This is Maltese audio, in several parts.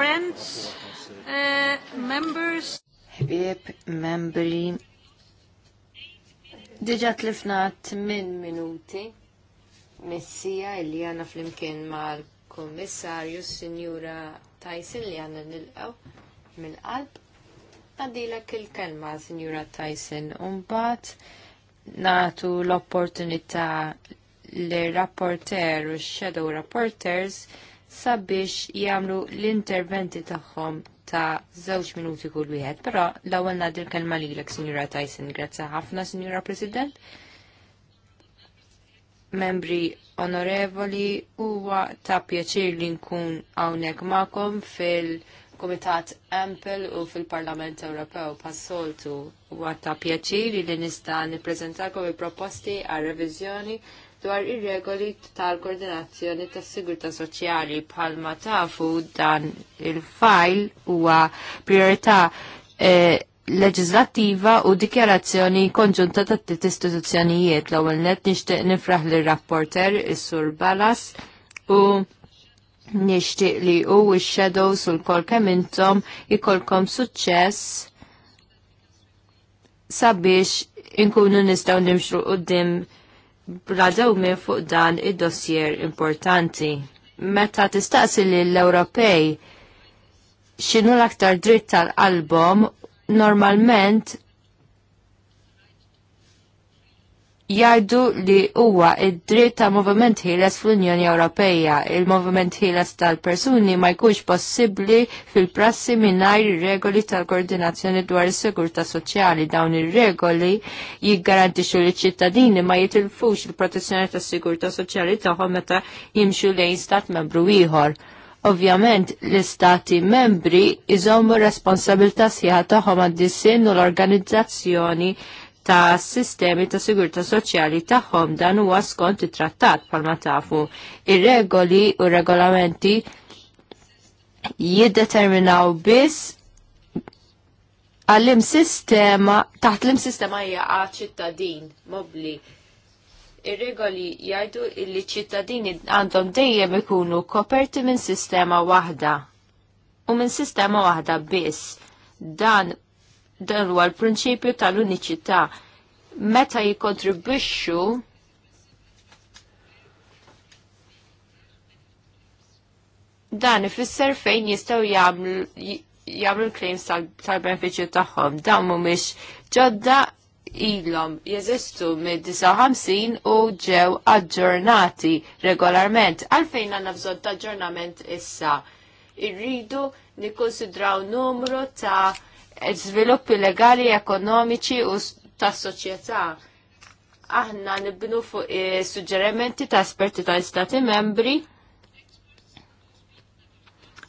friends, uh, members. Ħbieb, membri. Diġa tlifna 8 minuti missija illi għana fl-imkien mal-kommissarju signora Tyson li għana nilqaw mill-qalb. Għadilek il-kelma, Signora Tyson, unbat natu l-opportunità l-rapporter u shadow rapporters sabiex jagħmlu l-interventi tagħhom ta' żewġ minuti kull wieħed, però l-ewwel ngħaddi l-kelma lilek, Sinjura Tyson, grazzi ħafna, Sinjura President. Membri onorevoli, huwa ta' pjaċir li nkun hawnhekk magħkom fil-Kumitat Ampel u fil-Parlament Ewropew pas-soltu huwa ta' pjaċir li nista' nippreżentakom il-proposti għal reviżjoni dwar ir-regoli tal-koordinazzjoni tas-sigurtà soċjali bħalma tafu dan il-fajl huwa priorità eh, leġislattiva u dikjarazzjoni konġunta ta' tit istituzzjonijiet l ewwel net nixtieq nifraħ lir rapporter is-Sur Balas u nixtieq li u x-shadows u kol kemm intom ikolkom suċċess sabiex inkunu nistgħu nimxu qudiem radew minn fuq dan id-dossier importanti. Meta tistaqsi l-Ewropej x'inhu l-aktar dritt tal-album, normalment jgħidu li huwa id-dritt ta' moviment ħieles fl-Unjoni Ewropea. il movement ħieles tal-persuni ma jkunx possibbli fil-prassi mingħajr ir-regoli tal-koordinazzjoni dwar is-sigurtà soċjali. Dawn ir-regoli jiggarantixxu li ċittadini ma jitilfux il-protezzjoni tas-sigurtà soċjali tagħhom meta jimxu lejn stat membru ieħor. Ovvjament, l-istati membri iżommu responsabilta sħiħa tagħhom għad-dissin u l-organizzazzjoni ta' sistemi ta' sigurta soċjali tagħhom dan huwa skont it-trattat palma tafu. Ir-regoli u regolamenti jiddeterminaw biss għallim sistema, taħt lim sistema hija ċittadin mobli. Ir-regoli jgħidu li ċittadini għandhom dejjem ikunu koperti minn sistema waħda u minn sistema waħda biss. Dan dan huwa l-prinċipju tal-uniċità. Meta jikontribwixxu dan ifisser fejn jistgħu jagħmlu l-claims tal-benefiċċju tagħhom. Dan mhumiex ġodda ilhom jeżistu mid-59 u ġew aġġornati regolarment. Għalfejn għandna bżonn ta' aġġornament issa. Irridu nikkonsidraw numru ta' sviluppi legali, ekonomiċi u tas soċjetà. Aħna nibnu fuq eh, suġġerimenti ta' esperti ta' istati membri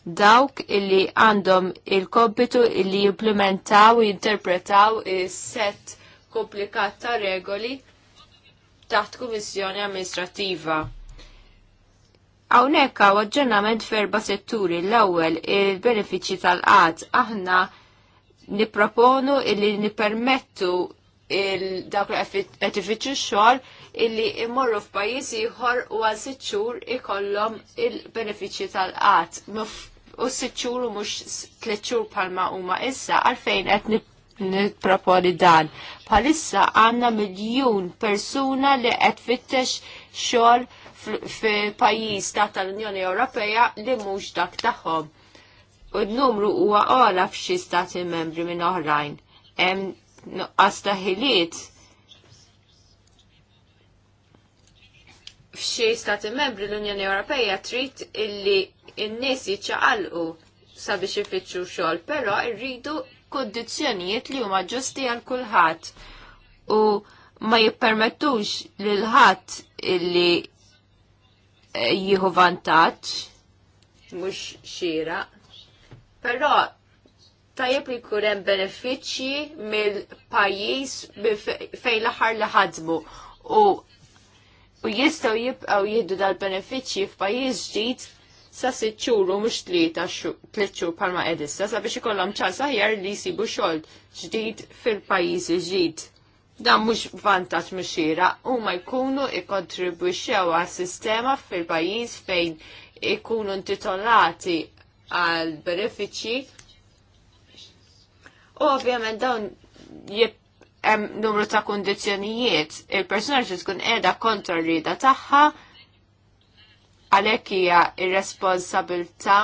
dawk illi għandhom il-kompitu illi jimplementaw u jinterpretaw set komplikat ta' regoli taħt kummissjoni amministrativa. Hawnhekk hawn aġġornament f'erba' setturi l-ewwel il-benefiċċji tal-qatt aħna niproponu illi nipermettu il-dak li qed ifittxu xogħol illi imorru f'pajjiż ieħor u għal sitt xhur ikollhom il-benefiċċji tal-qatt. U sitt xhur u mhux tliet xhur bħalma huma issa għalfejn qed niproponi dan. Palissa għanna miljun persuna li qed fittex xogħol f'pajjiż ta' tal-Unjoni Ewropea li mhux dak tagħhom u n-numru huwa għala f'xi stati membri minn oħrajn. Hemm nuqqas taħiliet f'xi stati membri l-Unjoni Ewropea trid illi n-nies jiċċaqalqu sabiex ifittxu xogħol, però rridu kondizzjonijiet li huma ġusti għal kulħadd u ma jippermettux lil ħadd illi eh, jieħu vantaġġ mhux xieraq. Però tajjeb li jkun hemm benefiċċji mill-pajjiż fejn l-aħħar li ħadmu u u jistgħu jibqgħu jieħdu dal-benefiċċji f'pajjiż ġdid sa sitt xhur u mhux tlieta tliet xhur bħalma qedissa sabiex ikollhom ċans aħjar li jsibu xogħol ġdid fil-pajjiż ġdid. Dan mhux vantaġġ mixiera huma jkunu ikkontribwixxew għas-sistema fil-pajjiż fejn ikunu intitolati għal benefiċċji. U ovvjament dawn hemm numru ta' kundizzjonijiet il-persuna ġi tkun qiegħda kontra rida tagħha għalhekk hija ir-responsabilità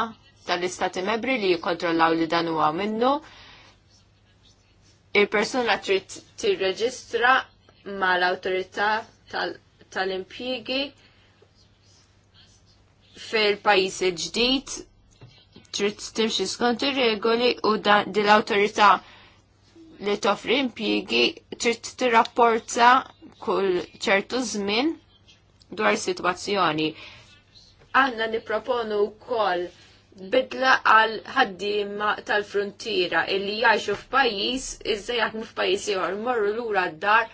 tal-istati membri li jikontrollaw li dan huwa minnu. Il-persuna trid tirreġistra mal awtorità tal-impjigi fil-pajjiż il-ġdid trid timxi skont ir-regoli u dan din l-awtorità li toffri impjiegi trid tirrapporta kull ċertu żmien dwar sitwazzjoni. Għanna niproponu wkoll bidla għal ħaddiema tal-frontiera illi jgħixu f'pajjiż iżda jaħdmu f'pajjiż ieħor morru lura d-dar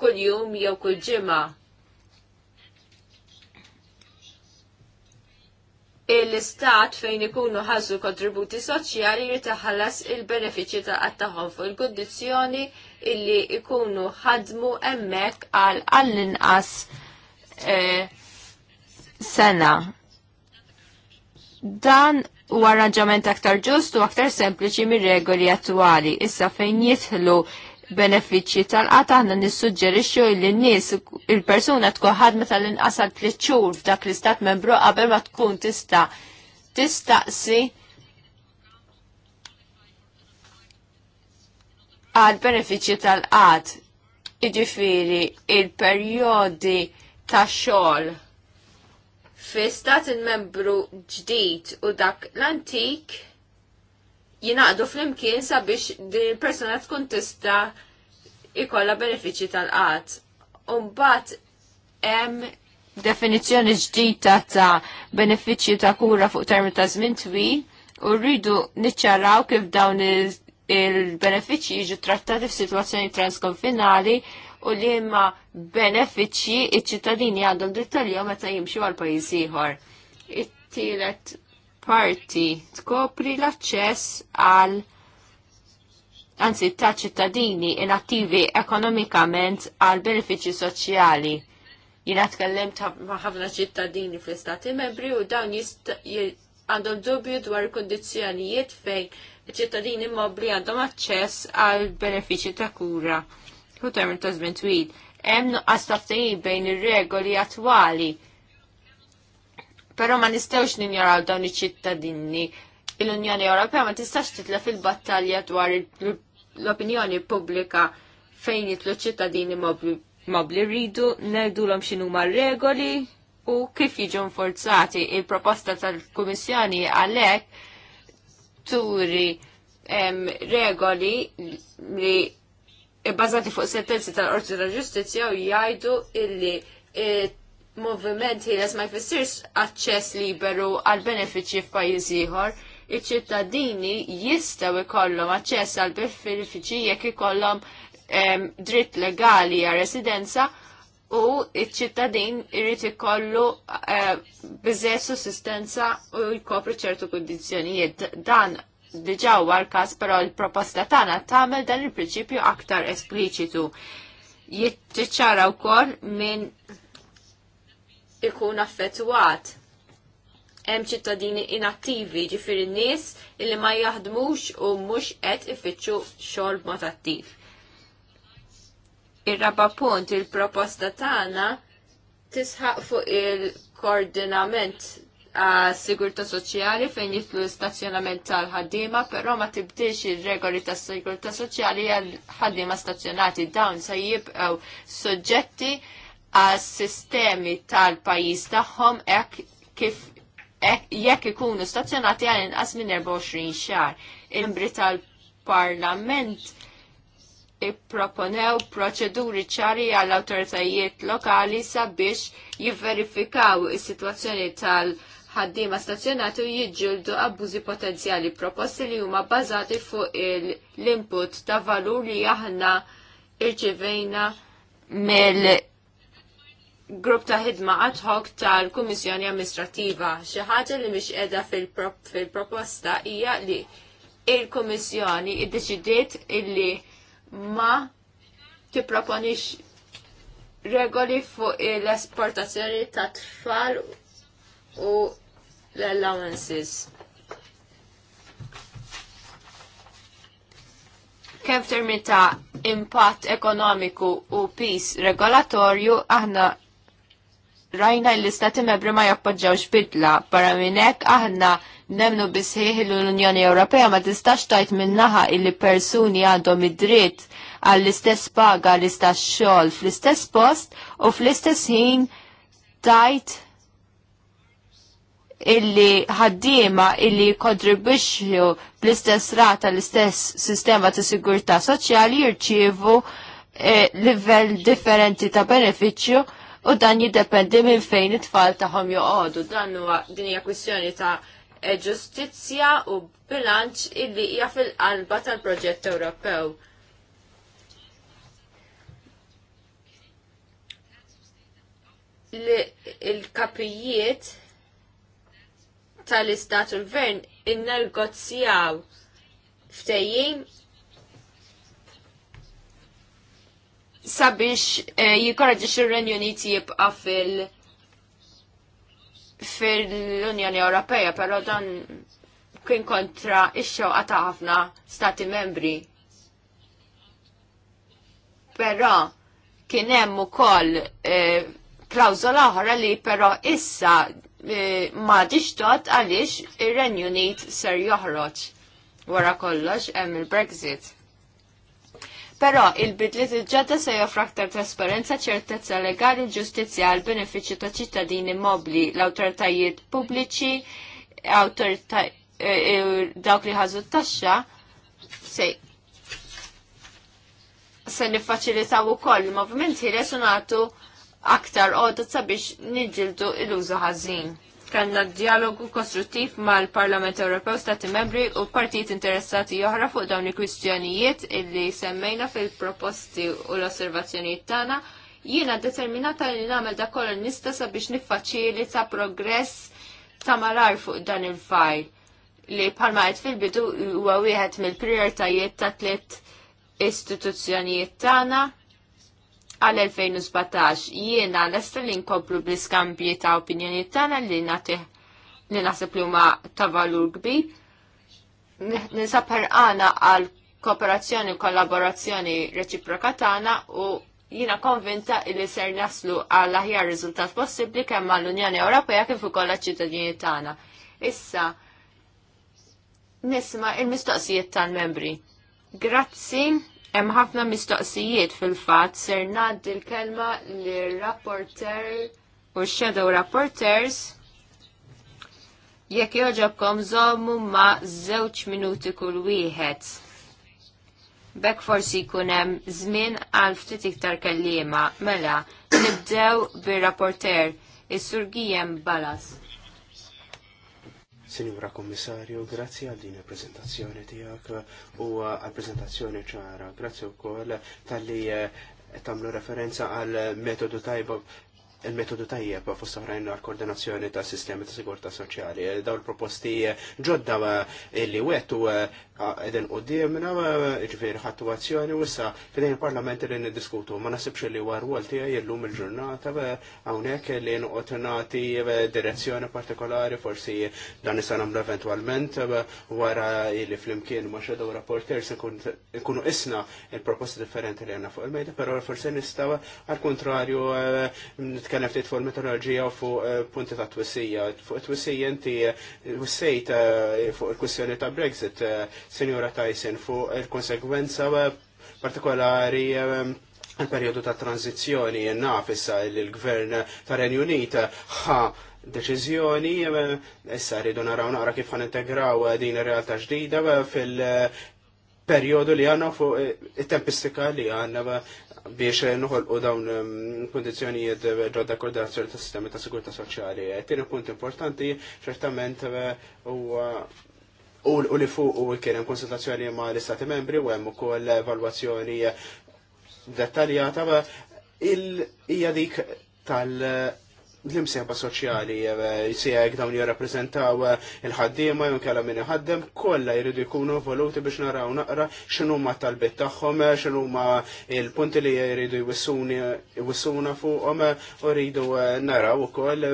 kull jum jew kull ġimgħa. l-istat fejn ikunu ħassu kontributi soċjali jrid iħallas il-benefiċċji ta' tagħhom fuq il-kundizzjoni illi ikunu ħadmu hemmhekk għal għall-inqas eh, sena. Dan u arranġament aktar ġust u aktar sempliċi mir regoli attwali. Issa fejn jidħlu benefiċċji tal-qata aħna nissuġġerixxu li n-nies il-persuna tkun ħadma tal-inqas għal tliet xhur f'dak l-istat membru qabel ma tkun tista' tistaqsi għal benefiċċji tal-qat. Iġifieri il-perjodi ta' xogħol fi stat il-membru ġdid u dak l-antik jinaqdu fl-imkien sabiex din il-persona tkun tista ikolla benefiċi tal-qat. Umbat hemm definizzjoni ġdida ta' benefiċċji ta' kura fuq termi ta' żmien twil u rridu niċċaraw kif dawn il-benefiċċji jiġu trattati f'sitwazzjoni transkonfinali u li imma benefiċċji iċ-ċittadini għandhom dritt tal meta jimxu għal pajjiż ieħor. It-tielet parti tkopri l-aċċess għal anzi ta' ċittadini inattivi ekonomikament għal benefiċi soċjali. Jina tkellem ta' ħafna ċittadini fl-istati membri u dawn għandhom dubju dwar kondizjonijiet fejn ċittadini mobli għandhom aċċess għal benefiċi ta' kura. U termin ta' żmien twil. Hemm nuqqas ta' bejn ir-regoli attwali Però ma nistgħux ninjaraw dawn iċ-ċittadini. Il-Unjoni Ewropea ma tistax titla il-battalja dwar l-opinjoni pubblika fejn jitlu ċittadini mobli rridu, om x'inhuma regoli u kif jiġu nforzati il-proposta tal-Kummissjoni għalhekk turi em, regoli li bbażati fuq sentenzi tal-Qorti tal-Ġustizzja u jgħidu illi moviment li ma jfessirx aċċess liberu għal benefiċċji f'pajjiż ieħor, iċ-ċittadini jistgħu jkollhom aċċess għal benefiċi jekk ikollhom dritt legali għal residenza u iċ-ċittadin irid ikollu biżej sussistenza u jkopri ċertu kundizzjonijiet. Dan diġà huwa l-każ però l-proposta tagħna tagħmel dan il-prinċipju aktar espliċitu. Jittiċċara wkoll minn ikun affettwat. Hemm ċittadini inattivi ġifir in-nies illi ma jaħdmux u mhux qed ifittxu xogħol b'mod attiv. Ir-raba punt il-proposta tagħna tisħaq fuq il-koordinament għas sigurta soċjali fejn jitlu istazzjonament tal ħaddiema però ma tibdilx ir-regoli tas sigurta soċjali għal ħaddiema stazzjonati dawn se jibqgħu soġġetti għas sistemi tal-pajis tagħhom kif jekk ikunu stazzjonati għal inqas minn 24 xahar. Imbri tal-Parlament ipproponew proċeduri ċari għall awtoritajiet lokali sabiex jivverifikaw is-sitwazzjoni tal- ħaddima stazzjonati u jiġġuldu abbużi potenzjali proposti li huma bbażati fuq l-input ta' valur li aħna irċivejna mill grupp ta' ħidma ad hoc tal-Kummissjoni Amministrativa. Xi ħaġa li mhix qiegħda fil-proposta -prop, fil hija li il-Kummissjoni iddeċidiet illi ma tipproponix regoli fuq l-esportazzjoni ta' tfal u l-allowances. Kemm f'termin ta' impatt ekonomiku u pis regolatorju aħna rajna l-istati membri ma jappoġġawx bidla barra minn hekk aħna nemnu bisħieħ l-Unjoni Ewropea ma tistax tajt minnaħa illi persuni għandhom id-dritt għall-istess paga l-istess xogħol fl-istess post u fl-istess ħin tajt illi ħaddiema illi kontribwixxu bl-istess rata l-istess sistema ta' sigurtà soċjali jirċievu eh, livell differenti ta' benefiċċju u dan jiddependi minn fejn it-tfal tagħhom joqogħdu. Dan huwa din hija kwistjoni ta' e, ġustizzja u bilanċ illi hija fil-qalba tal-proġett Ewropew. il-kapijiet tal-istat u l-gvern innegozjaw ftejjim sabiex eh, jikorraġi xir-Renju Unit jibqa' fil- fil-Unjoni Ewropea, però dan kien kontra ix-xewqa ta' ħafna stati membri. Però kien hemm ukoll eh, klawżola oħra li però issa eh, ma tixtot għaliex ir-Renju Unit ser joħroġ wara kollox hemm il-Brexit. Però il-bidliet il ġadda se joffra aktar trasparenza, ċertezza legali ġustizja ġustizzja għal benefiċċju ta' ċittadini mobli, l-awtoritajiet pubbliċi, e, e, dawk li ħazu t-taxxa, se se niffaċilitaw ukoll il-movimenti resunatu aktar għodda sabiex nġildu il-użu ħażin kanna dialogu kostruttiv mal-Parlament Ewropew stati membri u partijiet interessati joħra fuq dawn il-kwistjonijiet illi semmejna fil-proposti u l-osservazzjonijiet tagħna jiena determinata li nagħmel da kollu nista sabiex niffaċilita progress ta' malar fuq dan il-fajl li bħalma qed fil-bidu huwa wieħed mill-prijoritajiet ta' tliet istituzzjonijiet tagħna għal-2017 jiena nesta li nkomplu bl-iskambji ta' opinjoni tagħna li natiħ li naħseb li huma ta' valur kbir. Ninsab għana għal kooperazzjoni u kollaborazzjoni reċiproka tagħna u jina konvinta illi ser naslu għall aħjar riżultat possibbli kemm għall unjoni Ewropea kif ukoll ċittadini tagħna. Issa nisma' il-mistoqsijiet tal-membri. Grazzi. Hemm ħafna mistoqsijiet fil-fatt ser ngħaddi l-kelma lir-rapporter u shadow rapporters jekk joġobkom żommu ma' żewġ minuti kull wieħed. Bekk forsi jkun hemm żmien għal ftit iktar kelliema mela nibdew bir-rapporter is-Sur Balas. Sinjura Kommissarju, grazzi għal din il-prezentazzjoni tijak u għal-prezentazzjoni ċara. Grazzi wkoll tal-li eh, tamlu referenza għal metodu tajba il-metodu tajjeb fost oħrajn għal-koordinazzjoni ta' sistemi ta' sigurta soċjali. Daw il-proposti ġodda eh, illi wettu eh, edin u dimna eh, ġifiri ħattuazzjoni u issa fidejn il-parlament li niddiskutu. Ma nasibx li war għalti tijaj lum il-ġurnata għawnek li n nati direzzjoni partikolari forsi dan issa namlu eventualment wara li fl-imkien ma xedaw rapporters ikunu isna il-proposti differenti li għanna fuq il-mejda, pero forsi nistaw għal-kontrarju nitkellem ftit fuq il u fuq eh, punti ta' twissija. Fuq twissija inti eh, wissejt eh, fuq il-kwissjoni ta' Brexit, Sinjora Tyson, fuq il-konsekwenza partikolari il-periodu ta' tranzizjoni naf issa il-gvern ta' Renju Unit ħa deċiżjoni issa rridu naraw naqra kif għan integraw din ir-realtà ġdida fil periodu li għanna fuq il-tempistika li għanna biex nħolqu dawn mm, kondizjonijiet ġodda koordinazzjoni ta' sistemi ta' sigurta soċjali. E, tieni punt importanti ċertament e, u li fuq u kien konsultazzjoni ma' l-Istati membri u hemm ukoll evalwazzjoni dettaljata hija dik tal- l-imsieħba soċjali eh, jisijek dawn jirrappreżentaw eh, il-ħaddiema jew kalla min ħaddem kollha jridu jkunu voluti biex naraw naqra xinu ma talbit tagħhom, eh, xinu ma il-punti li jridu jwissuna fuqhom u rridu naraw ukoll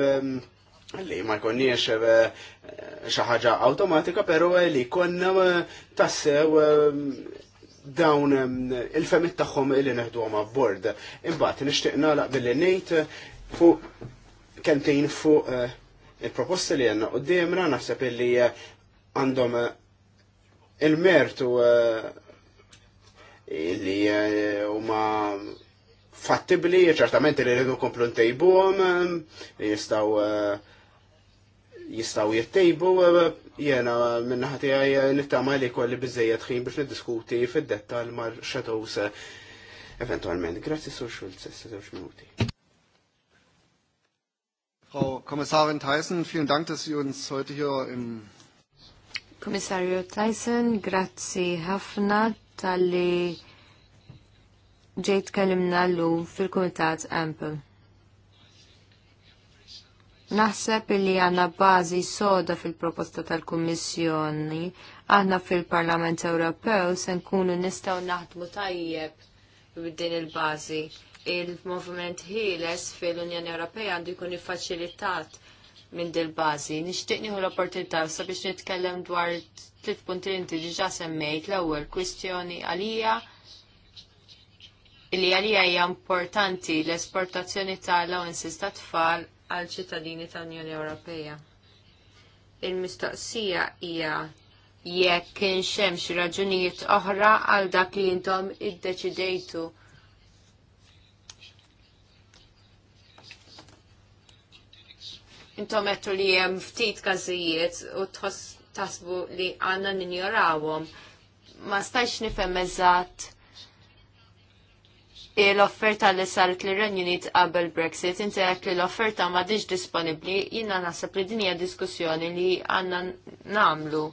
li ma jkunniex xi ħaġa pero però li konna tassew dawn il-femit tagħhom li neħduhom abbord. Imbagħad nixtieq nagħlaq billi ngħid fuq kentin fuq eh, il-proposti li għanna d-demra naħseb li eh, għandhom eh, il-mertu li huma fattibli, ċertament li rridu komplu ntejbuhom, jistaw jistaw jittejbu, jena minnaħati għaj nittama li kolli bizzejja ħin biex niddiskuti fid-dettal mar xatows eventualment. Grazzi, Sur Schulz, s minuti. Frau Kommissarin Tyson, vielen Dank, dass Sie uns heute hier im Kommissarju Tyson, grazie ħafna tali li ġejt kellimna l fil-Kumitat Ample. Naħseb li għanna bażi soda fil-proposta tal-Kummissjoni, aħna fil-Parlament Ewropew se nkunu nistgħu naħdmu tajjeb b'din il-bażi il-movement ħieles fil-Unjoni Ewropea għandu jkun iffaċilitat minn dil-bazi. Nixtieq nieħu l-opportunità sabiex nitkellem dwar tliet punti li inti diġà semmejt l-ewwel kwistjoni għalija li għalija hija importanti l-esportazzjoni ta' allowances ta' tfal għal ċittadini ta' Unjoni Ewropea. Il-mistoqsija hija jekk kienx hemm xi raġunijiet oħra għal dak li intom iddeċidejtu intom għettu li jem ftit kazijiet u tasbu li għanna ninjorawom. Ma stajx nifem eżat l-offerta li saret li Renjunit qabel Brexit, inti għek li l-offerta ma diġ disponibli, jina nasab li dinja diskussjoni li għanna namlu.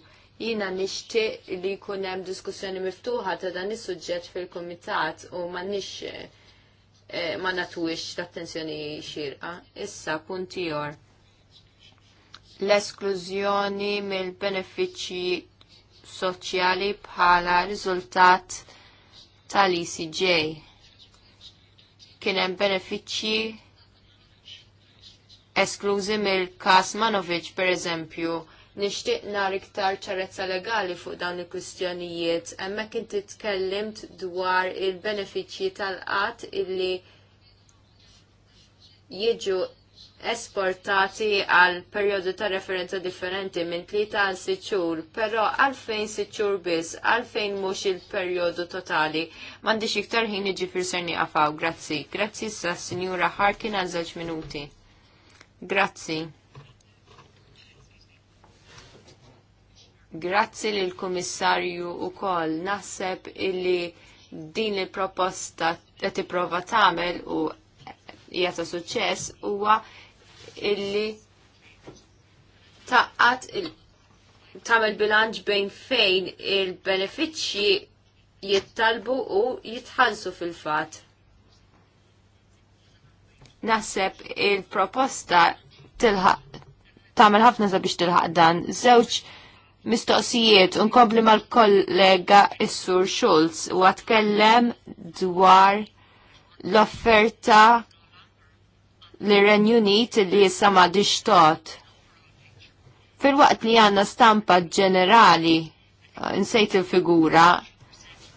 Jina nishti li kunem diskussjoni miftuħa ta' dan is-suġġett fil-komitat u ma nix eh, ma natwix l-attenzjoni xirqa. Issa, punti jor l-esklużjoni mill-benefiċċji soċjali bħala riżultat tal-ECJ. Kien hemm benefiċċji esklużi mill-kas Manovic pereżempju. Nixtieq nar iktar ċarezza legali fuq dawn il-kwistjonijiet, hemmhekk inti tkellimt dwar il-benefiċċji tal-qatt illi jiġu esportati għal periodu ta' referenza differenti minn tlieta għal siċur, però għalfejn siċur biss, għalfejn mhux il-perjodu totali. M'għandix iktar ħin iġifier ser għafaw, grazzi. Grazzi sa' Sinjura Harkin għal żewġ minuti. Grazzi. Grazzi l-Komissarju kummissarju ukoll naħseb illi din il-proposta qed tipprova tagħmel u hija ta' suċċess huwa illi taqqat tamel bilanċ bejn fejn il-benefiċċji jittalbu u jitħallsu fil-fat. Naħseb il-proposta tilħaq tagħmel ħafna sabiex tilħaq dan żewġ mistoqsijiet unkompli mal-kollega is-Sur Schulz u għatkellem dwar l-offerta li renjunit li jisama ma dixtot. Fil-waqt li għanna stampa ġenerali, uh, insejt il-figura,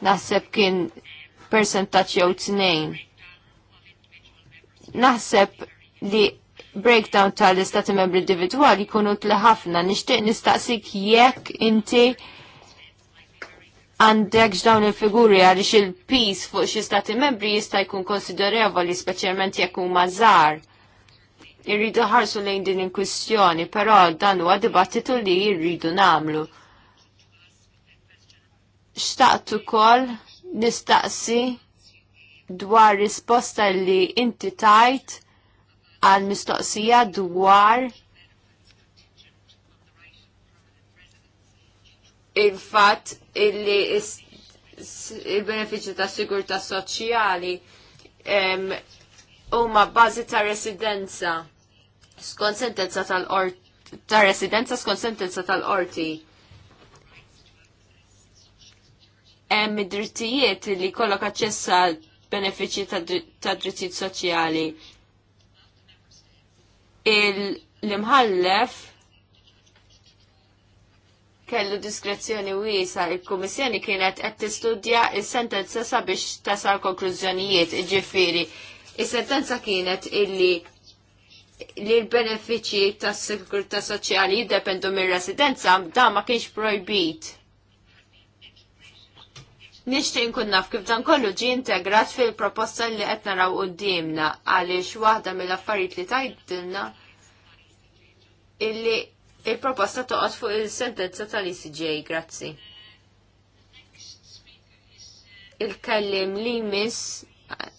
naħseb kien percentaċ jew tnejn. Naħseb li breakdown tal-istati membri individuali jkunu tli ħafna, nixtieq nistaqsik jekk inti għandek dawn il-figuri għaliex il-pis fuq xi stati membri jista' jkun konsiderevoli speċjalment jekk huma żgħar irridu ħarsu lejn din il-kwistjoni, però dan huwa dibattitu li jirridu namlu. Xtaqt ukoll nistaqsi dwar risposta li inti tajt għal mistoqsija dwar il-fat illi il beneficju ta' sigurta soċjali huma bażi ta' residenza skont sentenza tal-qorti ta' residenza skont sentenza tal-qorti. Hemm drittijiet li jkollok aċċess għal benefiċċji ta' drittijiet soċjali. Il-imħallef kellu diskrezzjoni wiesa, il-Kummissjoni kienet qed tistudja is-sentenza sabiex tasal konklużjonijiet, iġifieri Is-sentenza kienet illi li l-benefiċi tas sigurtà soċjali jiddependu mir-residenza da ma kienx projbit. Nixtieq kun naf kif dan kollu ġie integrat fil-proposta li qed naraw qudiemna għaliex waħda mill-affarijiet li tgħidilna illi il-proposta toqgħod fuq il-sentenza tal-ICJ, grazzi. Il-kellim li miss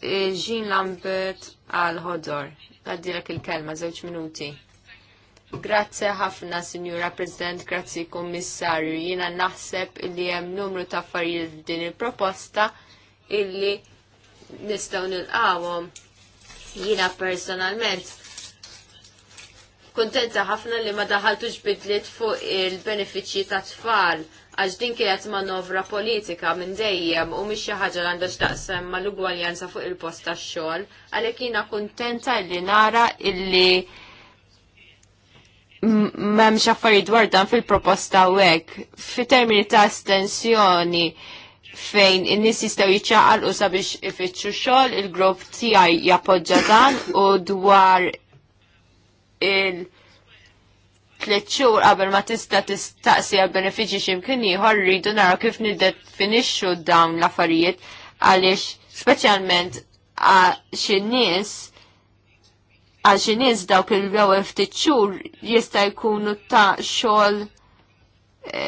eh, Jean Lambert għal-ħodor. Għaddilek il-kelma, żewġ minuti. Grazzi ħafna, Signora President, grazzi Kommissarju. Jina naħseb li hemm numru ta' affarijiet din il-proposta illi nistgħu nilqawhom. Jina personalment kontenta ħafna li ma daħaltux bidliet fuq il-benefiċċji ta' tfal għax din kienet manovra politika minn dejjem u mhix xi ħaġa għandha x'taqsem mal-ugwaljanza fuq il-post tax-xogħol, għalhekk jiena kuntenta li nara illi m'hemmx affarijiet dwar dan fil-proposta u hekk. fit termini ta' estensjoni fejn in-nies jistgħu jiċċaqalqu sabiex ifittxu xogħol, il-grupp tiegħi jappoġġa dan u dwar il- tliet xhur qabel ma tista' tistaqsi għal benefiċċji x'imkien ieħor rridu naraw kif niddefinixxu dawn l-affarijiet għaliex speċjalment għal xi nies għal xi nies dawk il-ewwel ftit xhur jista' jkunu ta' xogħol e,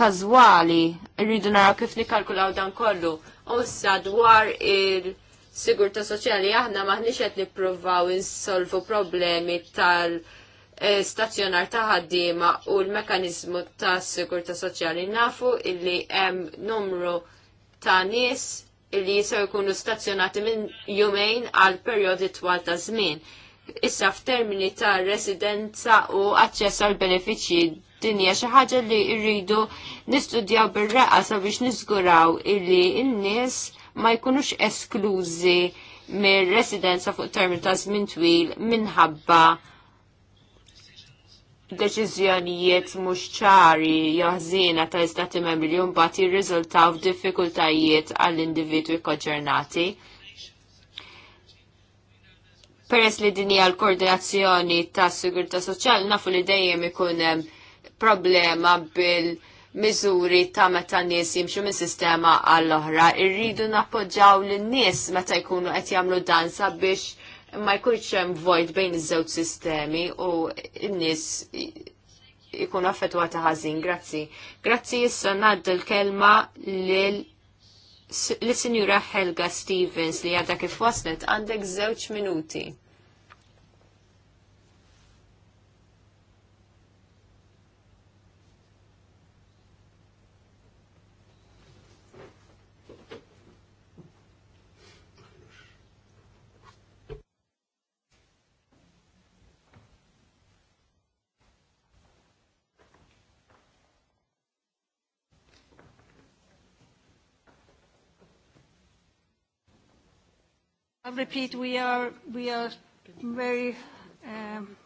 każwali rridu naraw kif nikkalkulaw dan kollu. Ossa dwar il- sigurta soċjali aħna maħniex qed nippruvaw insolvu problemi tal- Eh, stazzjonar ta' ħaddiema u l-mekanizmu ta' sigurta soċjali nafu illi hemm numru ta' nies illi jisaw jkunu stazzjonati minn jumejn għal perjodi twal ta' żmien. Issa f'termini ta' residenza u aċċess għal benefiċċji dinja xi ħaġa li rridu nistudjaw bir-raqqa sabiex niżguraw illi n-nies ma jkunux esklużi mir residenza fuq termini ta' żmien twil minħabba deċiżjonijiet mhux ċari jaħżina ta' istati membri li mbagħad jirriżultaw f'diffikultajiet għall-individwi konċernati. Peress li din hija l-koordinazzjoni tas sigurtà soċjali nafu li dejjem ikun hemm problema bil- miżuri ta' meta nies jimxu minn sistema għall-oħra, irridu nappoġġaw lin nies meta jkunu qed jagħmlu dan sabiex ma jkunx hemm void bejn iż-żewġ sistemi u n-nies ikun affettwata ħażin. Grazzi. Grazzi issa ngħaddu l-kelma lil l-Sinjura Helga Stevens li għadha kif waslet għandek żewġ minuti. I'll repeat, we are, we are very um,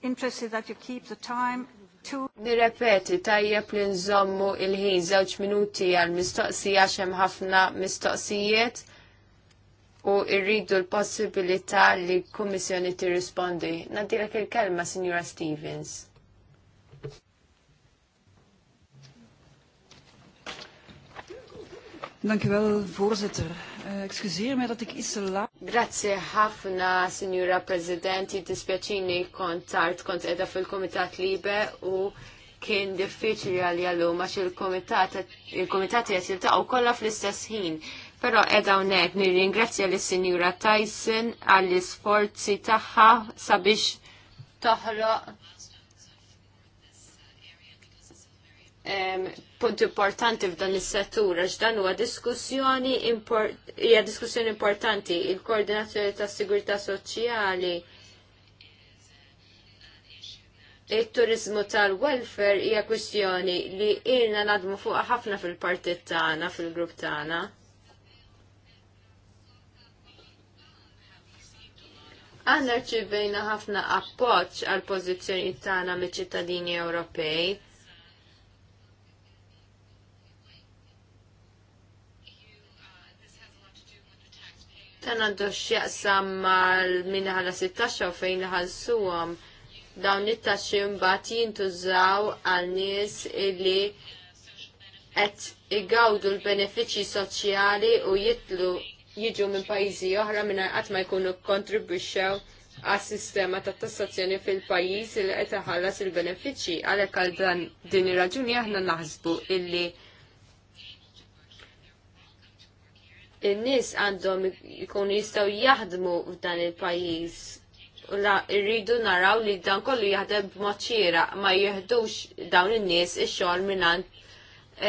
interested that you keep the time Nirrepeti, tajjeb li nżommu il-ħin żewġ minuti għal mistoqsija hemm ħafna mistoqsijiet u rridu l-possibilità li kummissjoni tirrispondi. Nadilek il-kelma, Signora Stevens. Dankjewel, voorzitter. Eh, excuseer me dat ik la. Grazie ħafna, Signora President, dispiaċini kont tard kont edha fil-Komitat Libe u kien diffiċli għalli għallu għax il-komitat il-komitat jgħet kollha fl-istess ħin. Però edha hawnhekk nirringrazzja lis sinjura Tyson għall isforzi tagħha sabiex toħloq punt importanti f'dan is-settur għax dan huwa diskussjoni hija diskussjoni importanti il-koordinazzjoni tas-sigurtà soċjali it-turizmu tal-welfare hija kwistjoni li ilna nadmu fuqha ħafna fil-partit tagħna fil-grupp tagħna. Għanna rċivejna ħafna appoġġ għal pożizzjoni tagħna miċ-ċittadini Ewropej Tan għandu x'jaqsam mal minna ħalla 16 u fejn ħalsuhom dawn it-taxxi mbagħad jintużaw għal nies illi qed igawdu l-benefiċċji soċjali u jitlu jiġu minn pajjiżi oħra minn qatt ma jkunu kontribwixxew għas sistema ta' tassazzjoni fil-pajjiż li qed iħallas il-benefiċċji għalhekk għal dan din ir-raġuni aħna naħsbu illi in-nies għandhom ikunu jistgħu jaħdmu f'dan il-pajjiż u rridu naraw li dan kollu jaħdem b'mod xieraq ma jieħdux dawn in-nies il xogħol mingħand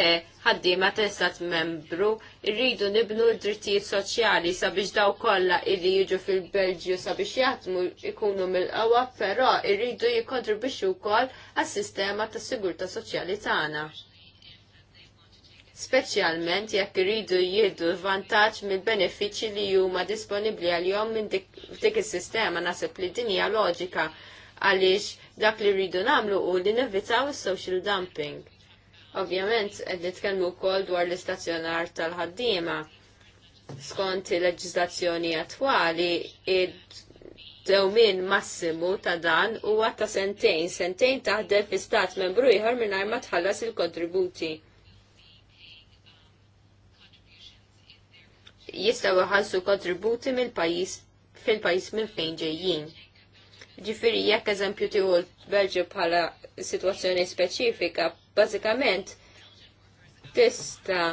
eh, ħaddima t'estat membru irridu nibnu l-drittijiet soċjali sabiex daw kollha illi jiġu fil-Belġju sabiex jaħdmu ikunu mill qawa però irridu jikkontribwixxu wkoll għas-sistema tas-sigurtà soċjali tagħna speċjalment jekk iridu jiedu vantaġġ mill-benefiċċji li huma disponibbli għalihom minn dik is-sistema naħseb li din hija loġika għaliex dak li rridu nagħmlu u li nevitaw is-social dumping. Ovvjament qed nitkellmu wkoll dwar l-istazzjonar tal-ħaddiema. Skont il-leġiżlazzjoni attwali, id-dewmin massimu ta' dan huwa ta' sentejn, sentejn taħdem fi stat membru ieħor mingħajr ma tħallas il-kontributi. il kontributi jistgħu jħallsu kontributi mill-pajjiż fil-pajjiż minn fejn ġejjin. Ġifiri, jekk eżempju ti l belġu bħala sitwazzjoni speċifika, bażikament tista'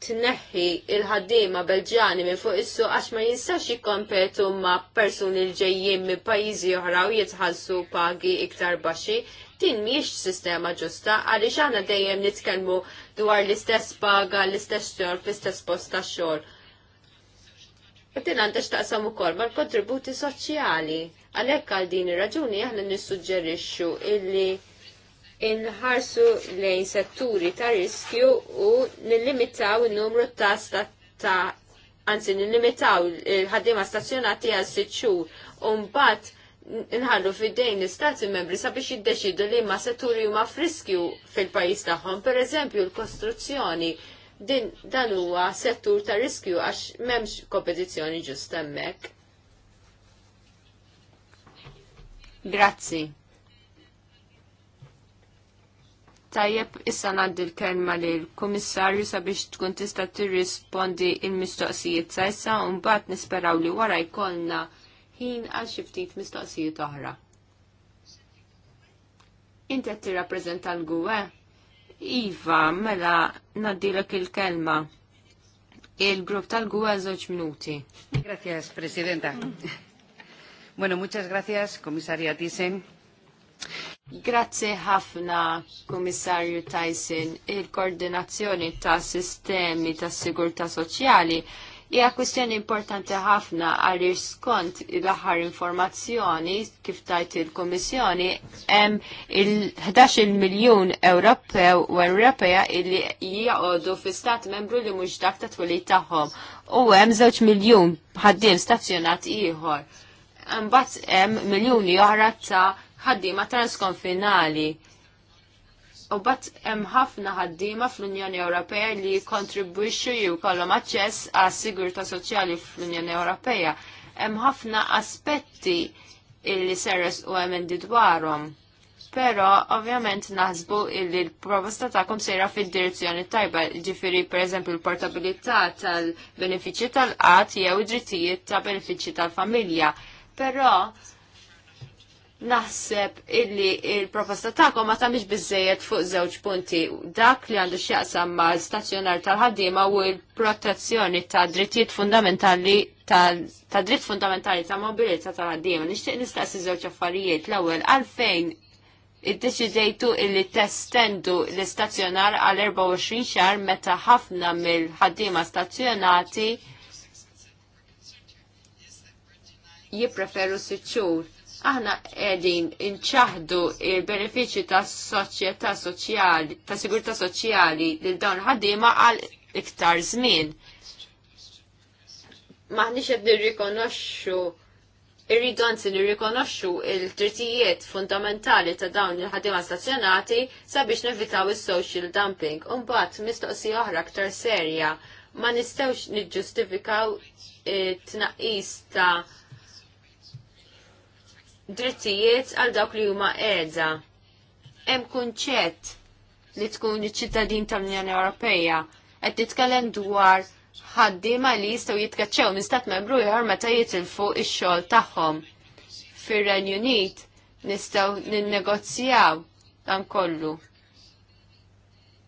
tneħħi il-ħaddiema Belġjani minn fuq issu għax ma jinsax jikkompetu ma' persuni l-ġejjin minn pajjiżi oħra u jitħallsu pagi iktar baxxi, din mhijiex sistema ġusta għaliex għana dejjem nitkellmu dwar l-istess paga, l-istess xor, l-istess post xor. xogħol. U din għandex taqsam ukoll mal-kontributi soċjali. Għalhekk għal din ir-raġuni aħna nissuġġerixxu illi inħarsu lejn setturi ta' riskju u nillimitaw in-numru ta' ta' anzi nillimitaw il-ħaddiema stazzjonati għal sitt xhur u mbagħad nħallu fid-dejn l-istati membri sabiex jiddeċidu li ma setturi huma friskju fil-pajjiż tagħhom, pereżempju l-kostruzzjoni din dan huwa settur ta' riskju għax m'hemmx kompetizzjoni ġust hemmhekk. Grazzi. Tajjeb issa ngħaddi l-kelma lil kummissarju sabiex tkun tista' tirrispondi il-mistoqsijiet sa issa u mbagħad nisperaw li wara jkollna ħin għal xiftit ftit mistoqsijiet oħra. Inti qed tirrappreżenta l-gwe? Iva, mela ngħaddilek il-kelma. Il-grupp tal-gwe żewġ minuti. Grazie, Presidenta. Bueno, muchas gracias, Komisarja Thyssen. Grazie ħafna, Komissarju Tyson. Il-koordinazzjoni ta' sistemi ta' sigurta soċjali Ija kwistjoni importanti ħafna għal skont l-aħħar informazzjoni kif tajt il komissjoni hemm il-11 miljun Ewropew u Ewropea illi jgħodu fi stat membru li mhux dak ta' twilid tagħhom u hemm żewġ miljun ħaddiem stazzjonat ieħor. Mbagħad hemm miljuni oħra ta' ħaddiema transkonfinali U bat hemm ħafna ħaddima fl-Unjoni Ewropea li kontribwixxu jew kollhom aċċess għas sigurtà soċjali fl-Unjoni Ewropea. Hemm ħafna aspetti li serres u emendi dwarhom. Però ovvjament naħsbu li l-proposta tagħkom sejra fid-direzzjoni tajba, ġifieri pereżempju l-portabilità tal-benefiċċji tal-qatt jew id-drittijiet ta' benefiċċji tal-familja. Però naħseb illi il-proposta ta'kom ma tamix bizzejet fuq żewġ punti dak li għandu x'jaqsam ma' stazzjonar tal-ħaddiema u l-protezzjoni ta' drittijiet fundamentali ta' dritt fundamentali ta' mobilità tal-ħaddiema. Nixtieq nistaqsi żewġ affarijiet l-ewwel għalfejn id-deċidejtu illi testendu l-istazzjonar għal 24 xar meta ħafna mill-ħaddiema stazzjonati jippreferu sitt xhur aħna edin inċaħdu il-benefiċi ta' soċjetà soċjali, ta' sigurtà soċjali lil dawn ħaddiema għal iktar żmien. Maħniex qed nirrikonoxxu irridu anzi nirrikonoxxu il-drittijiet fundamentali ta' dawn il-ħaddiema stazzjonati sabiex nevitaw is-social dumping. Umbat, mistoqsija oħra aktar serja ma nistgħux niġġustifikaw it-tnaqqis ta' drittijiet għal dawk li huma qiegħda. Hemm kunċett li tkun iċ-ċittadin tal-Unjoni Ewropea qed titkellem dwar ħaddiema li jistgħu jitkaċċew minn stat membru ieħor meta jitilfu x-xogħol tagħhom. Fir-Renju Unit nistgħu ninnegozjaw dan kollu.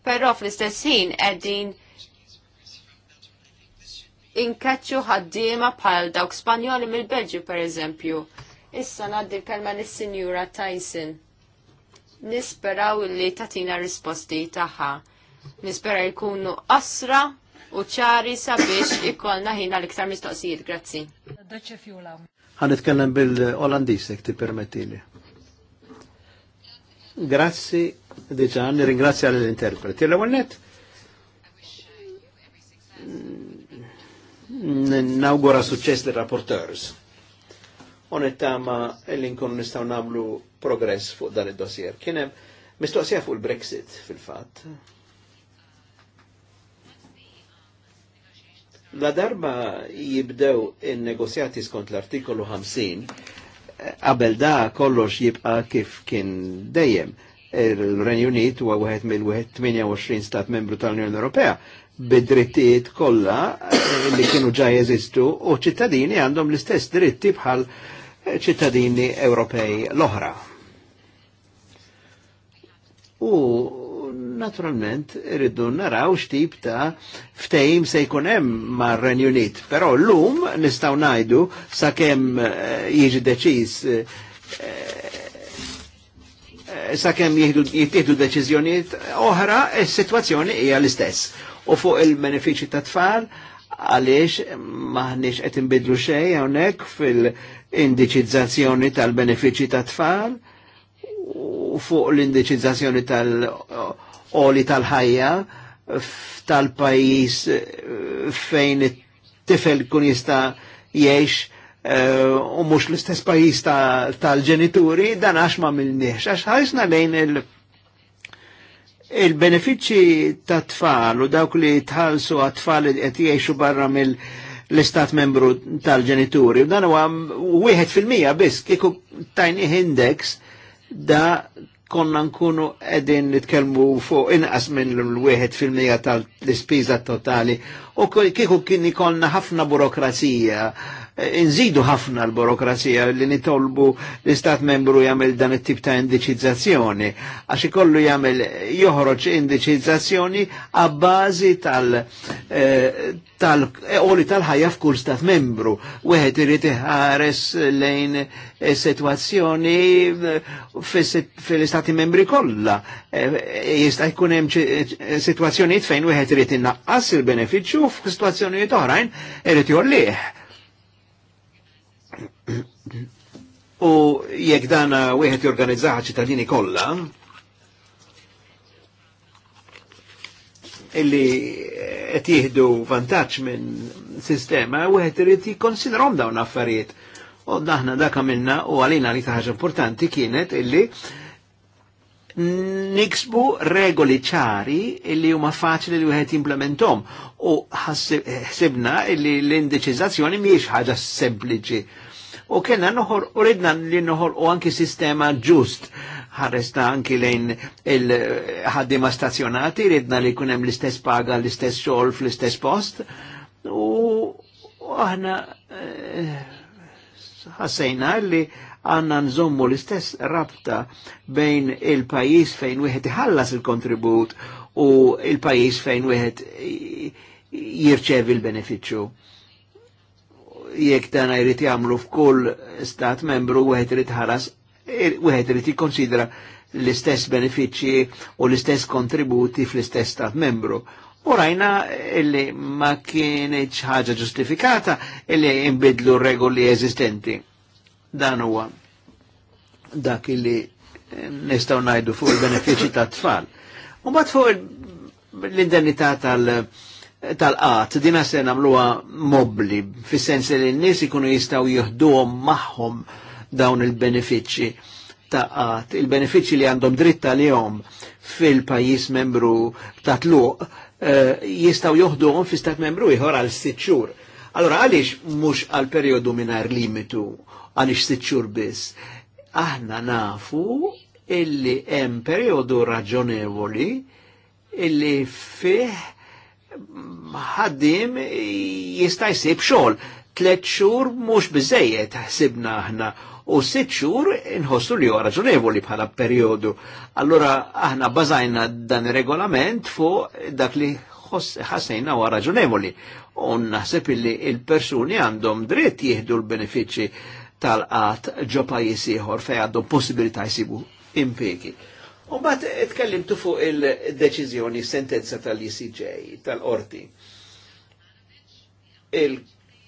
Però fl-istess ħin qegħdin inkaċċu ħaddiema bħal dawk Spanjoli mill-Belġju pereżempju. Issa naddi l-kalma lis-Sinjura Tyson. Nisperaw li tatina risposti taħħa. Nispera jkunu qasra u ċari sabiex ikollna ħina l-iktar mistoqsijiet. Grazzi. Għan itkellem bil-Olandis, jek ti permettili. Grazzi, diġan, ringrazzja l-interpreti. L-għonnet, nawgura suċċess l-rapporteurs. Onettama nittama nkunu nistgħu nagħmlu progress fuq dan id-dossier. Kien hemm mistoqsija fuq il-Brexit fil-fatt. La darba jibdew in-negozjati skont l-artikolu 50, qabel da kollox jibqa' kif kien dejjem. Il-Renju Unit huwa wieħed mill-28 stat membru tal-Unjoni Ewropea bid-drittijiet kollha li kienu ġa jeżistu u ċittadini għandhom l-istess dritti bħal ċittadini Ewropej l-oħra. U naturalment irridu naraw x'tip ta' ftehim se jkun hemm mar renju Unit, però llum nistgħu ngħidu sakemm eh, jiġi deċiż eh, eh, sakemm jittieħdu deċiżjonijiet oħra, is-sitwazzjoni hija l-istess. U fuq il-benefiċċji tat tfal għaliex maħniex qed inbidlu xejn hawnhekk fil- indiċizzazzjoni tal-benefiċi ta' tfal u fuq l-indiċizzazzjoni tal-oli tal-ħajja tal-pajis eh, fejn it-tifel kun jista' jiex eh, u uh, mux l-istess pajis tal-ġenituri, ta dan għax ma mill għax ħajsna lejn il- il-benefiċi ta' tfal u dawk li tħalsu għat-tfal li qed jgħixu barra mill- l-istat membru tal-ġenituri. U dan huwa wieħed fil-mija biss kieku tajni index da konna nkunu edin nitkelmu fuq inqas minn l-1 fil-mija tal-ispiża totali u kieku kien ikolna ħafna burokrazija nżidu ħafna l-burokrazija li nitolbu l-istat membru jagħmel dan it-tip ta' indiċizzazzjoni, għax ikollu jagħmel joħroġ indiċizzazzjoni għabbażi tal- eh, tal eh, tal-ħajja f'kull stat membru. Wieħed irid iħares lejn eh, sitwazzjoni fil-istati membri kollha. Jista' jkun hemm situazzjonijiet fejn wieħed irid innaqqas il-benefiċċju f'sitwazzjonijiet oħrajn irid jolliħ. U jekk dana wieħed jorganizzaha ċittadini kollha, illi qed jieħdu vantaġġ minn sistema, wieħed irid jikkonsidrahom dawn affarijiet. U daħna dak għamilna u għalina li ħaġa importanti kienet illi niksbu regoli ċari illi huma faċli li wieħed implementom u ħsibna illi l-indeċizazzjoni mhijiex ħaġa sempliċi. U kena noħor, u ridna li noħor u anki sistema ġust ħaresta anki lejn il-ħaddima stazzjonati, ridna li kunem l-istess paga, l-istess xol, fl-istess post. U aħna eh, ħassejna li għanna nżommu l-istess rabta bejn il-pajis fejn wieħed iħallas il-kontribut u il-pajis fejn wieħed jirċevi l-beneficju. Jekk dan jrid jagħmlu f'kull stat membru wieħed irid ħaras, wieħed irid jikkonsidra l-istess benefiċċji u l-istess kontributi fl-istess stat membru. U rajna illi ma kienieċ ħaġa ġustifikata illi imbidlu regoli eżistenti. Dan huwa dak illi eh, nistaw najdu fuq il benefici ta' tfal. U bat fuq l-indennità tal- tal-qat, dina se namluwa mobli, fis-sens li n-nis ikunu jistaw jihduhom maħħom dawn il benefiċċji ta' qat, il benefiċċji li għandhom dritta li jom fil-pajis membru ta' tluq, eh, jistaw juhduhom fi stat membru ieħor għal sitt xhur. Allora għaliex mhux għal periodu mingħajr limitu għalix sitxur biss. Aħna nafu illi hemm periodu raġonevoli illi fih ħaddim jista' jsib xogħol. Tlet xhur mhux biżejjed ħsibna aħna u sitt xhur inħossu li huwa raġunevoli bħala perjodu. Allura aħna bażajna dan ir-regolament fuq dak li ħassejna huwa raġunevoli. U naħseb illi il-persuni għandhom dritt jieħdu l-benefiċċji tal-qat ġo pajis ieħor fej għaddu possibilita jisibu impjegi. Un bat, itkellimtu fuq il-deċiżjoni sentenza tal-ICJ tal-qorti. il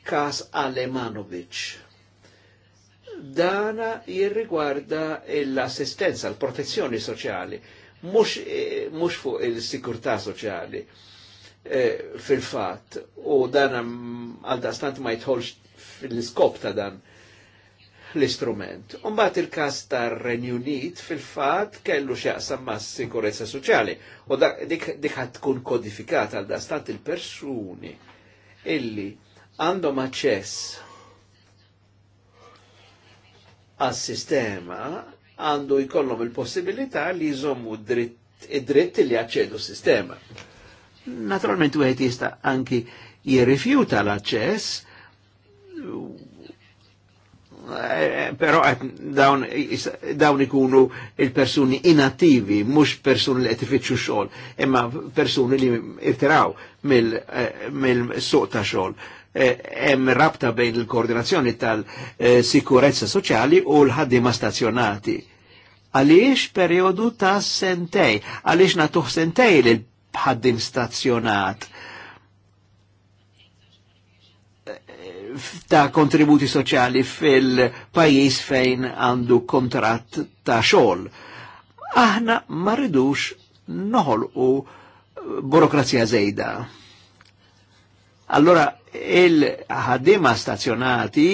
kas Alemanovic. Dana jirrigwarda l-assistenza, l-protezzjoni soċjali, mhux eh, fuq il-sikurtà soċjali eh, fil-fat u dan għal-dastant ma jitħolx fil-skop ta' dan l-istrument. Umbat il-kas ta' Renjunit fil-fat kellu xaqsam ma' sikurezza soċjali u dik ħad tkun kodifikata għal dastat il-persuni illi għandhom aċċess għas-sistema għandu jkollhom il-possibilità li jżommu id-dritt li jaċċedu s-sistema. Naturalment u jista' anki jirrifjuta l-aċċess però dawn, dawn ikunu il-persuni inattivi, mux persuni li għetifiċu xol, imma persuni li irtiraw mill-suq eh, ta' xol. Eh, hemm rabta bejn il-koordinazzjoni tal-sikurezza soċjali u l-ħaddima stazzjonati. Għaliex periodu ta' sentej, għaliex natuħ sentej lil ħaddim stazzjonat ta' kontributi soċjali fil-pajis fejn għandu kontrat ta' xogħol. Aħna ma noħol u burokrazija zejda. Allora il-ħaddima stazzjonati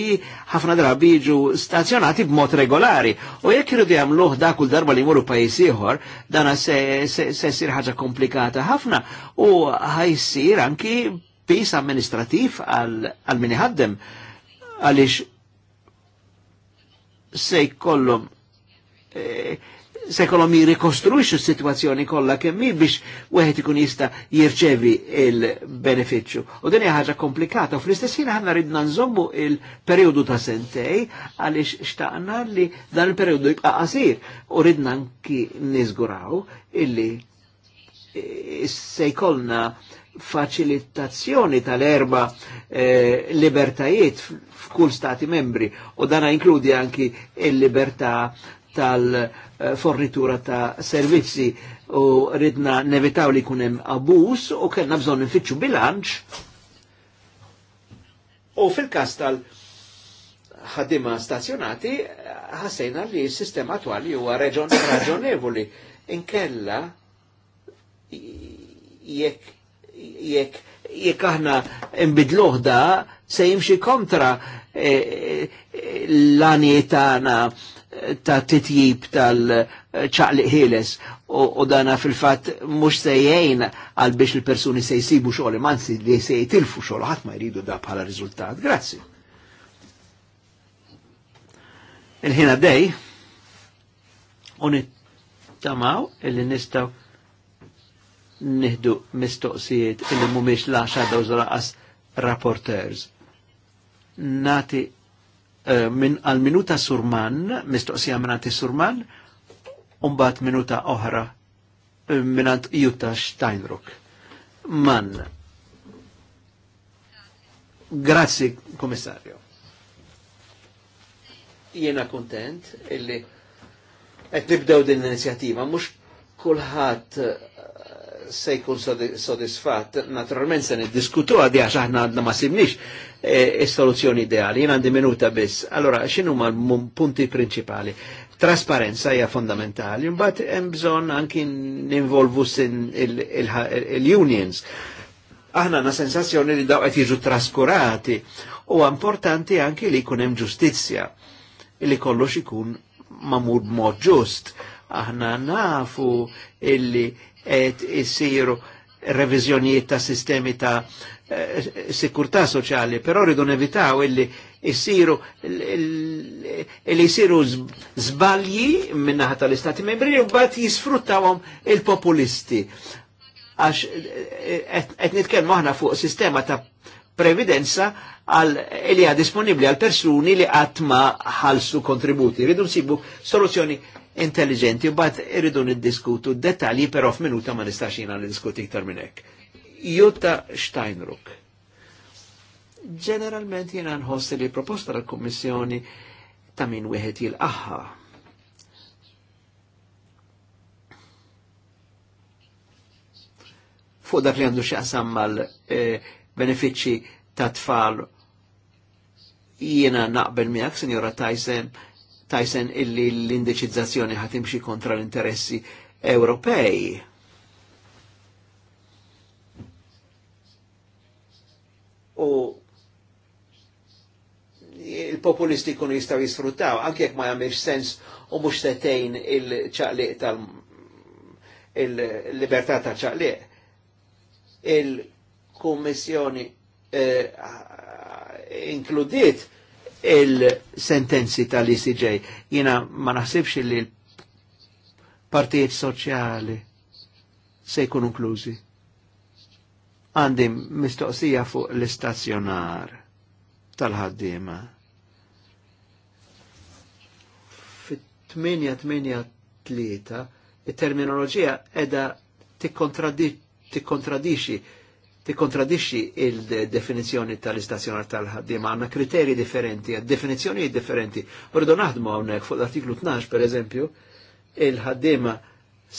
ħafna drabiġu jiġu stazzjonati b'mod regolari u jekk iridu jagħmluh da kull darba li jmorru pajjiż ieħor dan se ssir ħaġa komplikata ħafna u ħajsir anki pis amministrativ għal min ħaddem għaliex se jkollhom e, se jkollhom jirrikostruixxu situazzjoni kolla kemmi biex wieħed ikun jista' jirċevi il beneficju U din hija ħaġa komplikata u fl-istess ħanna ridna nżommu il periodu ta' sentej għalix xtaqna li dan il periodu jibqa' qasir u ridna nki nizguraw illi e, sej kollna faċilitazzjoni tal-erba eh, libertajiet f'kull stati membri u dana inkludi anki il-libertà tal-fornitura eh, ta' servizzi u ridna nevitaw li kunem abus u kellna bżon nfittxu bilanċ u fil-kas tal- ħadima stazzjonati, ħasejna li s-sistema attuali huwa raġonevoli. Inkella jekk jekk jekk aħna nbidluh da se jimxi kontra e, e, l-anietana ta' titjib tal-ċaqliq ħieles u dana fil-fat mux sejjajn għal biex il-personi se jisibu xoħli, manzi li se jitilfu xoħli, ħat ma jridu da bħala rizultat. Grazzi. Il-ħina dej, unit tamaw, il nistaw nihdu mistoqsijiet illi mumiex laxa dawż raqas rapporters. Nati eh, min għal-minuta surman, mistoqsija minnati surman, unbat minuta oħra eh, minnant Jutta Steinruck. Man. Grazzi, komissarju. Jena kontent illi qed nibdew din l inizjativa, mhux kulħadd se jkun sodisfatt. Naturalment se niddiskutu għadi għax aħna għadna ma simnix is-soluzzjoni e, e ideali. jina għandi minuta biss. Allora, xinu ma punti principali. Trasparenza hija fondamentali, mbagħad hemm bżonn anki ninvolvu il-unions. Aħna na sensazzjoni li daw qed jiġu traskurati u importanti anki li jkun hemm ġustizzja li kollox ikun mamur b'mod ġust aħna nafu illi et isiru revizjonijiet ta' sistemi ta' eh, sikurtà soċjali, però rridu nevitaw illi jisiru illi jisiru zbalji minnaħa tal-Istati membri u bat jisfruttawom il-populisti. Għax eh, et, nitkellmu maħna fuq sistema ta' previdenza għal li għad disponibli għal persuni li għatma ħalsu kontributi. Ridu nsibu soluzzjoni intelligenti u bat irridu niddiskutu dettalji però f'minuta ma nistax jina niddiskuti iktar minn hekk. Jutta Steinruck. Ġeneralment jina nħossi li proposta tal-Kummissjoni ta' min wieħed jil-aħħa. Fuq dak li għandu xaqsam mal-benefiċċji e, ta' tfal jiena naqbel miegħek, Sinjora Tyson, Tajsen illi l-indeċizzazzjoni ħatimxi kontra l-interessi Ewropej. U il-populisti kunu jistaw jisfruttaw, anke jekk ma jagħmilx sens u mhux setejn il-ċaqliq tal- il-libertà ta' ċaqliq. Il-Kummissjoni eh, inkludiet il-sentenzi tal-ICJ. Jina ma naħsibx li l-partijiet soċjali se jkunu klużi. Għandi mistoqsija fuq l-istazzjonar tal ħaddima Fit-883 il terminoloġija edha tikkontradixxi tikkontradixxi il-definizzjoni tal-istazzjonar tal-ħaddiem għandna kriterji differenti, definizzjoni differenti. Rridu naħdmu hawnhekk fuq l-artiklu 12 pereżempju, il-ħaddiema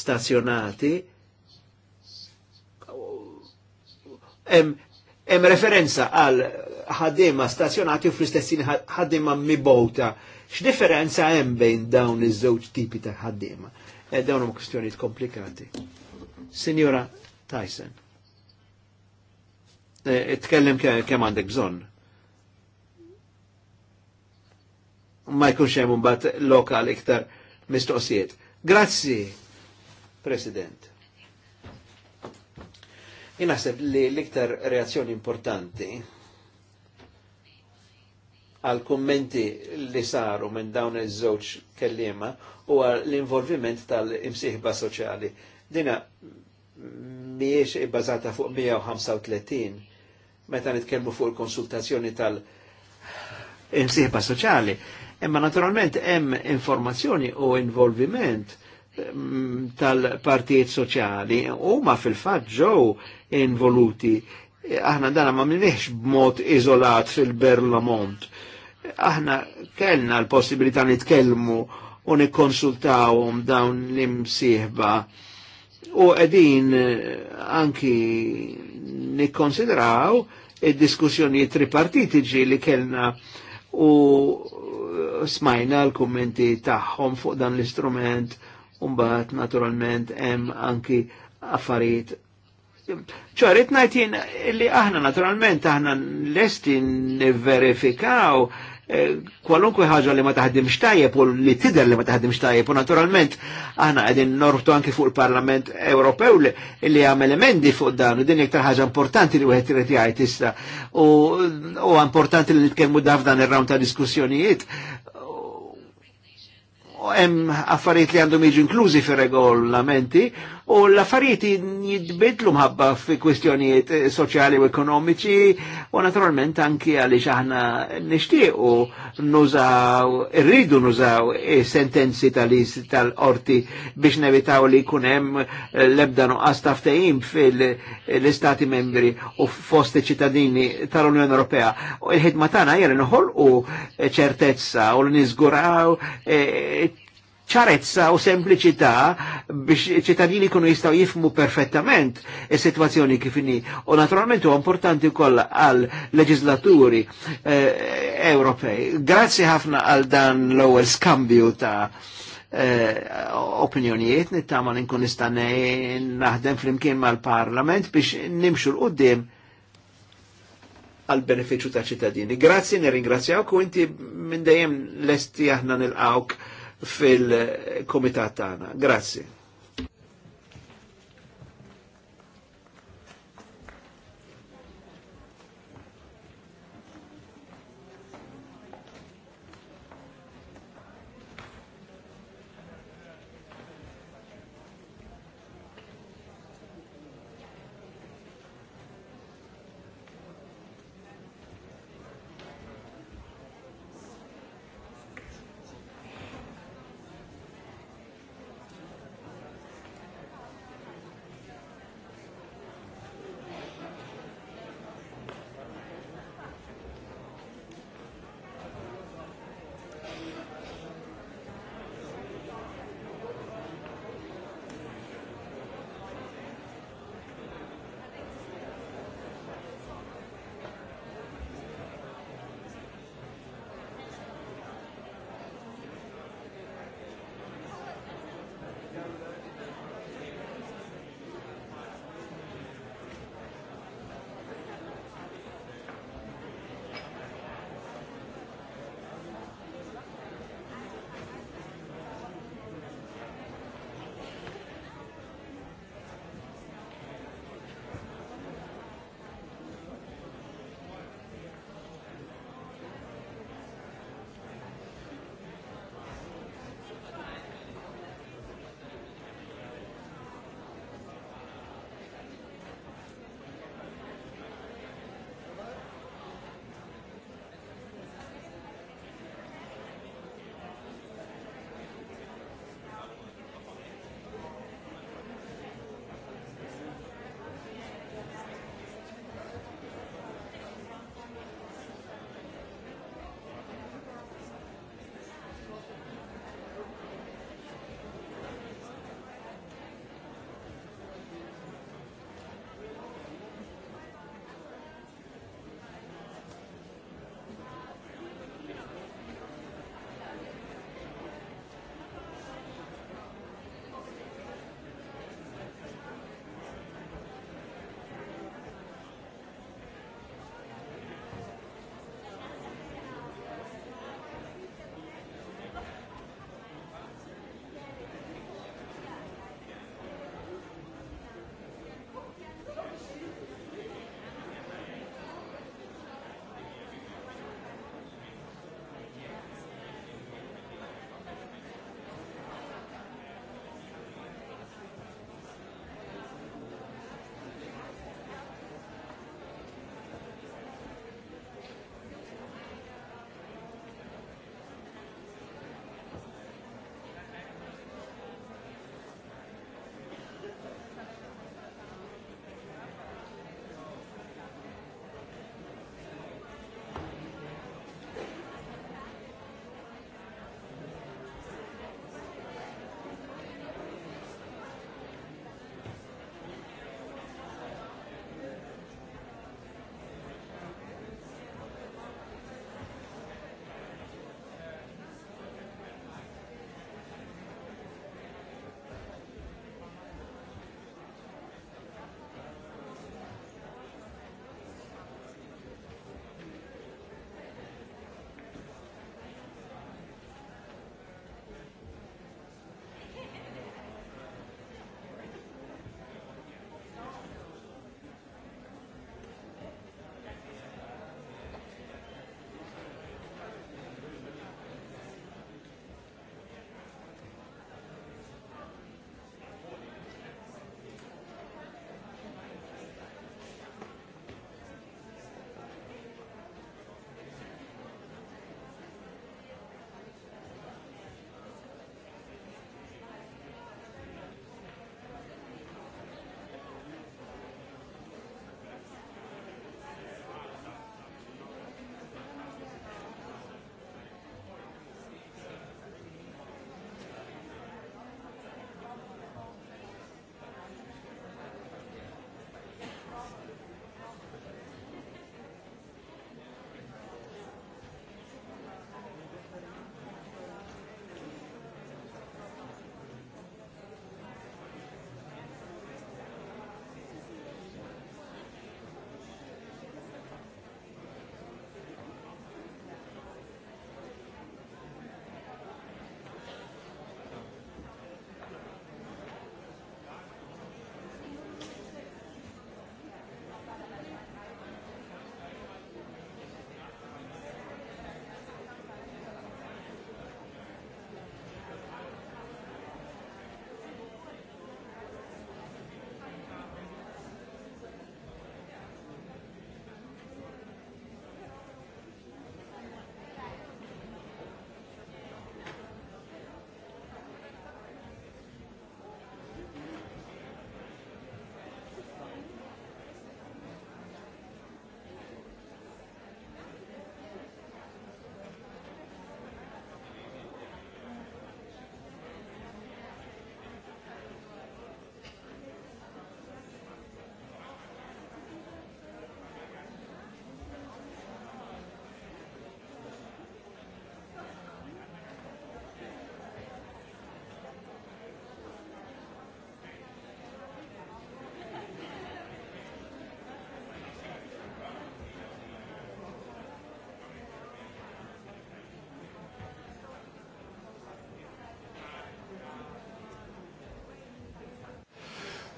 stazzjonati hemm referenza għal ħaddiema stazzjonati u fl-istessin ħaddiema mibota. X'differenza hemm bejn dawn iż-żewġ tipi ta' ħaddiema? Eh, dawn hemm kwistjonijiet komplikati. Signora Tyson. Eh, itkellem kemm għandek bżonn. Ma jkunx hemm imbagħad lokal iktar mistoqsijiet. Grazzi, President. naħseb li l-iktar reazzjoni importanti għal kommenti li saru minn dawn iż-żewġ kellima u għal l-involviment tal-imsieħba soċjali. Dina miex ibbażata fuq 135 meta nitkellmu fuq il-konsultazzjoni tal-imsieħba soċjali. Imma naturalment hemm informazzjoni u involviment mm, tal-partijiet soċjali huma fil-fatt ġew involuti. Aħna dan ma mniex b'mod iżolat fil-Berlamont. Aħna kellna l-possibilità nitkellmu u nikkonsultawhom dawn l-imsieħba u qegħdin eh, anki nikkonsidraw id-diskussjoni tripartitiġi li kellna u smajna l-kummenti tagħhom fuq dan l-istrument un-baħt naturalment, hemm anki affarijiet. ċar, itnajtin li aħna naturalment aħna lesti verifikaw kwalunkwe ħaġa li ma taħdim tajjeb u li tider li ma taħdim tajjeb u naturalment aħna għedin nortu anki fuq il-Parlament Ewropew li għamel emendi fuq dan u din iktar ħaġa importanti li wieħed irid jgħid issa u importanti li nitkellmu daf dan ir-rawn ta' diskussjonijiet u hemm affarijiet li għandhom jiġu inklużi fir-regolamenti u l-affarijiet jidbidlu mħabba fi kwestjonijiet eh, soċjali u ekonomiċi u naturalment anki għaliex aħna nixtiequ nużaw, rridu nużaw eh, sentenzi tal-orti biex nevitaw li kunem hemm eh, lebda nuqqas taftajim fil-istati membri u fosti ċittadini tal-Unjoni Ewropea. U il-ħidma tagħna jera u ċertezza u l-niżguraw ċarezza u sempliċità biex ċittadini kunu jistaw jifmu perfettament is-sitwazzjoni kifini. U naturalment huwa importanti wkoll għal leġislaturi eh, Ewropej. Grazzi ħafna għal dan l ewel skambju ta' eh, opinjonijiet nittama nkun naħdem flimkien mal-Parlament biex nimxu l-qudiem għal ta' ċittadini. Grazzi, nirringrazzjawk u inti minn dejjem lesti aħna nilqawk fil-komitat tagħna. Grazzi.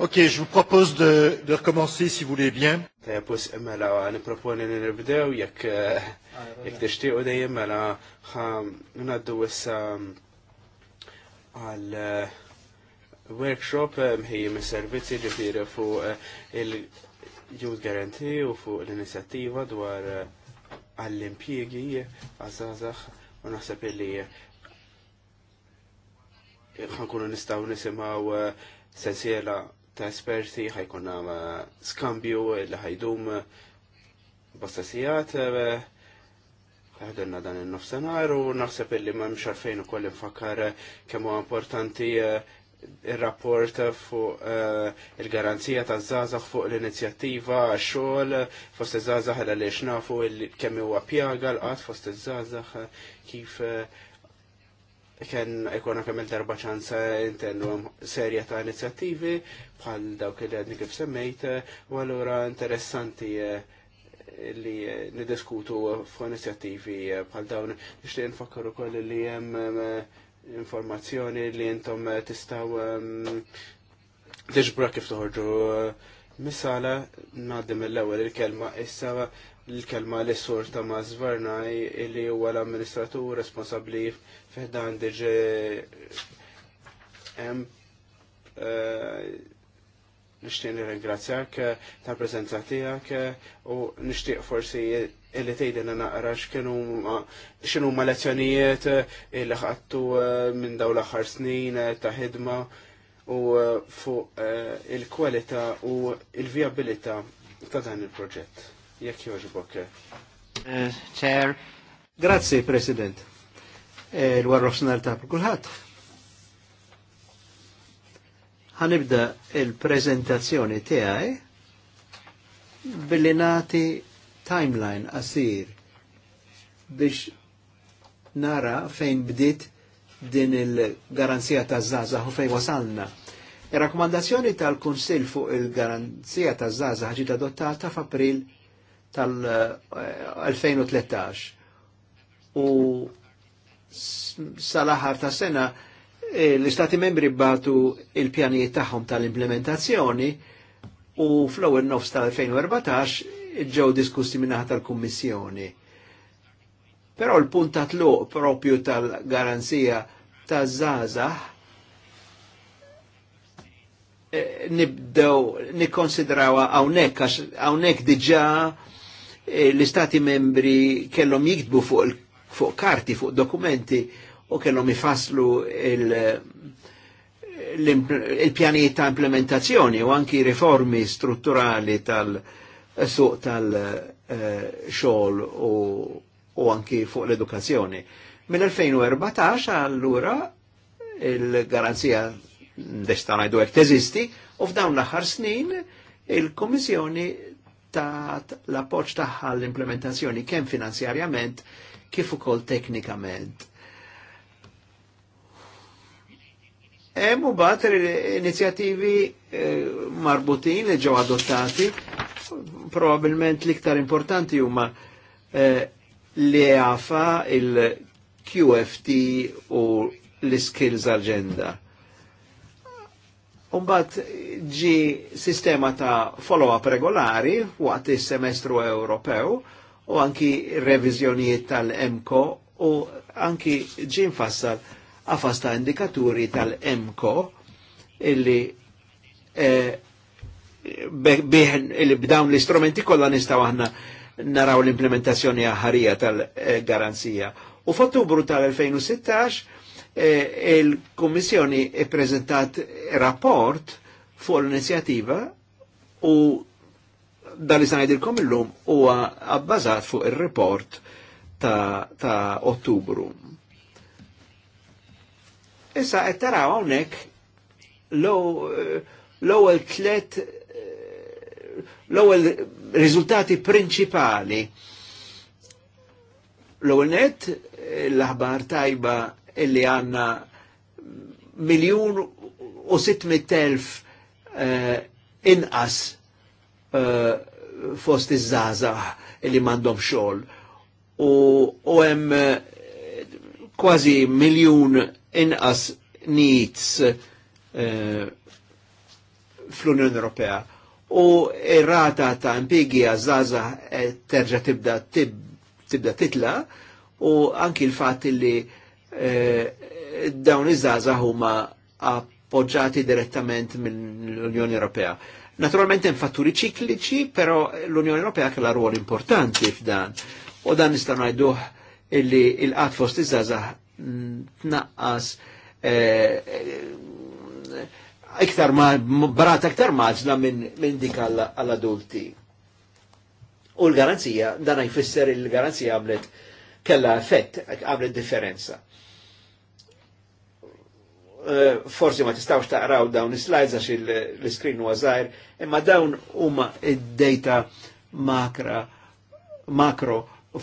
Ok, je vous propose de, de recommencer si vous voulez bien. Eh, workshop eh, mħejji mis-servizzi li tiri fuq eh, il-Youth Guarantee u fuq l-inizjattiva dwar għall impiegi għazazax u naħseb li ħankunu nistaw nisimaw sensiela ta' esperti, ħajkonna eh, skambju li ħajdum eh, bosta sijat, eh, ħadilna dan il-nofsenar u naħseb illi ma' mxarfejn u koll infakar kemmu importanti il-rapport fuq il-garanzija ta' zazax fuq l-inizjattiva xol fost iż-żazax għal li xnafu kemm għapjaga pjaga l-qatt fost iż-żazax kif kien ikon kemm il-darba ċansa eh, intennu serja ta' inizjattivi bħal dawk li għadni kif semmejt eh, u allura interessanti eh, li nidiskutu fuq inizjattivi bħal dawn nixtieq nfakkaru ukoll li hemm informazzjoni li intom tistaw ehm, tiġbra kif toħorġu misala naddim l-ewwel il-kelma issa l-kelma l-sur ta' mażvarnaj li huwa l-amministratur responsabbli fiħdan diġe hemm eh, nishtiq nirringrazzjak ta' prezenza tiegħek u nixtieq forsi illi tgħidilna naqra x'kienu ma lezzjonijiet illi ħadtu eh, minn dawn l-aħħar snin ta' ħidma u eh, fuq il-kwalità u il-vijabilità ta' dan il-proġett. Jekk jogħġbok. Chair. Grazie, President l-warrof snar ta' kulħadd. Ħanibda il-prezentazzjoni tiegħi billi nagħti timeline qasir biex nara fejn bdiet din il-garanzija ta' zaza u fejn wasalna. Ir-rakkomandazzjoni tal-Kunsill fuq il-garanzija ta' zaza ħġiet adottata f'April tal-2013 eh, eh, u sal-aħar ta' sena eh, l-Istati membri batu il-pjanijiet tagħhom tal-implementazzjoni u fl-ewwel nofs tal-2014 ġew diskussi minnaħa tal-Kummissjoni. Però l-punt ta' tluq propju tal-garanzija ta' żgħażagħ eh, nibdew nikkonsidrawha hawnhekk għax hawnhekk diġà eh, l-istati membri kellhom jiktbu fuq fuq karti, fuq dokumenti u kellhom ifaslu il-pjanijiet il ta' implementazzjoni u anki riformi strutturali tal-suq tal-xogħol eh, u, u anki fuq l-edukazzjoni. Mill-2014 allura il-garanzija destana najdu għek teżisti, u f'dawn l-aħħar snin il-Komissjoni ta' l-appoċ taħħa l-implementazzjoni kemm finanzjarjament kif ukoll teknikament. Hemm u mbagħad inizjattivi eh, marbutin li ġew adottati, probabbilment l-iktar importanti huma eh, li għafa il-QFT u l-Skills Agenda. Umbat ġi sistema ta' follow-up regolari waqt is-semestru Ewropew u anki revizjonijiet tal-EMCO u anki ġin fassal għafasta indikaturi tal-EMCO illi eh, illi b'dawn l-istrumenti kollha nistaw għanna naraw l-implementazzjoni aħarija tal-garanzija. U f'Ottubru tal-2016 eh, il-Kummissjoni prezentat rapport fuq l inizjativa u dan li sanajdilkom illum huwa abbażat fuq ir-report ta', ta Ottubru. Issa qed taraw hawnhekk eh, l-ewwel tliet eh, l-ewwel riżultati prinċipali. L-ewwel net eh, l-aħbar tajba illi għandna miljun u sitt mit-telf inqas uh, fost iż-żaza li mandom xol. U, hemm eh, kważi miljun inqas needs eh, fl-Unjoni Ewropea. U ir-rata ta' impigi għaż-żaza terġa' tibda tibda titla u anki l-fatt li dawn iż-żaza huma appoġġati direttament mill-Unjoni Ewropea. Naturalment hemm fatturi ċikliċi, però l-Unjoni Ewropea kellha rwol importanti f'dan. U dan nistgħu ngħiduh illi l qatt fost iż-żgħażagħ tnaqqas eh, iktar ma barat iktar maġla minn dik għall-adulti. U l-garanzija, dan jfisser il-garanzija għamlet kella effett, għamlet differenza. Eh, forsi ma tistawx taqraw dawn is-slides għax l-iskrin huwa żgħir, imma dawn huma id-data makra makro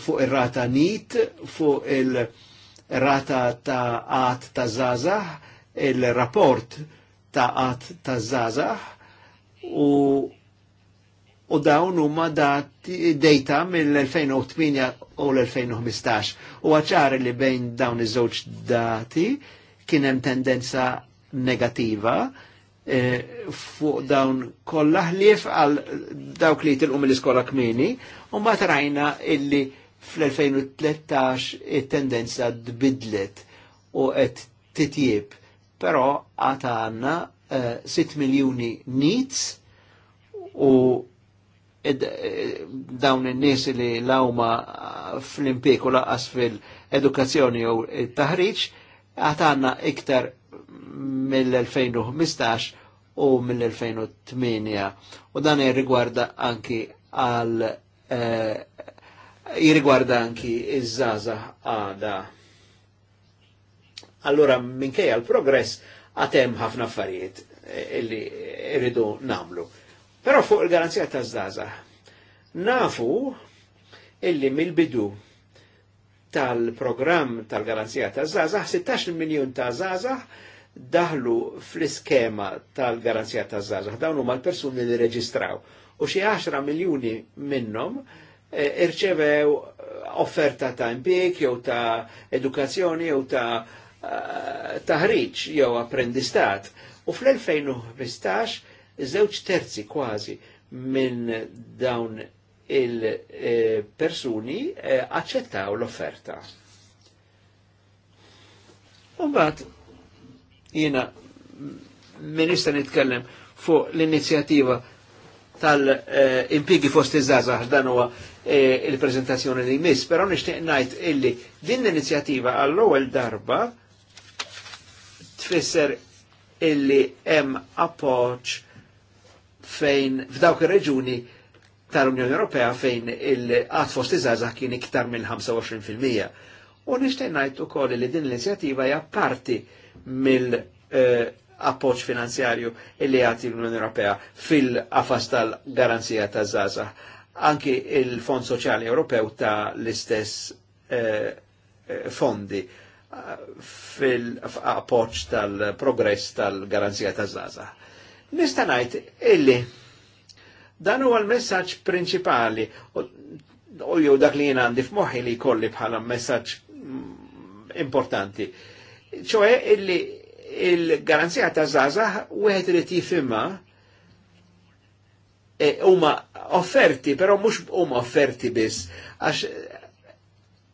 fuq ir-rata nit, fuq il-rata ta' għat ta' zazah, il-rapport ta' għat ta' zazah u u dawn huma dati data mill-2008 u l-2015. U għacċar li bejn dawn iż-żewġ dati kien hemm tendenza negativa eh, fuq dawn kollha ħlief għal dawk li tilqu mill-iskola kmini u mbagħad rajna illi fl-2013 it-tendenza tbidlet u qed titjib però għata għanna 6 eh, miljuni nits u eh, dawn in-nies li lawma fl-impiku laqas fil-edukazzjoni u taħriġ għatanna iktar mill-2015 u mill-2008 u dan jirrigwarda anki għal eh, jirrigwarda anki iż-żaza għada. Allora minkejja l-progress għatem ħafna affarijiet eh, illi irridu namlu. Però fuq il-garanzija ta' zaza, nafu illi mill-bidu tal-programm tal-garanzija ta' zazah, 16 miljon ta' zazah daħlu fl-iskema tal-garanzija ta' zazah, dawn huma l-persuni li reġistraw. U xi 10 miljuni minnhom eh, irċevew eh, offerta ta' impjeg jew ta' edukazzjoni jew ta' eh, taħriċ, jew apprendistat. U fl-2015 żewġ terzi kważi minn dawn il-persuni eh, accettaw l-offerta. Umbat, jina minista nitkellem fuq l-inizjativa tal-impigi fosti iż-żazax dan huwa eh, il-prezentazzjoni li jmiss, però nixtieq ngħid illi din l inizjativa għall-ewwel darba tfisser illi hemm appoġġ fejn f'dawk ir-reġuni tal-Unjoni Ewropea fejn il qat fost iżgħażagħ kien iktar minn 25%. U nixtieq ngħid ukoll li din l-inizjattiva hija parti mill-appoġġ eh, finanzjarju li jagħti l-Unjoni Ewropea fil-qafas tal-garanzija ta' żgħażagħ. Anki il-Fond Soċjali Ewropew ta' l-istess eh, eh, fondi fil-appoġġ tal-progress tal-garanzija ta' żgħażagħ. Nista' ngħid illi Dan huwa l-messaġġ prinċipali u jew dak li jien għandi f'moħħi li jkolli bħala messaġġ mm, importanti. ċoe illi il-garanzija ta' zaza wieħed irid jifimha e, huma e, offerti, però mhux huma offerti biss għax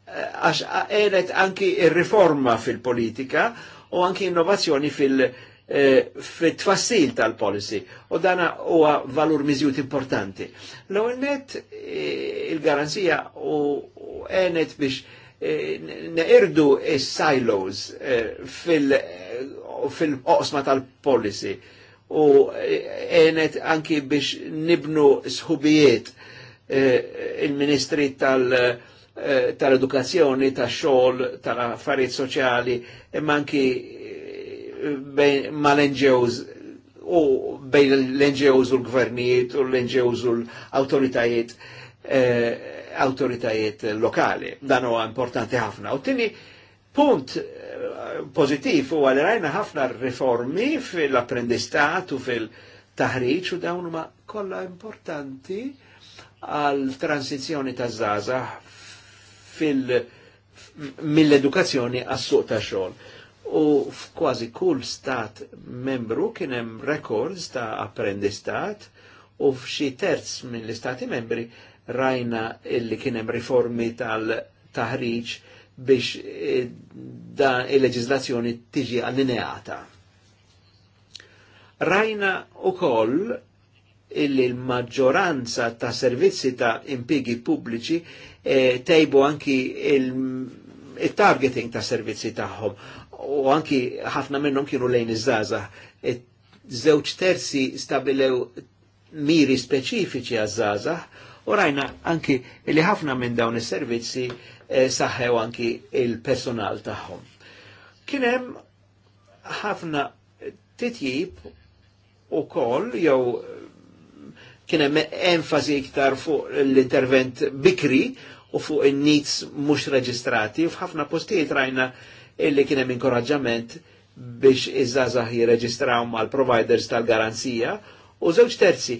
għax għenet anki ir-riforma fil-politika u anki innovazzjoni fil-, -politika, Eh, fit tfassil tal-policy u dana huwa valur miżjut importanti. L-ewwel net eh, il-garanzija u għenet biex eh, neqirdu is-silos fil-oqsma fil oqsma tal policy u għenet anki biex nibnu sħubijiet il-ministri tal- tal-edukazzjoni, tal-xol, tal-affarijiet soċjali, imma anki mal-NGOs u bejn l-NGOs u l-gvernijiet u l-NGOs u l-autoritajiet eh, autoritajiet lokali. Dan huwa importanti ħafna. U tini punt eh, pozitiv u għal rajna ħafna riformi fil-apprendistat u fil-taħriċ u dawn ma kollha importanti għal transizjoni ta' zaza fil mill-edukazzjoni għas suq ta' xogħol u f'kważi kull stat membru kien hemm records ta' apprendistat u f'xi terz mill-istati membri rajna illi kien hemm riformi tal-taħriġ biex eh, dan il leġislazzjoni tiġi allineata. Rajna u koll illi l-maġġoranza ta' servizzi ta' impigi pubbliċi eh, tejbu anki il targeting ta' servizzi tagħhom u anki ħafna minnhom kienu lejn iż-żgħażagħ. Żewġ terzi stabilew miri speċifiċi għaż-żgħażagħ u rajna anki li ħafna minn dawn is-servizzi eh, saħħew anki il-personal tagħhom. Kien hemm ħafna titjib u koll jew kien hemm enfasi iktar fuq l-intervent bikri u fuq in-nits mhux reġistrati u f'ħafna postijiet rajna illi kien hemm inkoraġġament biex iż żazah jirreġistraw mal-providers tal-garanzija u żewġ terzi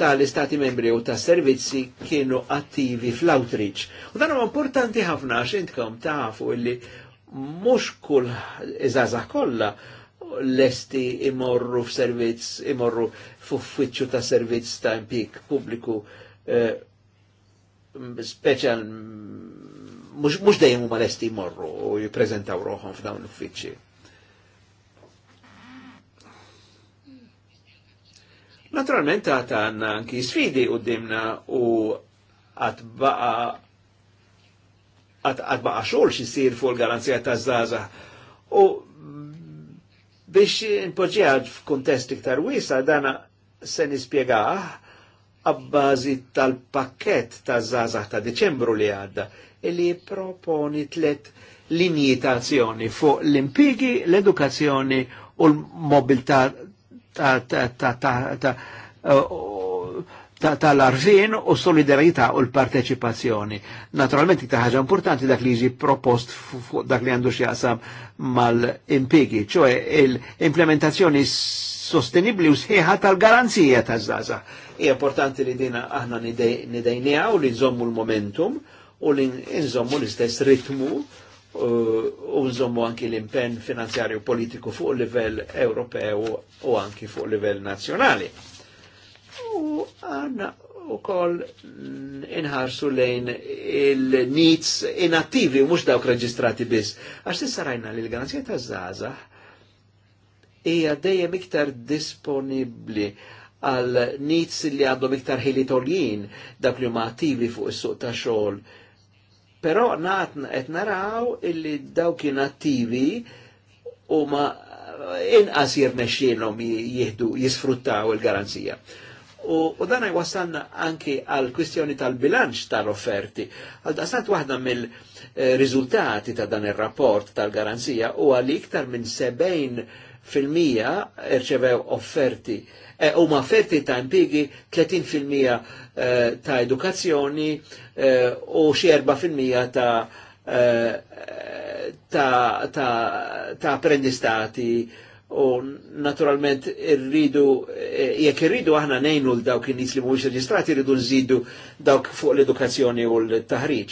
tal-istati membri u tas servizzi kienu attivi fl-outreach. U dan huwa importanti ħafna għax intkom tafu illi mhux kull iż-żgħażagħ kollha lesti imorru f'servizz, imorru f'uffiċċju ta' servizz ta' impik pubbliku eh, mux dejjem huma lesti morru u jippreżentaw roħom f'dawn l-uffiċċji. Naturalment għata għanna anki sfidi u dimna u għatbaqa għatbaqa xol xisir fuq il-garanzija ta' zaza u biex npoġġiħa f'kuntest iktar wisa dana se nispiegaħ għabbażi tal-pakket ta' zazax ta' Deċembru li għadda li proponi tlet linji ta' azzjoni fuq l-impigi, l-edukazzjoni u l-mobilità tal arvin u l-solidarietà u l-parteċipazzjoni. Naturalment ta' ħaġa importanti dak li jiġi propost fuq dak li għandu xjaqsam mal-impigi, ċoe l-implementazzjoni sostenibli u sħiħa tal-garanzija ta' zaza. I importanti li dina aħna nidejnija u li nżommu l-momentum u li nżommu l-istess ritmu u nżommu anki l-impenn finanzjarju politiku fuq livell Ewropew u anki fuq livell nazzjonali. U għanna u koll inħarsu lejn il-needs inattivi u mux dawk reġistrati biss. Għax sarajna li l-garanzija ta' zaza hija dejjem iktar disponibli għal needs li għandhom iktar ħilitoljien dak li huma attivi fuq is-suq ta' xogħol Però naħatna qed naraw illi kien attivi u ma eh, inqas jirnexxielhom jieħdu jisfruttaw il-garanzija. U, u dan għajwasanna anki għal kwistjoni tal-bilanċ tal-offerti. Għal daqsat waħda mill-riżultati eh, ta' dan il-rapport tal-garanzija u għal iktar minn 70% irċevew offerti Eh, huma ferti ta' impigi 30% eh, ta' edukazzjoni eh, u xi 4% ta' ta', ta, ta apprendistati u naturalment irridu, jekk irridu aħna nejnu l-dawk in-nies li mhuwiex reġistrati irridu nżidu dawk fuq l-edukazzjoni u l-taħriġ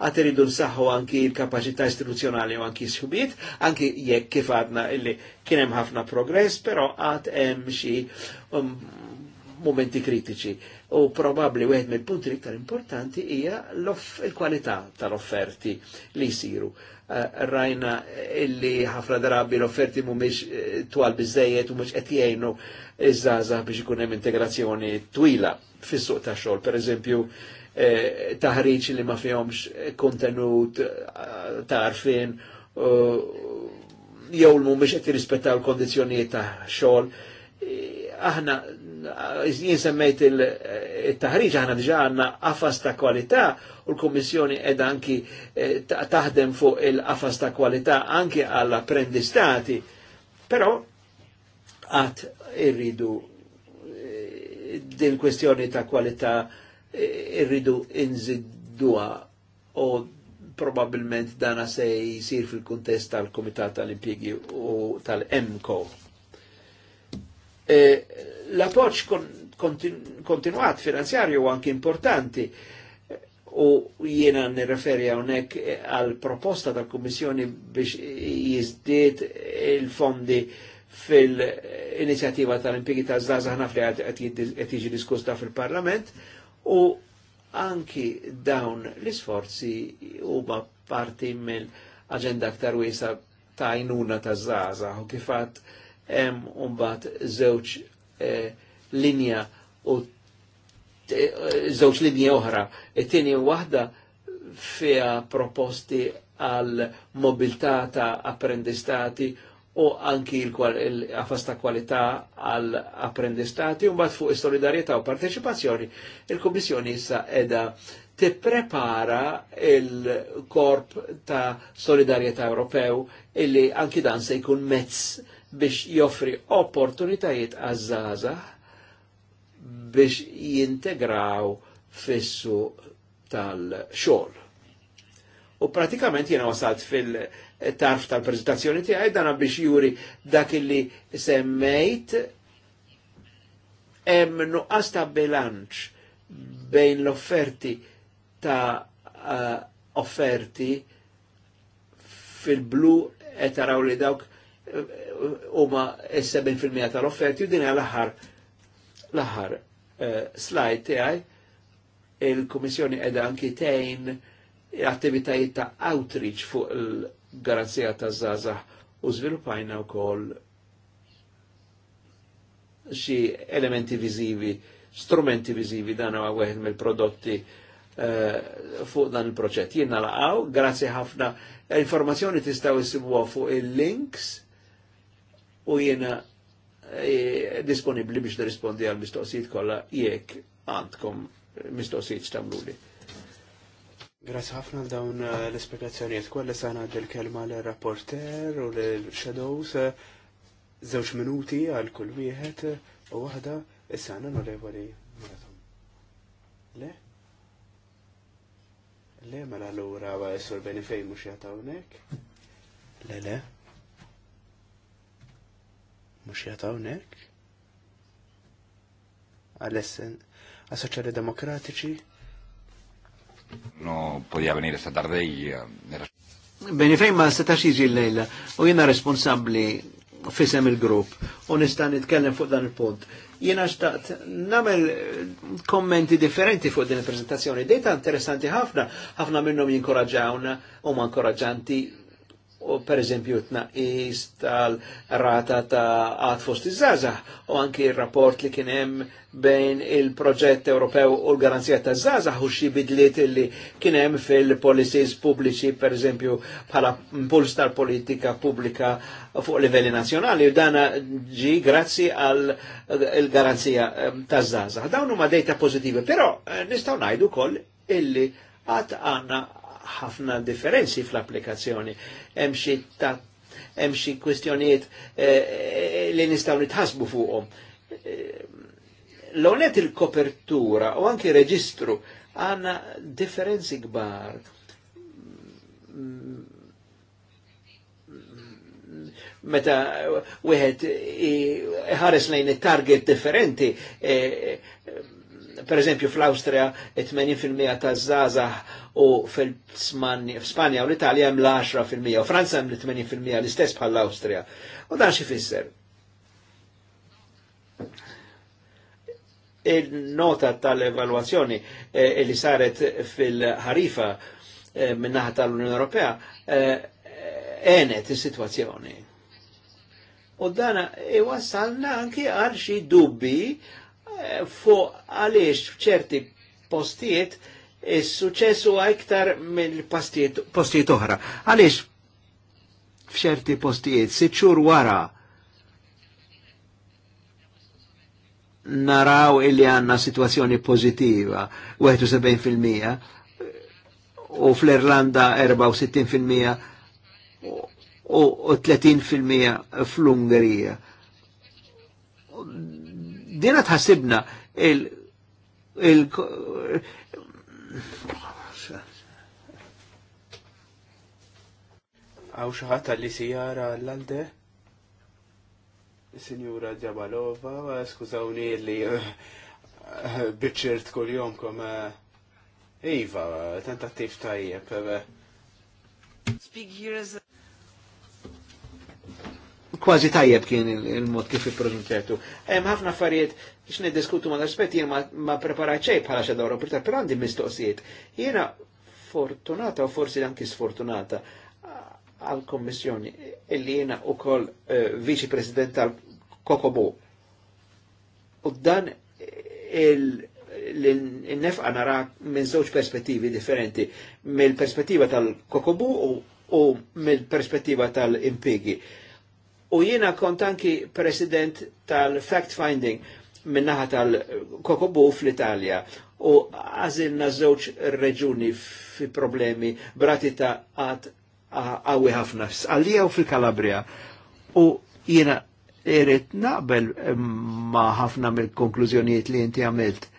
għat iridu nsaħħu anki il kapacità istituzzjonali u anki s subiet anki jekk kif għadna illi kienem ħafna progress, pero għat hemm xi um, momenti kritiċi. U probabli wieħed mill-punti iktar importanti hija l-kwalità tal-offerti li jsiru. Uh, rajna illi ħafna drabi l-offerti mumiex uh, eh, twal bizzejiet u mux etjajnu iż-żaza biex ikun hemm integrazzjoni twila fis-suq ta' xogħol. Per eżempju, Eh, taħriġ li ma fihomx kontenut eh, tarfin eh, jew l mhumiex qed jirrispettaw l-kondizzjonijiet ta' xogħol. Aħna jien semmejt il-taħriġ aħna diġà għandna qafas ta' kwalità u l-Kummissjoni qed anki taħdem fuq il-qafas ta' kwalità anki għall apprendistati Però għat irridu din kwestjoni ta' kwalità irridu inżidduha u probabilment dana se jisir fil-kuntest tal-Komitat tal-Impjegi u tal-EMCO. E, l-appoċ kontinuat kontin finanzjarju anki importanti u jiena nirreferi għonek għal proposta tal komissjoni biex jizdiet il-fondi fil inizjativa tal-impjegi ta' Zaza ħna fli qed jiġi diskusta fil-Parlament u anki dawn l-isforzi huma parti mill aġenda aktar wiesa ta' jnuna ta' zaza u kifat hemm umbat żewġ eh, linja u żewġ eh, linja oħra. It-tieni e waħda fija proposti għal mobilità ta' apprendistati u anki l-qafas ta' kwalità għal apprendistati un bat fuq il-solidarieta u partecipazzjoni, il-Kummissjoni issa edha te prepara il-korp ta' solidarieta Ewropew illi anki dan se jkun mezz biex joffri opportunitajiet għazzaza biex jintegraw fissu tal xol U pratikament jena wasalt fil- tarf tal-prezentazzjoni tiegħi dan biex juri dak illi semmejt hemm nuqqas ta' bilanċ bejn l-offerti ta' uh, offerti fil-blu qed taraw li dawk eh, huma s-7% tal-offerti u din l-aħħar l-aħħar uh, slide tiegħi il-Kummissjoni qiegħda anki tgħin attivitajiet ta' outreach fuq il- garanzija ta' zazah u zvilupajna u kol xi elementi vizivi, strumenti vizivi dan huwa wieħed mill-prodotti uh, fuq dan il proċett Jien laqgħu, grazzi ħafna. Informazzjoni tistaw issibuha fuq il-links u jiena eh, disponibli biex nirrispondi għal mistoqsijiet kollha jekk għandkom mistoqsijiet x'tamluli. Grazie ħafna l-dawn eh, l-esplikazzjoniet. Kolla sana dil-kelma l-rapporter u l-shadows, zewċ eh, minuti għal kull wieħed u wahda issa sana l-olevoli Le? Le, mela l eh, Sur għu jessur benifej mux jatawnek? Le, le? Mux jatawnek? Għal-essen, għas demokratiċi? No podja venire sta tardej. Eh, Bene, fejn ma setax jiġi l-lejla u jena responsabli fissem il-grupp u nista' nitkellem fuq dan il pont Jena xtaqt namel eh, kommenti differenti fuq din il-prezentazzjoni. Dejta interessanti ħafna, ħafna minnom jinkoraġawna u ma inkoraġanti u per eżempju tnaqis tal-rata ta' għad fost iż-żazax u anki il-rapport li kien hemm bejn il-proġett Ewropew u l-garanzija ta' żazax u xi bidliet li kien hemm fil-policies pubbliċi per eżempju bħala impuls tal-politika pubblika fuq livelli nazzjonali u dana ġi grazzi għal il-garanzija eh, ta' żazax. Dawn huma dejta pożittivi, però eh, nistgħu ngħidu koll illi għat għanna ħafna differenzi fl-applikazzjoni. Hemm xi kwistjonijiet eh, li nistgħu nitħasbu fuqhom. L-onet il-kopertura u anki reġistru għanna differenzi kbar meta wieħed ħares lejn it-target differenti eh, per eżempju fl-Austria 80% ta' zaza u fil-Spanja u l-Italja jem l-10% u Franza jem l-80% l-istess bħal l-Austria. U dan xie fisser? Il-nota tal evaluazzjoni eh, li saret fil-ħarifa eh, minnaħa tal-Unjoni Ewropea eh, enet eh, is-sitwazzjoni. U dana i eh, wasalna anki għal xi dubbi fuq għaliex f'ċerti postijiet il suċess għajktar iktar postiet, postijiet oħra. Għaliex f'ċerti postijiet sitt wara naraw illi għanna situazzjoni pozitiva, 71% u fl-Irlanda 64% u 30% fl-Ungerija. Dina tħassibna il, il Għaw xaħat għalli sijara l-għalde? Signora Djabalova, skużawni li eh, biċċert kol-jom kom eh, Iva, tentattiv tajjeb. Eh, Speak here as kważi tajjeb kien il-mod kif ippreżentajtu. Hemm ħafna affarijiet biex niddiskutu ma' l-aspetti jien ma preparat xejn bħala xi dawra per però għandi mistoqsijiet. Jiena fortunata u forsi anki sfortunata għal-Kommissjoni illi jiena wkoll eh, viċi President tal-Kokobo. U dan il- l-nefqa nara minn żewġ perspettivi differenti, mill-perspettiva tal-kokobu u, mill-perspettiva tal-impigi. U jiena kont anki president tal-fact-finding minnaħa tal-Kokobu fl-Italja u għazilna żewġ reġuni fi problemi brati ta' għad għawi ħafna, għalija u fil-Kalabria. U jiena irrit naqbel ma ħafna mill-konklużjonijiet li inti għamilt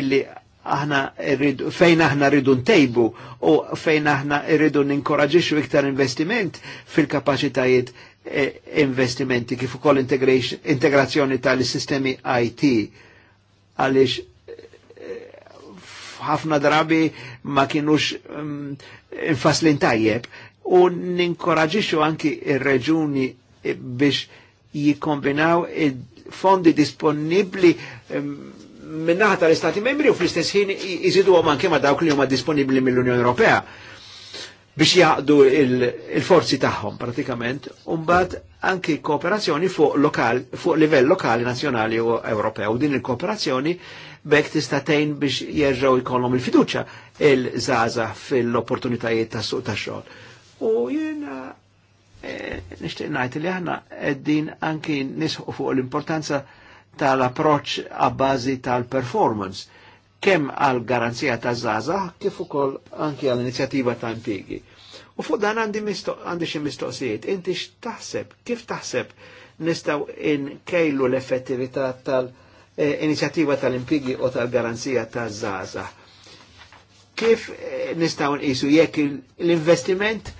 illi aħna rridu, fejn aħna rridu ntejbu u fejn aħna rridu ninkoraġixxu iktar investiment fil-kapaċitajiet e, investimenti kif ukoll integrazzjoni tal-sistemi IT għaliex e, ħafna drabi ma kienux um, mm, infaslin tajjeb u ninkoraġixxu anki r reġuni biex jikkombinaw fondi disponibbli um, minnaħat tal-Istati membri u fl-istess ħin jizidu għom anke ma dawk li huma disponibli mill-Unjoni Ewropea biex jaqdu il-forzi il tagħhom pratikament, umbat anki kooperazzjoni fuq lokal, fuq livell lokali, nazjonali u Ewropew. Din il-kooperazzjoni bekk tista' biex jerġgħu jkollhom il-fiduċja il-żaża fil-opportunitajiet tas suq tax-xogħol. U jiena eh, nixtieq ngħid li aħna qegħdin anki nisħu fuq l-importanza tal-approċ għabbażi tal-performance, kemm għal garanzija ta' zaza, kif ukoll anki għal inizjattiva ta' impigi. U fuq dan għandi xi mistoqsijiet, inti x'taħseb, kif taħseb nistaw inkejlu l-effettività tal-inizjattiva eh, tal-impigi u tal-garanzija ta' zaza. Kif eh, nistaw nqisu jekk l-investiment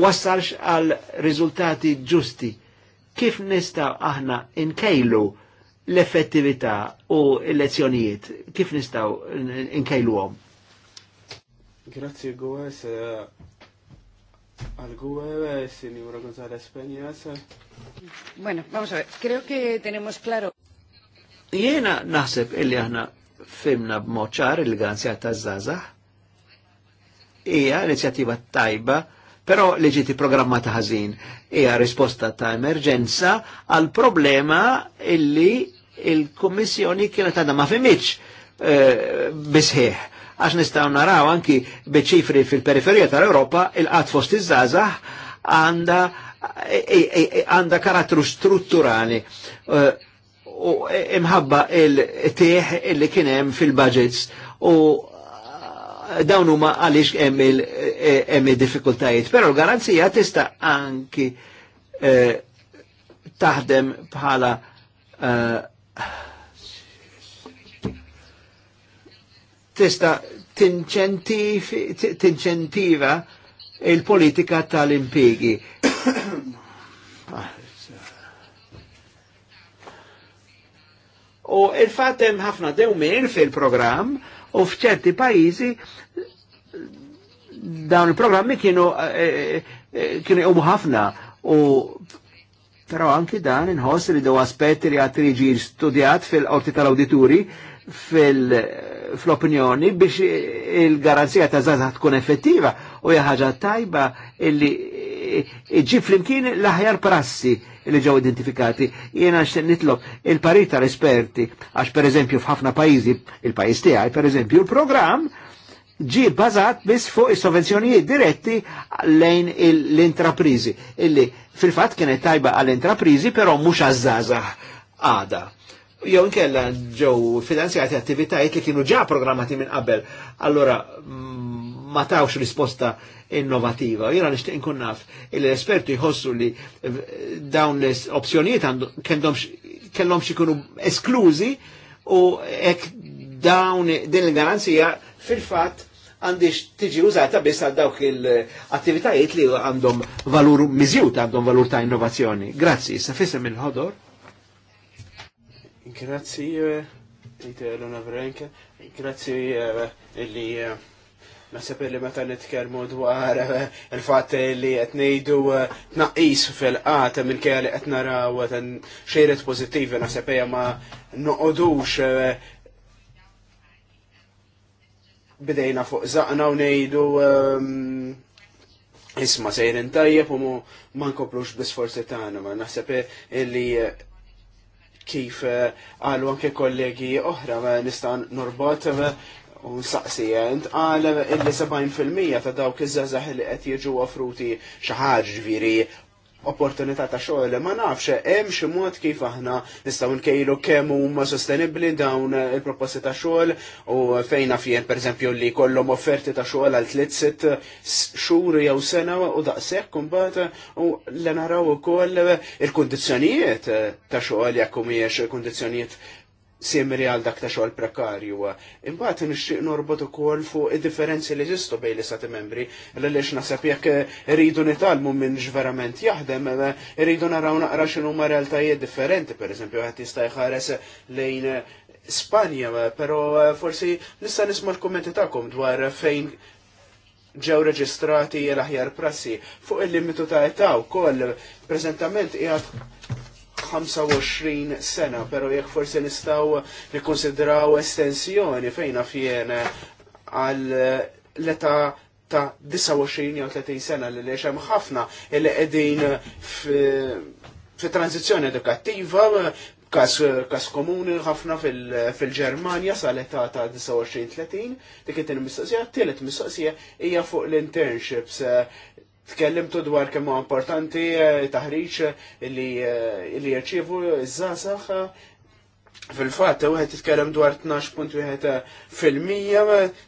wassalx għal riżultati ġusti? Kif nistaw aħna inkejlu l-effettività u l-lezzjonijiet kif nistaw inkejlu għom? Grazie għuħes, al għuħes signora González Peñas. Bueno, vamos a ver, creo que tenemos claro. Jena naħseb illi aħna fimna b'moċar il-ganzja ta' Zazah hija inizjattiva tajba Pero li ġiti programmata ħażin hija risposta ta' emerġenza għal problema illi il-Kummissjoni kienet għadha ma fimiċ e, eh, bisħieħ għax nistaw naraw anki biċifri fil-periferija tal-Europa il-qat fost iż-żazax għanda eh, eh, għanda karattru strutturali u imħabba il-tieħ li kienem fil-budgets u dawn huma għaliex eh, hemm il-diffikultajiet. Però l-garanzija tista' anki eh, taħdem bħala eh, tista' tinċentiva il-politika tal-impigi. U il-fatem ħafna dewmin fil-programm u fċerti pajizi dawn il-programmi kienu eh, eh, eh, kienu jgħumu ħafna u però anki dan inħoss li do aspetti li għat ġir studjat fil-qorti tal-awdituri fil-opinjoni biex il-garanzija ta' zaza tkun effettiva u jaħħaġa tajba illi iġib flimkien l-aħjar prassi li ġew identifikati. Jiena xten nitlob il-parit tal-esperti, għax per eżempju f'ħafna pajjiżi, il-pajjiż tiegħi per eżempju, il-programm ġi bazat biss fuq is-sovvenzjonijiet diretti lejn l-intraprizi, illi fil-fatt kienet tajba għall-intraprizi, però mhux għazzaza għada. Jow inkella ġew finanzjati attivitajiet li kienu ġa programmati minn qabel. Allora, ma tawx risposta innovativa. Jena nishtiq nkun naf, l-esperti jħossu li dawn l-opzjonijiet kellhom ikunu esklużi u hekk dawn din il-garanzija fil-fatt għandix tiġi użata biss għal dawk il-attivitajiet li għandhom valur miżjut, għandhom valur ta' innovazzjoni. Grazzi, sa' fissem il-ħodor. Grazzi, eh, Peter Lona Vrenke, grazzi eh, li Nasib li meta nitkellmu dwar eh, il-fatt eh, li qed ngħidu tnaqqis fil-qat minn kelli qed naraw eh, xejret pożittivi naħseb hija ma noqodux bidejna fuq zaqna u ngħidu isma sejrin tajjeb u ma nkoplux bisforzi tagħna ma naħseb li kif għalu anke kollegi oħra nista' norbot U jent, għal illi 70% ta' dawk iż żazah li qed jiġu offruti xi ħaġa ġifieri opportunità ta' xogħol ma nafx hemm xi mod kif aħna nistgħu nkejlu kemm huma sostenibbli dawn il-proposti ta' xogħol u fejna fien pereżempju li kollhom offerti ta' xogħol għal tliet sitt xhur jew sena u daqshekk imbagħad u li naraw ukoll il-kundizzjonijiet ta' xogħol jekk mhijiex kundizzjonijiet simri għal dak ta' xogħol prekarju. Imbagħad nixtieq norbot ukoll fuq id-differenzi li jistu bejn li sati membri għaliex naħseb jekk iridu nitalmu minn verament jaħdem, iridu naraw naqra x'inhu ma realtajiet differenti, pereżempju qed jista' jħares lejn Spanja, però forsi nista' nisma' l-kummenti tagħkom dwar fejn ġew reġistrati l-aħjar prassi fuq il-limitu ta' età wkoll preżentament qiegħed 25 sena, pero jekk forsi nistaw nikkonsidraw estensjoni fejna fien għal l-età ta' 29 jew 30 sena li lex hemm ħafna li qegħdin fi tranzizzjoni edukattiva kas, kas komuni ħafna fil-Germania fil germania fil l età ta' 29-30, dik it-tieni mistoqsija, t-tielet mistoqsija hija fuq l-internships. Tkellimtu dwar kemm huwa importanti eh, taħriġ li eh, jirċievu iż-żasaħ Fil-fatt, wieħed titkellem dwar 12.1 eh, fil-mija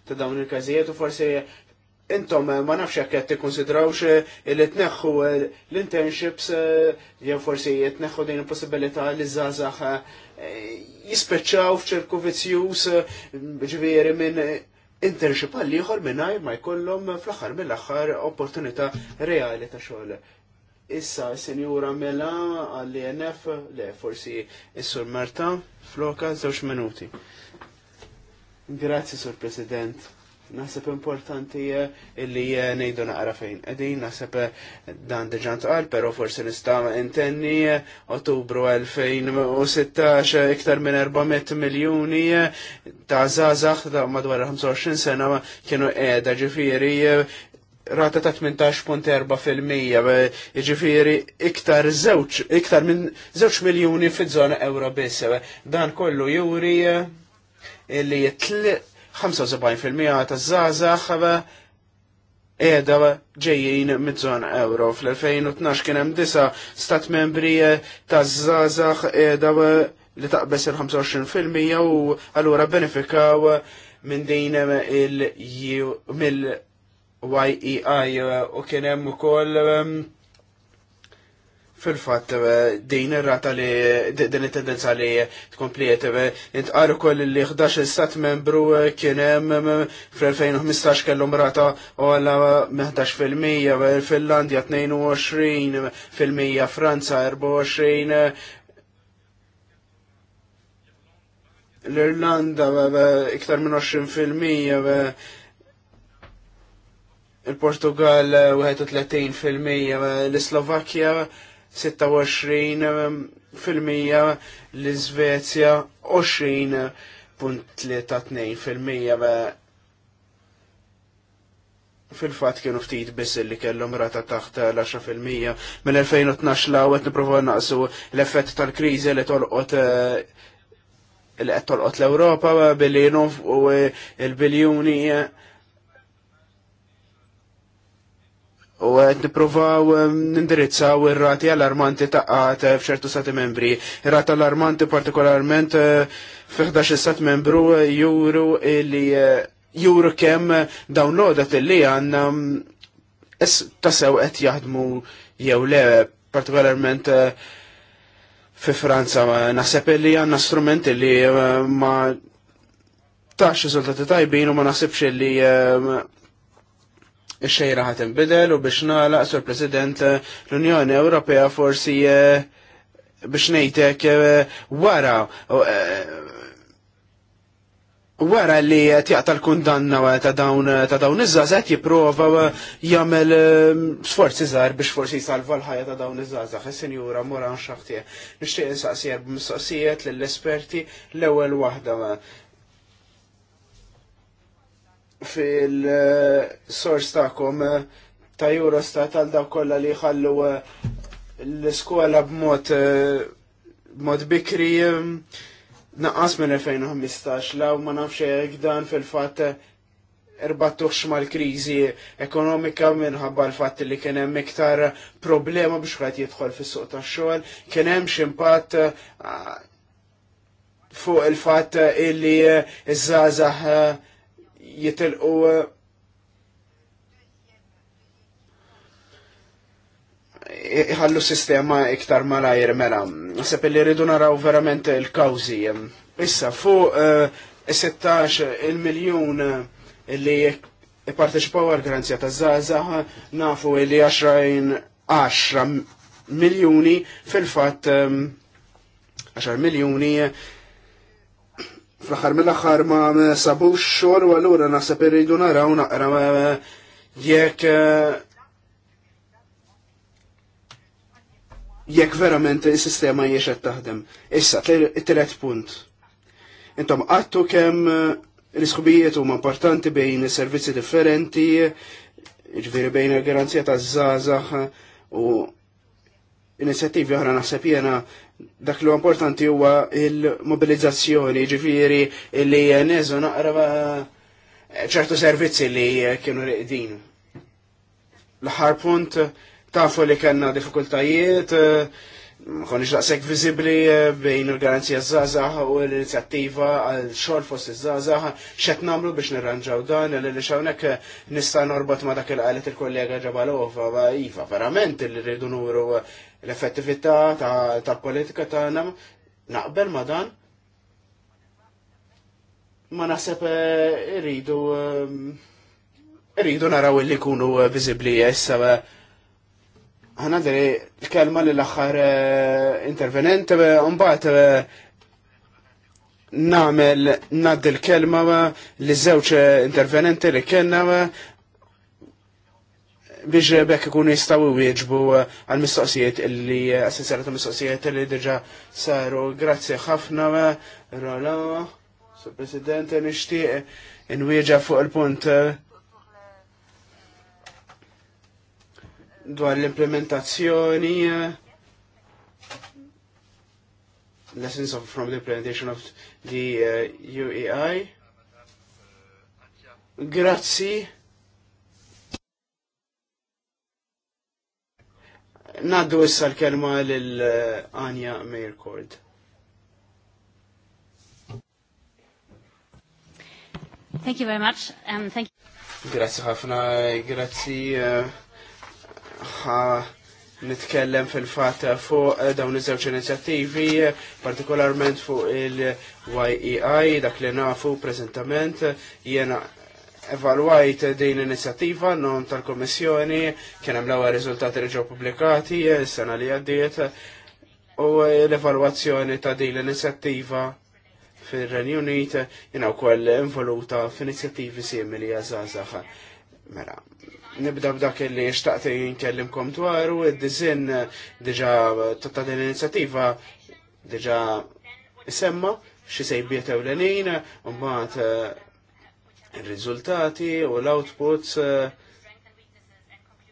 ta' dawn il-każijiet u forsi intom ma nafx jekk qed tikkonsidrawx li tneħħu l-internships jew forsi tneħħu din il-possibilità li żgħażagħ jispeċċaw f'ċirku vizzjuż ġifieri minn internship għal ieħor mingħajr ma jkollhom fl-aħħar mill-aħħar opportunità reali ta' xogħol. Issa sinjura mela għall INF e le forsi is-sur Marta floka żewġ minuti. Grazzi sur President. Naħseb importanti eh, illi eh, nejdu naqra fejn. Edin naħseb eh, dan deġan tuqal, pero forsi nista' intenni Ottubru 2016 iktar minn 400 miljuni ta' zazax ta' madwar 25 sena kienu qiegħda ġifieri rata ta' 18.4% ġifiri iktar zewċ, iktar minn zewċ miljoni fi zona euro biss. Dan kollu juri illi 75% ta' zazax edha ġejjin mid-żon euro. Fl-2012 kien hemm disa stat membri eh, ta' zazax edha eh, li taqbes il-25% u allura benefikaw minn din eh, il-YEI u kien hemm ukoll Fil-fat, eh, din ir-rata li din it-tendenza li tkompliet, eh, intqar koll li 11 stat membru eh, kien hemm fl-2015 kellhom rata għala 11% fil-Finlandja 22%, Franza 24, l-Irlanda iktar minn 20% il-Portugal 31% l-Slovakkja 26% um, l-Svezja 20.32% fil-fat kienu ftit biss li kellhom rata taħt l-10% mill-2012 l-għawet nipprova naqsu l-effett tal-kriżi li tolqot eh, li qed tolqot l-Ewropa eh, billi nofqu eh, il-biljuni u għed niprofaw nindirizzaw ir-rati allarmanti taqqat eh, f'ċertu stati membri. Ir-rati allarmanti partikolarment eh, f'11 sat membru eh, juru li juru kem downloadat li għanna tasew qed jaħdmu jew le partikolarment fi Franza naħseb li għanna strumenti li ma tax riżultati tajbin u ma nasibx li xejra ħat imbidel u biex nalaq sur President l-Unjoni Ewropea forsi eh, biex nejtek eh, wara eh, wara li tjaqta l-kundanna ta' dawn iż-żazet jipprova jagħmel sforzi żgħar biex forsi jsalva l-ħajja ta' dawn iż-żazax. Is-Sinjura Moran Xaħtie. Nixtieq insaqsijer b'mistoqsijiet lill-esperti l-ewwel waħda fil-sors ta'kom eh, ta' Eurostat għal daw kolla li jħallu eh, l-skola b'mod eh, b'mod bikri naqas minn 2015 u ma nafx jek dan fil-fat erbattuħx mal-krizi ekonomika minħabba l-fatt li kien hemm iktar problema biex ħadd jitħol fis-suq tax-xogħol, kien hemm fuq il-fatt illi iż-żgħażagħ jitilqu eh, iħallu sistema iktar malajr mela. Sepp li rridu naraw verament il-kawzi. Issa fuq 16 eh, il-miljon eh, li parteċipaw għal garanzja ta' zaza nafu li 10 10 miljoni fil-fat 10 miljoni fl-axar mill-axar ma sabux xogħol u allura naħseb irridu naraw naqra jekk eh, jekk verament is-sistema jiex qed taħdem. Issa, it-tret punt. Intom għattu kemm eh, l-isħubijiet huma importanti bejn servizzi differenti, ġviri bejn il-garanzija taż zazax u inizjattivi oħra naħseb jena dak li importanti huwa il-mobilizzazzjoni, ġifiri li neżu naqra ċertu servizzi li kienu reqdin. L-ħar punt tafu li kena difikultajiet, konix daqseg viżibli bejn il-garanzija zazax u l-inizjattiva għal xogħol fost iż-żazax, xet nagħmlu biex nirranġaw dan li hawnhekk nista' norbot ma dak il-qalet il-kollega Ġabalova, iva verament li rridu nuru l-effettività tal-politika tagħna naqbel ma dan ma naħseb eh, irridu eh, irridu naraw li kunu eh, viżibbli issa ħana diri l-kelma li l-axħar intervenent un-baħt namel nad il-kelma li żewġ intervenenti li kienna biex bekk ikunu jistaw wieġbu eh, għal-mistoqsijiet illi, eh, essenzjali ta' mistoqsijiet illi diġa saru. Grazzi ħafna, eh, Rola, sub President, nishtiq nwieġa fuq il-punt dwar l-implementazzjoni lessons of, from the implementation of the uh, UEI. Grazzi. Naddu issa l-kelma l-Anja Mejrkord. Thank you very much. Um, thank you. Grazzi ħafna, grazzi eh, nitkellem fil-fat fuq eh, dawn iż-żewġ inizjattivi, partikolarment fuq il-YEI, dak li nafu prezentament, jena evalwajt din l-inizjattiva non tal-Komissjoni, kien hemm l-ewwel riżultati li ġew pubblikati eh, s-sena li għaddiet u l-evalwazzjoni ta' din l-inizjattiva fir-Renju Unit jiena wkoll involuta f'inizjattivi simili għażażaħ. Mela, nibda b'dak li xtaqt jinkellimkom dwaru, id-dizin diġa ta' din l-inizjattiva diġa semma xi sejbiet ewlenin, mbagħad il-riżultati u l-outputs eh,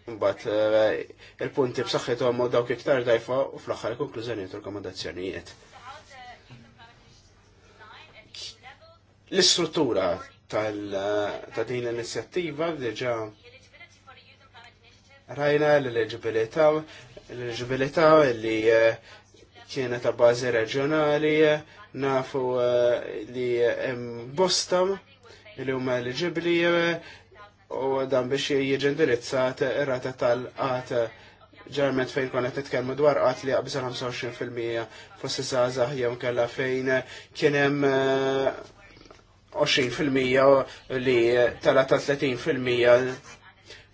mbagħad eh, il-punti b'saħħithom u dawk iktar dajfa u fl-aħħar konklużjonijiet u rekomandazzjonijiet. L-istruttura ta' din l-inizjattiva diġà rajna l-eligibilità l-eligibilità li eh, kienet ta' bażi reġjonali nafu li hemm bostam li huma eligibbli eh, u dan biex jiġi indirizzat ir-rata tal-qat ġerment fejn konet titkellmu dwar qat li qabża 25% fost iż-żgħażagħ jew kellha fejn kien hemm 20% eh, li tala ta' 30%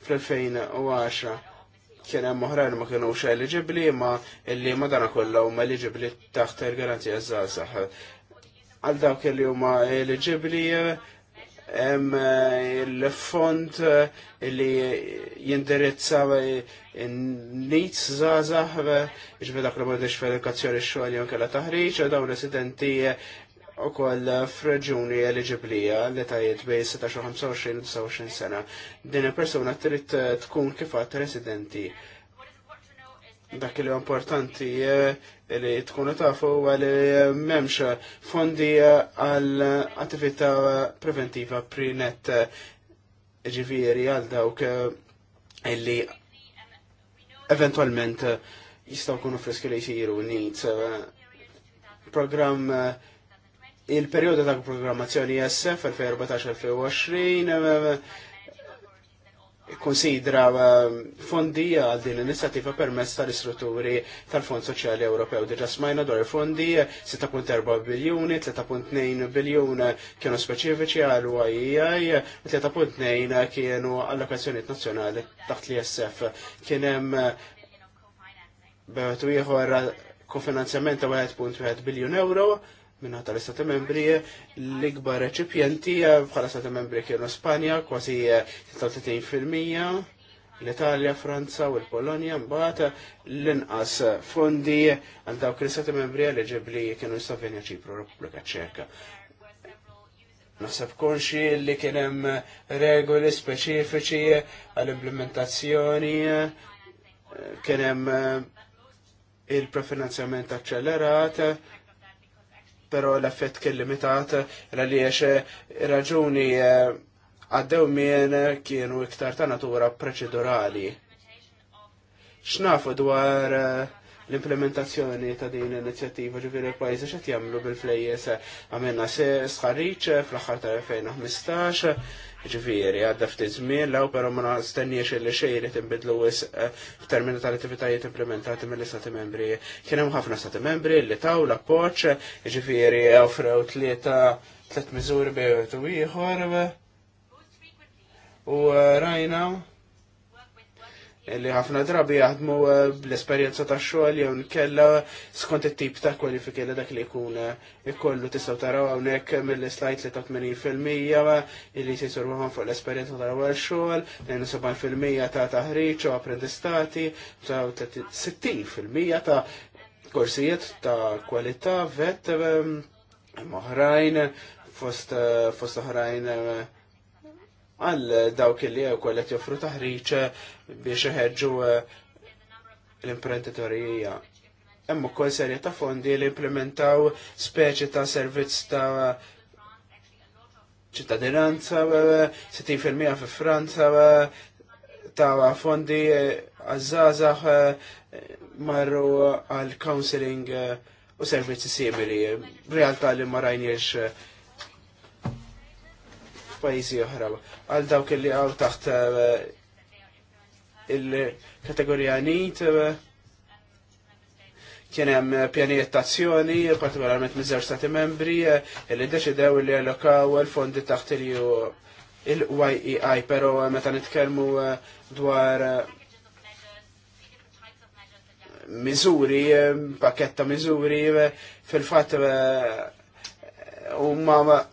fl-2010 kien hemm oħrajn ma kinux eligibbli ma illi ma dana kollha huma eligibbli taħt il-garanzija żgħażagħ. Għal dawk li huma eligibbli Eh, il-fond eh, li jindirizza eh, n-nit zazah, ġbe dak l-modix edukazzjoni xogħol jew kella taħriġ, daw residenti u koll f eligiblija li tajiet bej 16 25 sena. Din il-persona trid tkun kifat residenti dak li importanti eh, li tkunu tafu għalli eh, memx fondi eh, għal attività preventiva prinet ġiviri għal dawk li eventualment jistaw kunu friski li jisiru nit program il-periodu ta' programmazzjoni SF 2014-2020 konsidra ehm, fondi għal din l-inizjattiva permess tal-istrutturi tal-Fond Soċjali Ewropew. Diġa smajna dwar fondi 6.4 biljuni, 3.2 biljuni kienu speċifiċi għal UAI, 3.2 e kienu allokazzjoniet nazzjonali taħt l-ISF. Kien hemm eh, beħtu ieħor eh, kofinanzjament ta' 1.1 biljun euro minna tal-istati membri l-ikbar reċipjenti eh, bħala stati membri kienu Spanja kważi 33% eh, l-Italja, Franza u l-Polonja mbagħad eh, l-inqas fondi għal dawk l-istati membri eliġibbli kienu Slovenja, Ċipru, Repubblika Ċeka. Naħseb konxi li kien hemm regoli speċifiċi għall-implementazzjoni, kien hemm il-prefinanzjament accelerat, pero l-effett kien limitat għaliex eh, raġuni eh, għaddew mien kienu iktar ta' natura proċedurali. X'nafu dwar eh, l-implementazzjoni ta' din l-inizjattiva ġifiri l-pajzi xet jamlu bil-flejjes għamenna se sħarriċ fl axħar ta' 2015 Ġifieri għadda ftit żmien law però ma stenniex li xejn qed inbidlu eh, f'termina tal-attivitajiet implementati mill-istati membri. Kien hemm ħafna stati membri li taw l-appoġġ, ġifiri, offrew tlieta tliet miżuri bejn ieħor. U eh, rajna li ħafna drabi jaħdmu eh, bl-esperjenza ta' xogħol jew nkella skont it-tip ta' kwalifiki li dak li jkun eh, ikollu tistgħu taraw hawnhekk mill-slide li ta' 80% illi se jsurbuhom fuq l-esperjenza ta' ewwel xogħol, 72% ta' taħriġ u apprendistati, 60% ta' korsijiet ta' kwalità vet eh, moħrajn fost oħrajn għal dawk li għu kollet joffru taħriċ biex ħedġu eh, l-imprenditorija. Emmu kol serja ta' fondi li implementaw speċi ta' servizz ta' ċittadinanza, 60% eh, fi Franza, eh, ta' fondi għazzazax marru għal counseling u servizzi simili, realtà li marajniex f'pajjiżi oħra. Għal dawk li għaw taħt eh, il-kategorija nit eh, kien hemm pjanijiet tazzjoni, partikolarment miżewġ stati membri, eh, li deċidew li allokaw il-fondi taħt il-YEI, pero meta nitkellmu dwar miżuri, pakketta miżuri, fil-fatt ma'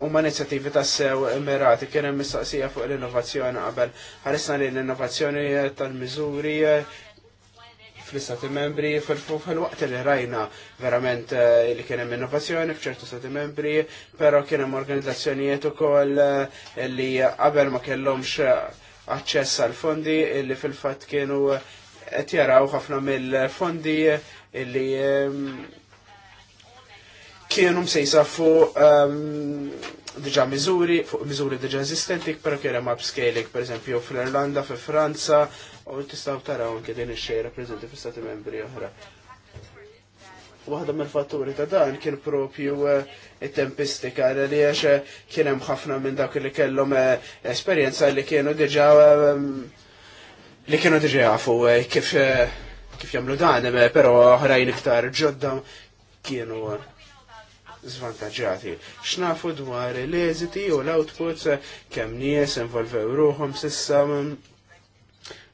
huma inizjattivi ta' sew emirati, kien hemm mistaqsija fuq l-innovazzjoni qabel. Ħarisna li l-innovazzjoni tal-miżuri eh, fl-istati membri fil-waqt li rajna verament eh, li kien hemm innovazzjoni f'ċertu stati membri, però kien hemm organizzazzjonijiet ukoll eh, li qabel ma kellhomx aċċess għal fondi li fil-fatt kienu qed jaraw ħafna mill-fondi li kienu msejsa fuq ehm, diġa miżuri, fuq miżuri diġa eżistenti, pero kien hemm upscaling, per esempio, fl-Irlanda, fi Franza, u tistgħu taraw anke din ix-xejra preżenti fi stati membri oħra. Waħda mill-fatturi ta' dan kien propju eh, il tempistika li għax eh, kien hemm ħafna minn dak li kellhom eh, esperjenza li kienu diġa ehm, li kienu diġa jafu kif kif jagħmlu dan, però ħrajn iktar ġodda kienu zvantagġati. Xnafu dwar l-eżiti u l-outputs kemm nies involvew ruħom sissa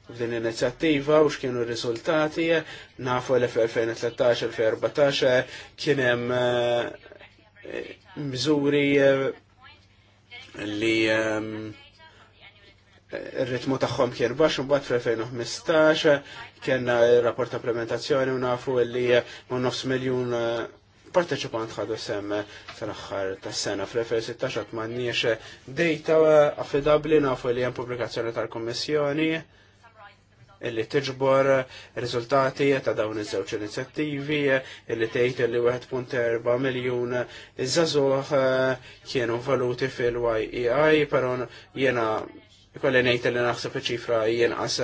f'din l-inizjattiva u x'kienu r-riżultati, nafu l-2013-2014 kien hemm eh, miżuri eh, li il-ritmu eh, tagħhom kien baxx imbagħad fl-2015 kellna rapport ta' implementazzjoni u nafu li ma' nofs miljun parteċipant ħadu sem fl axħar tas sena fl-2016 m'għandniex data affidabli nafu li hemm pubblikazzjoni tal komissjoni illi tiġbor riżultati ta' dawn iż-żewġ inizjattivi illi tgħid li 1.4 miljun iż-żagħżugħ eh, kienu valuti fil-YEI, però jiena ikolli ngħid li naħseb iċ-ċifra jenqas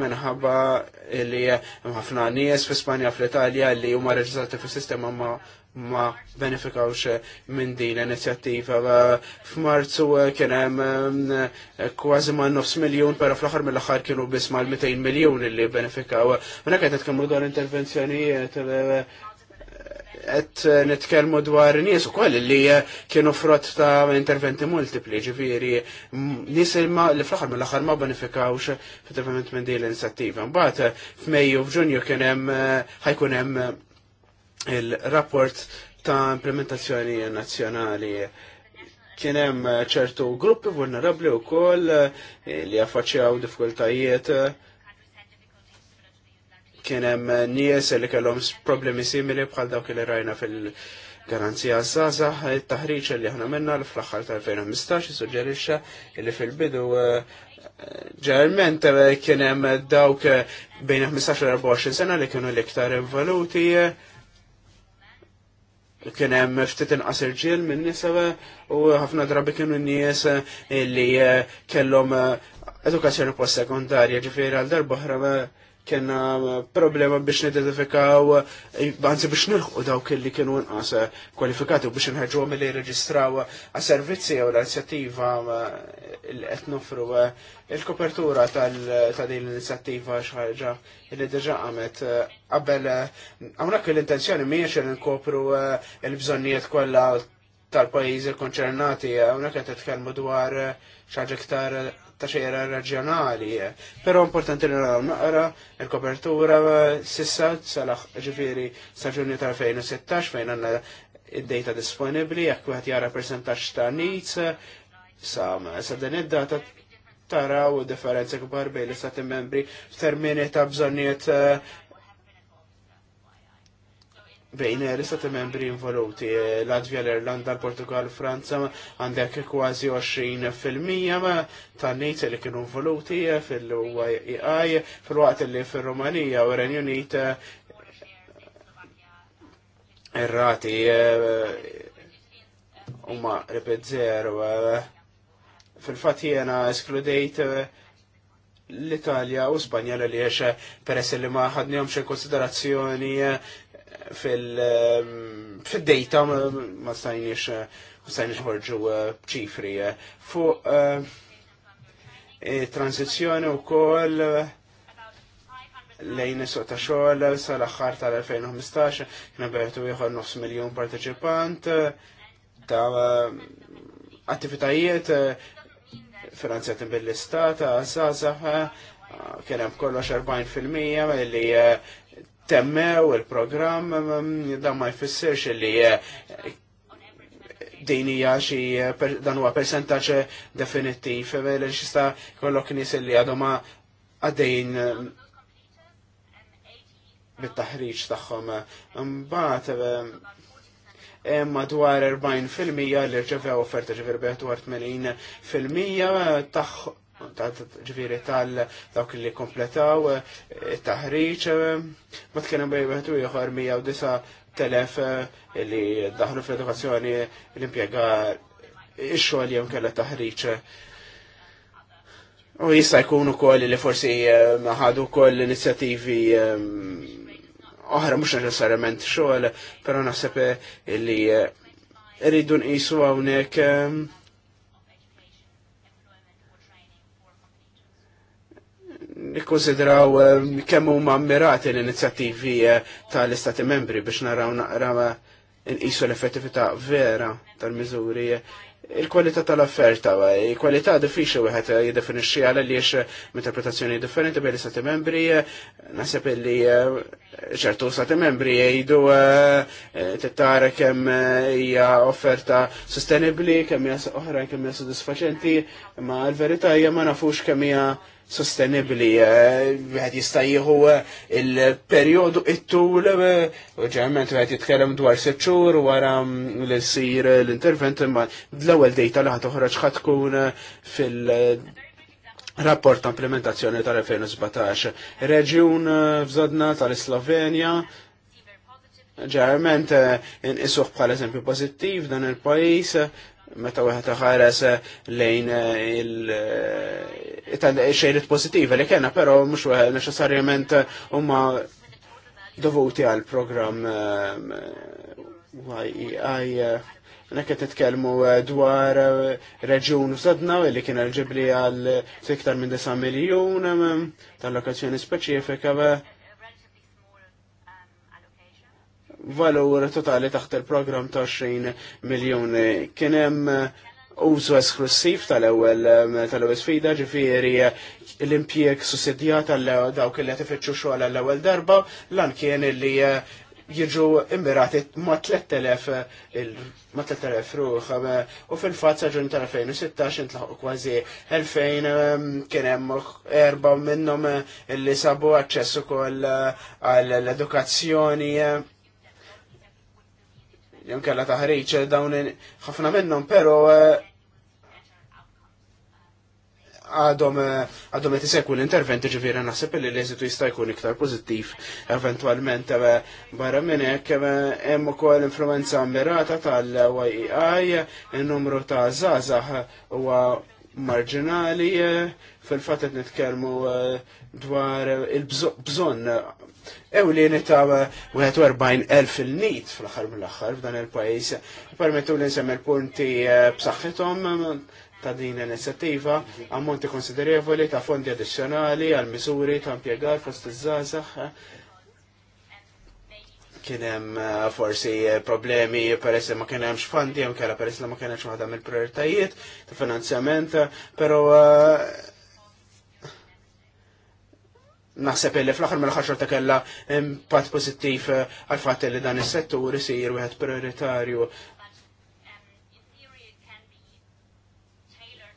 minħabba li ħafna nies fi Spanja fl-Italja li huma reġistrati fis-sistema ma ma benefikawx minn din l-inizjattiva. F'Marzu kien hemm mm, kważi ma' nofs miljun, però fl-aħħar mill-aħħar kienu biss mal 200 miljun li benefikaw. Meta qed nitkellmu dwar intervenzjonijiet qed eh, nitkellmu dwar nies ukoll li eh, kienu frott ta' interventi multipli, ġifieri nies ma li fl-aħħar mill-aħħar ma banifikawx fit-tivament minn di l-inizjattiva. Mbagħad eh, f'Mejju f'Ġunju kien hemm ħajkun hemm il-rapport ta' implementazzjoni nazzjonali kien hemm ċertu gruppi vulnerabbli wkoll li affaċċjaw diffikultajiet kien hemm nies li kellhom problemi simili bħal dawk li rajna fil-garanzija s il-taħriġ li aħna minna fl-aħħar tal-2015 suġġerixxa li fil-bidu eh, ġerment eh, kien hemm dawk eh, bejn 15-24 sena li kienu l-iktar involuti kien hemm ftit inqas irġiel minn nisa u ħafna drabi kienu nies li kellhom edukazzjoni post-sekundarja ġifieri għal darba kena problema biex nidentifikaw, għanzi eh, biex nilħu dawk li kienu nqas eh, kwalifikati biex nħedġu għom li reġistraw għas-servizzi u l-inizjattiva eh, l-qed nofru il-kopertura ta' din l-inizjattiva xaħġa li deġa għamet qabel għamrak l-intenzjoni miex li nkopru il-bżonniet kollha tal-pajizi konċernati, għamrak għet t dwar xaġa ktar ta' xejra raġjonali, Però importanti li naraw naqra il-kopertura sissa salaħ ġifieri staġunju tal-2016 fejn għanna id-data disponibbli jekk wieħed jara percentax ta' nits sa sa din id-data taraw differenzi kbar bejn l-istati membri f'termini ta' bżonniet bejn erisa istati membri involuti, eh, Latvija, l-Irlanda, l-Portugal, Franza, għandek kważi 20% tan nejt li kienu involuti eh, fil-UAI, e fil-waqt li fil-Romanija u Renju Unit eh, errati huma ripet zero. Fil-fatt jiena eskludejt l-Italja u Spanja li għiex peress li ma ħadnihomx konsiderazzjoni Um, fil-data ma stajniex ma stajniex ħorġu bċifri. Uh, uh, fuq uh, eh, transizjoni u kol lejn is ta' xogħol sal-aħħar tal-2015 kien bertu ieħor nofs miljun parteċipant ta' attivitajiet finanzjat bil-istat, għazzazax, kien hemm kollox 40% li temmew il-programm mm, mm, dan ma jfissirx li eh, din hija xi eh, dan huwa percentaġġ definittiv li xista kollok nies li għadhom għaddejn eh, bit-taħriġ tagħhom. Mbagħad madwar 40% filmija li rċevew offerta ġifir dwar 80% ġviri tal dawk li kompletaw, eh, taħriċ, eh, ma t-kena bejbeħtu jħor 109 telef eh, li daħlu fl-edukazzjoni l-impiega xogħol jew kella taħriċ. U jista' jkun ukoll li forsi ħadu wkoll inizjattivi oħra mhux neċessarjament xogħol, però naħseb li rridu nqisu hawnhekk nikkonsidraw eh, kemm huma ammirati l-inizjattivi eh, tal-Istati membri biex naraw naqraw eh, nqisu l-effettività vera tal-miżuri il-kwalità tal-offerta, il-kwalità diffiċli wieħed jiddefinixxi għal li interpretazzjoni differenti bejn l-istati membri, naħseb li ċertu stati membri jgħidu tittara kemm hija offerta sostenibbli, kemm hija oħra kemm hija sodisfaċenti, ma l-verità hija ma nafux kemm hija sostenibli, għed eh, jistajjiħu eh, il-periodu it-tul, eh, u ġerment għed jitkellem dwar seċur wara mm, l-sir l-intervent, imma l-ewel dejta li ħat uħraċ tkun fil- Rapport implementazzjoni tal-2017. Reġjun f'Zadna tal-Slovenja, ġerment inqisuh bħal eżempju pozittiv dan il-pajis, meta wieħed ħares eh, lejn eh, il eh, xejrid pozittiva li kena, però mhux wieħed neċessarjament huma dovuti għal programm għaj e qed titkellmu dwar reġun sadna li kien ġibli għal iktar minn 9 miljun tal-lokazzjoni speċifika valur totali taħt il-program ta' 20 miljoni. Kien hemm użu esklusiv tal-ewwel tal-ewwel sfida ġifieri l-impjieg sussidjat tal dawk li qed ifittxu xogħol għall-ewwel darba lan kien li eh, jiġu imbirati ma' 3000 ma' 3000 ruħ u fil-fatt saġun tal-2016 intlaħu kważi 2000 kien hemm erba' minnhom li sabu aċċess ukoll eh, għall-edukazzjoni eh, jew kella taħreċ eh, dawn ħafna minnhom però eh, għadhom eh, għadhom qed isekwu l-interventi ġifieri naħseb li l-eżitu jista' jkun iktar pożittiv eventwalment barra minn hekk hemm ukoll influenza ammirata tal-YEI in-numru ta' żgħażagħ huwa marġinali fil-fatt qed nitkellmu dwar il-bżonn li nita 41,000 il-nit fl-axar mill-axar f'dan il-pajis. Permettu li nsemmi l-punti eh, b'saħħithom eh, ta' din l-inizjattiva, ammonti konsiderevoli ta' fondi addizzjonali għal miżuri ta' impjegar fost iż-żgħażagħ. Kien hemm eh, forsi problemi peress li ma kien hemmx fondi, hemm kera peress li ma kien hemmx waħda mill-prioritajiet ta' finanzjament, però naħseb illi fl-aħħar mill-ħaxar ta' kella impatt pożittiv eh, għal fatt li dan is-settur isir wieħed prioritarju.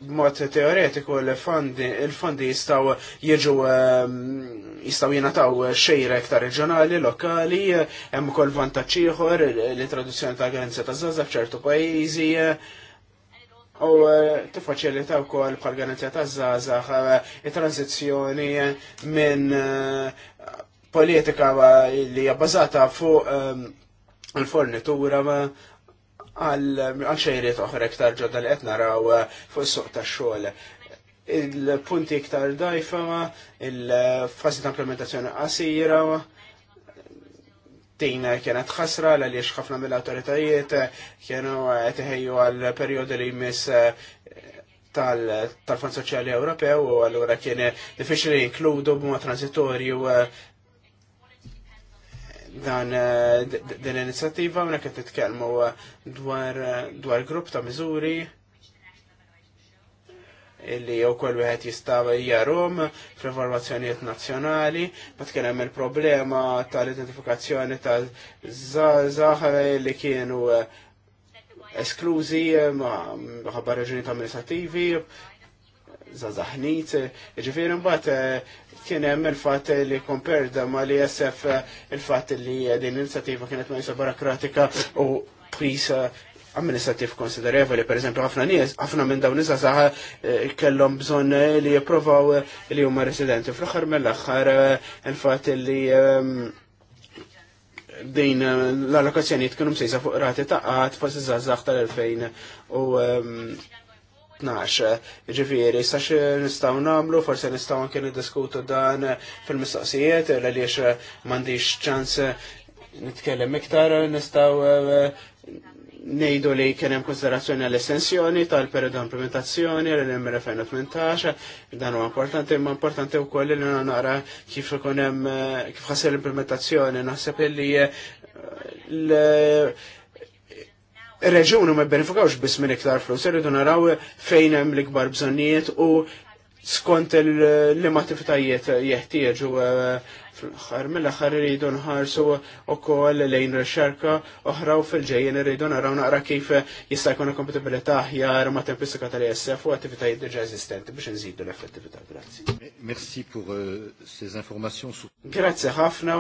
B'mod teoretiku l-fondi il-fondi jistgħu jiġu eh, jistgħu jingħataw xejra iktar reġjonali, lokali, eh, hemm ukoll vantaġġ ieħor l-introduzzjoni ta' garanzja ta' żgħażagħ f'ċertu pajjiżi u eh, tiffaċilita wkoll bħal garanzija taż zazax, eh, it transizjoni eh, minn politika li hija fuq il-fornitura għal xejriet oħra iktar ġodda li qed naraw fuq is-suq tax-xogħol. Il-punti iktar dajfa, il-fażi ta' implementazzjoni qasira, din kienet ħasra għaliex ħafna mill-autoritajiet kienu iħejju għal periodu li jmiss eh, tal-Fond Soċjali Ewropew u allura kien diffiċli jinkludu b'mod transitorju eh, dan eh, din l-inizjattiva u qed titkellmu dwar grupp ta' miżuri li jew kol wieħed jista' jarom fl-informazzjonijiet nazzjonali, ma tkien hemm il-problema tal-identifikazzjoni ta' żaħar li kienu eh, esklużi eh, ħabba reġunijiet amministrativi, zazaħnit, eh, ġifiri mbagħad kien hemm il-fatt li komperda ma li jessef il-fatt li din l-inizjattiva kienet ma barokratika u prisa amministrativ konsiderevoli, per eżempju, ħafna nies, ħafna minn dawn nisa saħ eh, kellhom bżonn eh, li jippruvaw eh, li huma residenti. Fl-aħħar mill-aħħar infatti li ehm, din l-allokazzjoni kienu msejsa fuq rati ta' qat fos iż-żazzax tal-2012. Ġifieri, sax nistgħu nagħmlu, forse nistgħu anke niddiskutu dan fil-mistoqsijiet għaliex m'għandix ċans nitkellem iktar, nistgħu nejdu li kienem konsiderazzjoni għall-essenzjoni tal-periodu implementazzjoni l-2018, dan huwa importanti, imma importanti wkoll li nara kif ikun hemm eh, kif ħasser l-implementazzjoni, naħseb li eh, l reġunu ma benefikawx biss minn iktar flus, rridu naraw fejn hemm l-ikbar bżonnijiet u skont l-limativitajiet jeħtieġu eh, fl-axar mill-axar rridu nħarsu u koll lejn r-xarka oħra u fil-ġejjen rridu naraw naqra kif jista' jkun kompatibilità aħjar ma' tempistika tal-ISF u attivitajiet diġa eżistenti biex nżidu l-effettività. Grazie. Merci pour euh, ces informations. Grazzi ħafna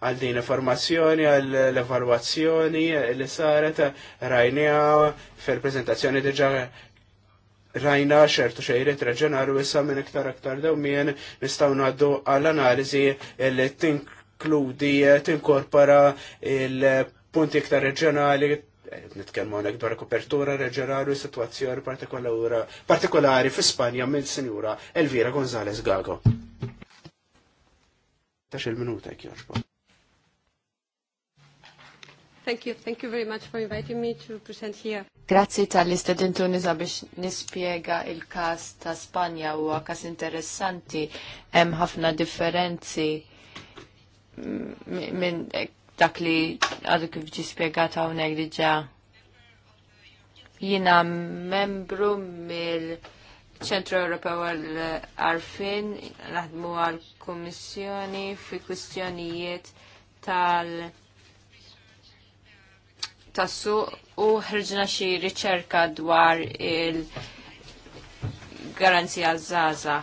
għal din informazzjoni, għal l-evalwazzjoni li saret rajnija fil-prezentazzjoni diġa rajna xertu xejret reġenaru issa minn iktar aktar dewmien nistaw naddu għall-analizi li tinkludi, tinkorpora il-punti iktar reġenali nitkellmu għalek dwar kopertura reġjonali u situazzjoni partikolari fi Spanja minn sinjura Elvira Gonzalez Gago. Tax il-minuta jek Thank you, thank you very much for inviting me to present here. Grazzi tal-istedentuni biex nispiega il-kas ta' Spanja u għakas interessanti, hemm ħafna differenzi minn dak li għadu kif ġi spiegata hawnhekk diġà. Jiena membru mill ċentru Ewropew għal-Arfin, naħdmu għal komissjoni fi kwistjonijiet tal- Tassu u ħriġna xi riċerka dwar il-garanzija zaza.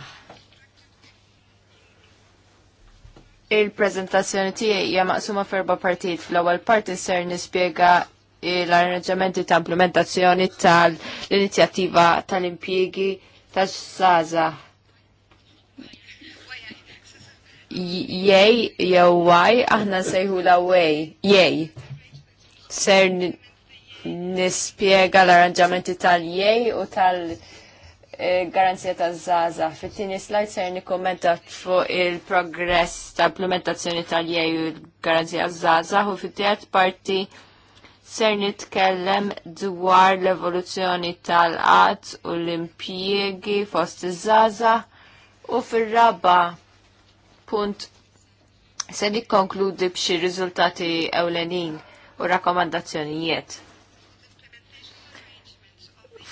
Il-prezentazzjoni tiegħi hija maqsuma f'erba' partijiet. Fl-ewwel parti ser nispjega l-arranġamenti ta' implementazzjoni tal-inizjattiva tal-impjiegi tax saza jej, jew waj, aħna sejħu la wej, jej ser nispiega l-arranġamenti tal-jej u tal- eh, garanzija ta' zaza. Fittini slide ser nikommenta fuq il-progress tal implementazzjoni tal-jej u l-garanzija zaza u fit parti ser nitkellem dwar l-evoluzzjoni tal-qat u l-impjiegi fost iż-żaza u fir-raba punt se nikkonkludi b'xi riżultati ewlenin u rakkomandazzjonijiet.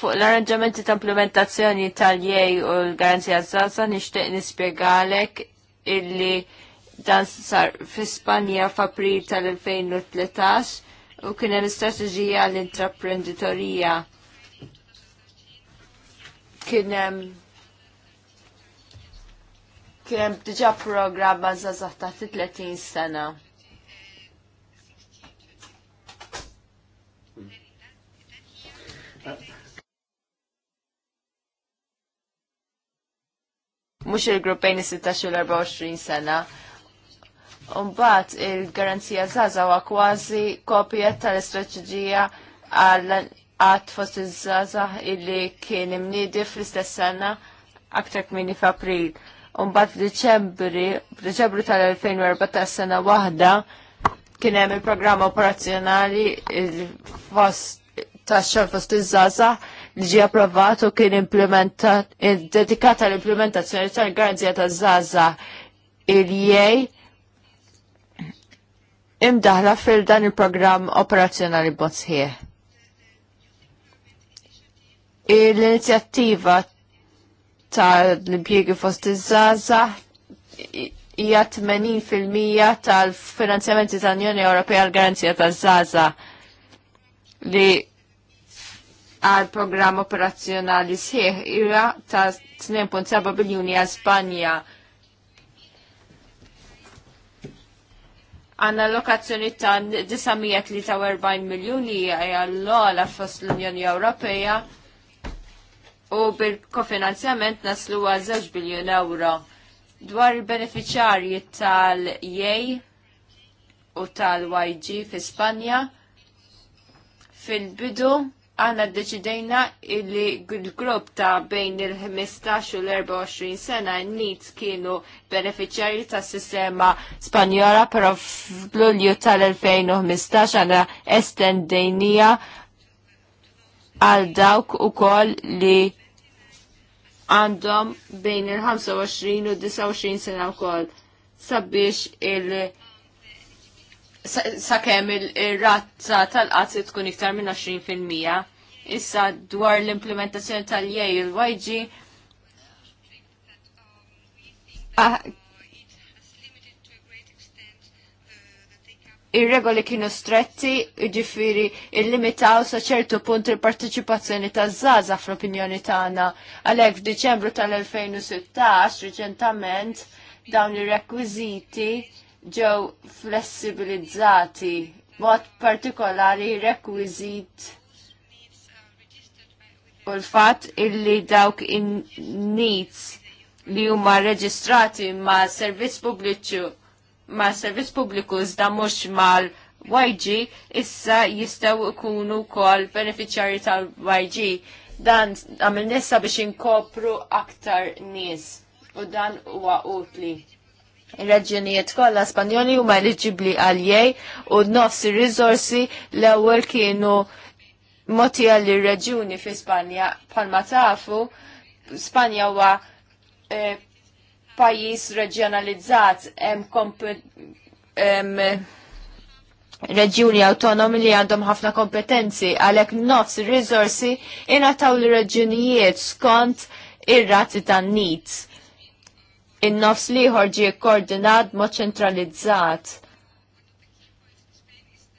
Fuq l-arranġamenti ta' implementazzjoni tal-jej u l-garanzija zaza nixtieq nispiegalek illi dan sar fi Spanja f'April tal-2013 u kien hemm istrateġija l-intraprenditorija kien hemm kien hemm diġà programma żgħażagħ ta' 30 sena. mux il-grupp bejn is-16 u l-24 sena. Umbat il-garanzija zaza huwa kważi kopja tal-istraċeġija għal għat fost iż-żaza illi kien imnidi fl-istess sena aktar kmini f'April. Umbat deċembri, f'Diċembru tal-2014 sena waħda kien hemm il-programm operazzjonali il-fost tax-xogħol fost iż-żaza il li ġi approvat u kien implementat, dedikata l-implementazzjoni tal-garanzija ta' Zaza il-jej imdaħla fil-dan il-programm operazzjonali bozzie. L-inizjattiva tal-impjiegi fost iż zaza hija 80% tal-finanzjamenti tal-Unjoni Ewropea għal garanzija taż zaza li għal programm operazzjonali sħiħ ira ta' 2.7 biljuni għal Spanja. Għanna lokazzjoni ta' 943 miljoni l għala fost l-Unjoni Ewropeja u bil-kofinanzjament naslu għal 2 biljoni euro. Dwar il-beneficjarji tal-JEJ u tal-YG fi Spanja, fil-bidu għanna deċidejna li l-grupp ta' bejn il-15 u l-24 sena n-nit kienu beneficjari ta' sistema spanjola pero f'Lulju tal-2015 għanna estendejnija għal dawk u koll li għandhom bejn il-25 u 29 sena u koll sabiex il- sakemm il razza tal-qazz tkun iktar minn 20%. Issa dwar l-implementazzjoni tal-JLYG Ir-regoli kienu stretti, ġifiri il-limitaw sa ċertu punt il-partiċipazzjoni ta' Zaza fl-opinjoni tagħna. Għalhekk f'Diċembru tal-2016 riċentament dawn ir-rekwiżiti ġew flessibilizzati b'mod partikolari rekwizit u l fatt illi dawk in-needs li huma reġistrati ma' servizz pubbliċu ma' servizz pubbliku iżda mhux mal YG issa jistgħu ikunu wkoll beneficjari tal-YG dan għamil nissa biex inkopru aktar nies u dan huwa utli reġjonijiet kollha Spanjoli huma eliġibbli għaljej u nofs ir-riżorsi l-ewwel kienu moti għall reġjuni fi Spanja ma tafu Spanja huwa e, pajjiż reġjonalizzat hemm reġjuni autonomi li għandhom ħafna kompetenzi għalhekk nofs ir-riżorsi ingħataw l-reġjunijiet skont ir-rati tan nits in-nofs liħor ġie koordinat mod ċentralizzat.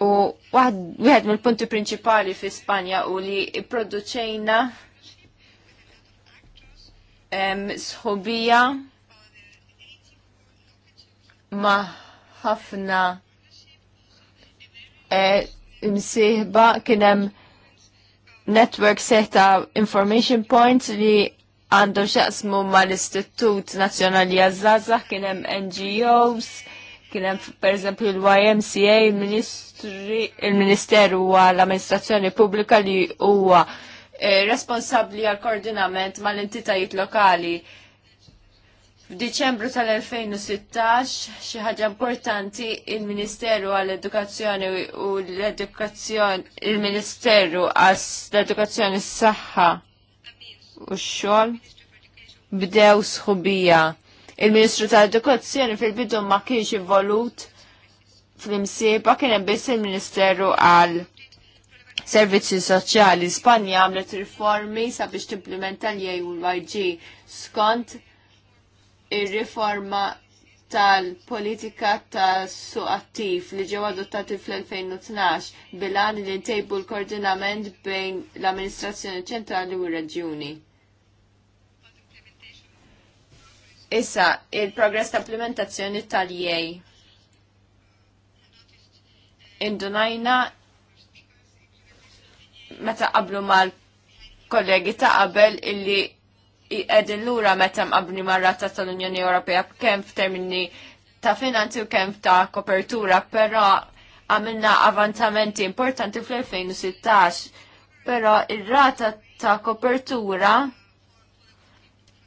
U wieħed mill-punti prinċipali fi Spanja u li produċejna sħobija ma ħafna e, msieħba kien hemm network seta information points li għandhom xaqsmu mal-Istitut Nazzjonali Għazzaza, kien hemm NGOs, kien hemm pereżempju l-YMCA, il-Ministeru għall-Amministrazzjoni Pubblika li huwa eh, responsabbli għal koordinament mal-entitajiet lokali. F'Diċembru tal-2016 xi ħaġa importanti il-Ministeru għall-Edukazzjoni u l-Edukazzjoni il-Ministeru għall-Edukazzjoni s-Saħħa u x bdew sħubija. Il-Ministru tal-Edukazzjoni fil-bidu ma kienx involut fl-imsieba kien hemm biss il-Ministeru għal Servizzi Soċjali Spanja għamlet riformi sabiex timplementa l-JUYG skont ir-riforma tal-politika tas-suq attiv li ġew adottati fl-2012 bilan li ntejbu l-koordinament bejn l-amministrazzjoni ċentrali u r-reġjuni. Issa, il-progress ta' implementazzjoni tal ea Indunajna meta qablu mal-kollegi ta' qabel illi qegħdin lura meta mqabni mar-rata tal-Unjoni Ewropea kemm f'termini ta' finanzi u kemm ta' kopertura, però għamilna avanzamenti importanti fl-2016, però ir-rata ta' kopertura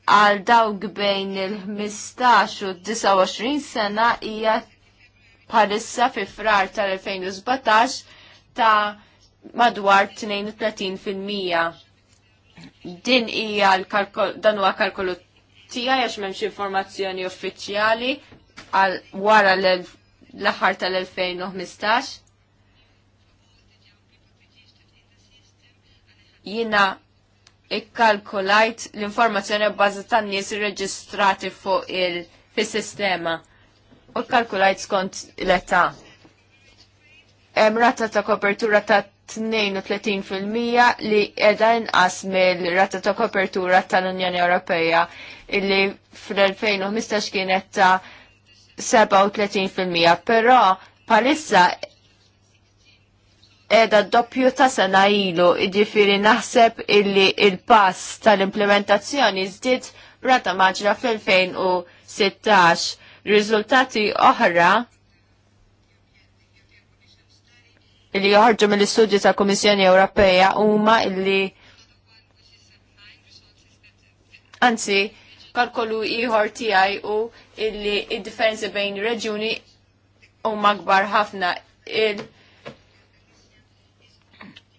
għal dawk bejn il-15 u 29 sena hija parissa fi frar tal-2017 ta' madwar 32%. Din hija dan huwa kalkolu tiegħi għax m'hemmx informazzjoni uffiċjali għal wara l-aħħar tal-2015. Jina ikkalkulajt l-informazzjoni bbażi tan-nies irreġistrati fuq il-sistema u kkalkulajt skont l-età. Hemm rata ta' kopertura ta' 32% li edha inqas mill-rata ta' kopertura tal-Unjoni Ewropea illi fl-2015 kienet ta' 37%, però palissa edha doppju ta' sena ilu, ġifiri naħseb illi il-pass tal-implementazzjoni zdid rata maġra fl-2016. Riżultati oħra illi joħorġu mill-istudju ta' Komissjoni Ewropea huma illi anzi kalkolu ieħor tiegħi u illi id-differenzi bejn reġjuni huma akbar ħafna il-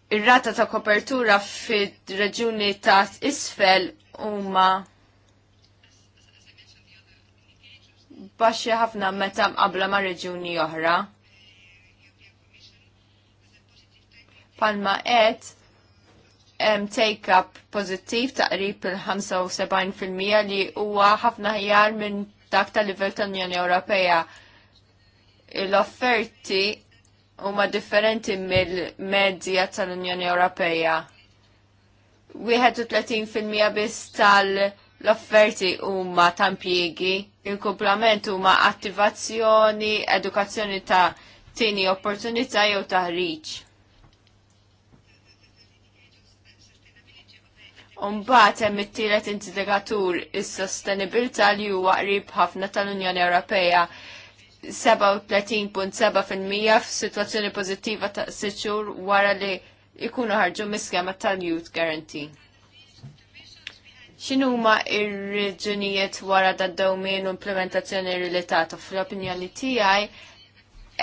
ir-rata ta' kopertura fid reġjuni ta' isfel huma baxi ħafna meta mqabla ma' reġuni oħra. Palma qed hemm take-up pożittiv ta' qrib il-75% li huwa ħafna ħjar minn dak tal-livell tal-Unjoni Ewropea. L-offerti huma differenti mill-medja tal-Unjoni Ewropea. 31% biss tal-offerti huma ta' impjiegi, il-kumplament huma attivazzjoni, edukazzjoni ta' tini opportunità jew taħriġ. Umbat hemm it-tielet indikatur is-sostenibilità li huwa qrib ħafna tal-Unjoni Ewropea 37.7% f'sitwazzjoni pożittiva ta' siċur wara li ikunu ħarġu miskema tal-Youth Guarantee. X'inhuma ir-reġunijiet wara da dawmin u implementazzjoni relatata fl-opinjoni tiegħi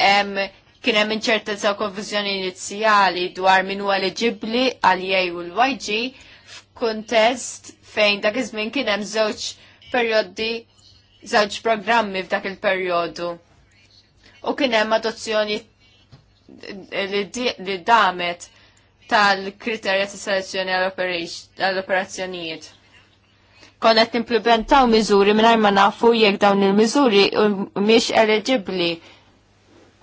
hemm kien hemm inċertezza u konfużjoni inizjali dwar min huwa eliġibbli għal jej u l-YG f'kuntest fejn dak iż-żmien kien hemm żewġ perjodi żewġ programmi f'dak il-perjodu u kien hemm adozzjoni li damet tal-kriterja ta' selezzjoni għall-operazzjonijiet. Konna qed nimplementaw miżuri mingħajr ma nafu jekk dawn il-miżuri mhix eligibbli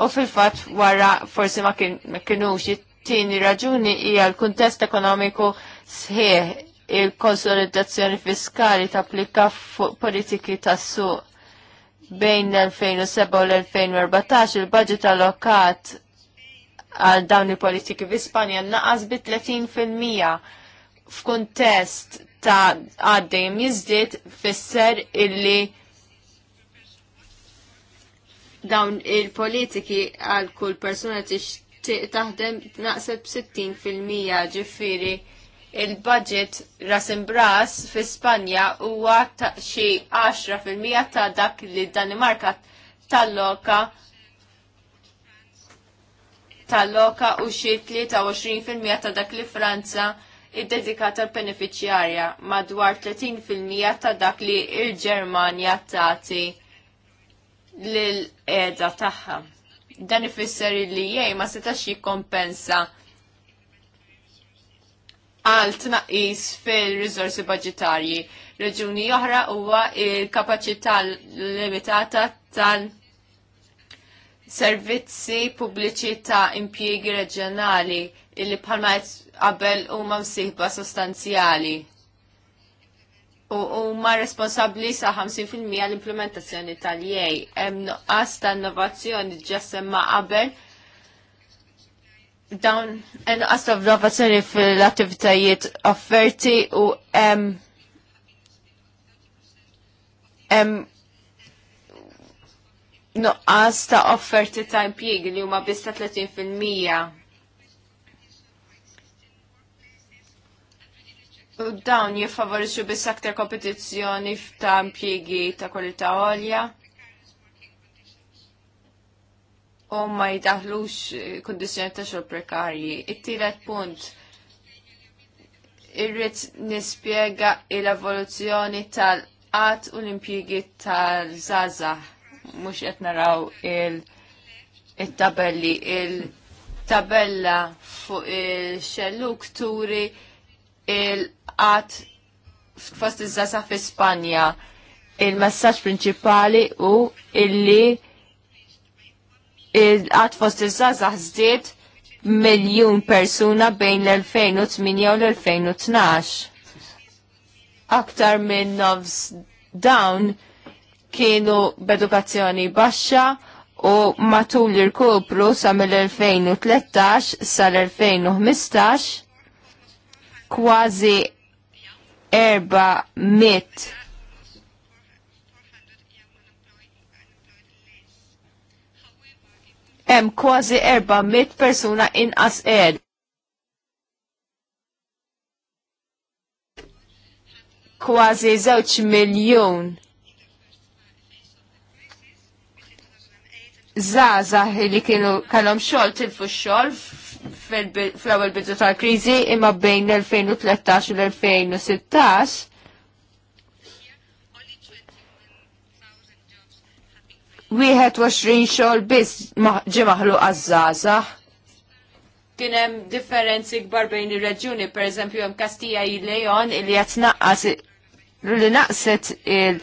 u fil-fatt wara forsi ma kienux it-tieni raġuni hija l-kuntest ekonomiku sħiħ il-konsolidazzjoni fiskali tapplika fuq politiki tas-suq bejn l-2007 u l-2014 il-budget allokat għal dawn il-politiki f'Ispanja naqas bi 30% f'kuntest ta' għaddejjem jiżdied fisser illi dawn il-politiki għal kull persuna tixtieq taħdem naqseb 60% ġifiri il-budget ras imbras fi Spanja huwa ta' xi 10% ta' dak li Danimarka tal-loka tal-loka u xi 23% ta' dak li Franza id-dedikata l-beneficjarja madwar 30% ta' dak li il-Ġermanja tagħti lil-qeda tagħha. Dan ifisser li jgħi ma setax jikkompensa għal tnaqis fil-rizorsi budgetarji. Reġuni oħra huwa il-kapacità limitata tal- servizzi pubbliċi ta' impjiegi reġjonali illi bħalma qabel huma msiħba sostanzjali u huma responsabbli sa' 50% l-implementazzjoni tal-jej. Hemm nuqqas ta' innovazzjoni ġesemma qabel dawn inqas ta' innovazzjoni fil-attivitajiet offerti u hemm nuqqas ta' offerti ta' impjieg li huma biss ta' 30 U dawn jiffavorixxu biss aktar kompetizzjoni ta' impjiegi ta' kwalità għolja. u ma jidaħlux kondizjoni ta' xogħol prekarji. It-tielet punt irrid nispjega l-evoluzzjoni tal-qatt u l impiegi tal zaza mhux qed naraw il-tabelli il-tabella fuq il-xelluk turi il-qatt fost iż zaza fi Spanja. Il-messaġġ prinċipali u illi il fost il żazah miljun persuna bejn l-2008 u l-2012. Aktar minn nofs dawn kienu b'edukazzjoni baxxa u matul irkupru sa mill-2013 sal-2015 kważi erba mit hemm kważi 400 persuna inqas qiegħed. Kważi żewġ miljun. Zaza li kienu kellhom xogħol tilfu xogħol fl-ewwel bidu tal-kriżi imma bejn l-2013 u l-2016 21 xogħol biss ġie maħluq għaż-żgħażagħ. Kien hemm differenzi kbar bejn ir per eżempju, hemm Kastija il-Lejon li għatnaqqas, l li naqset il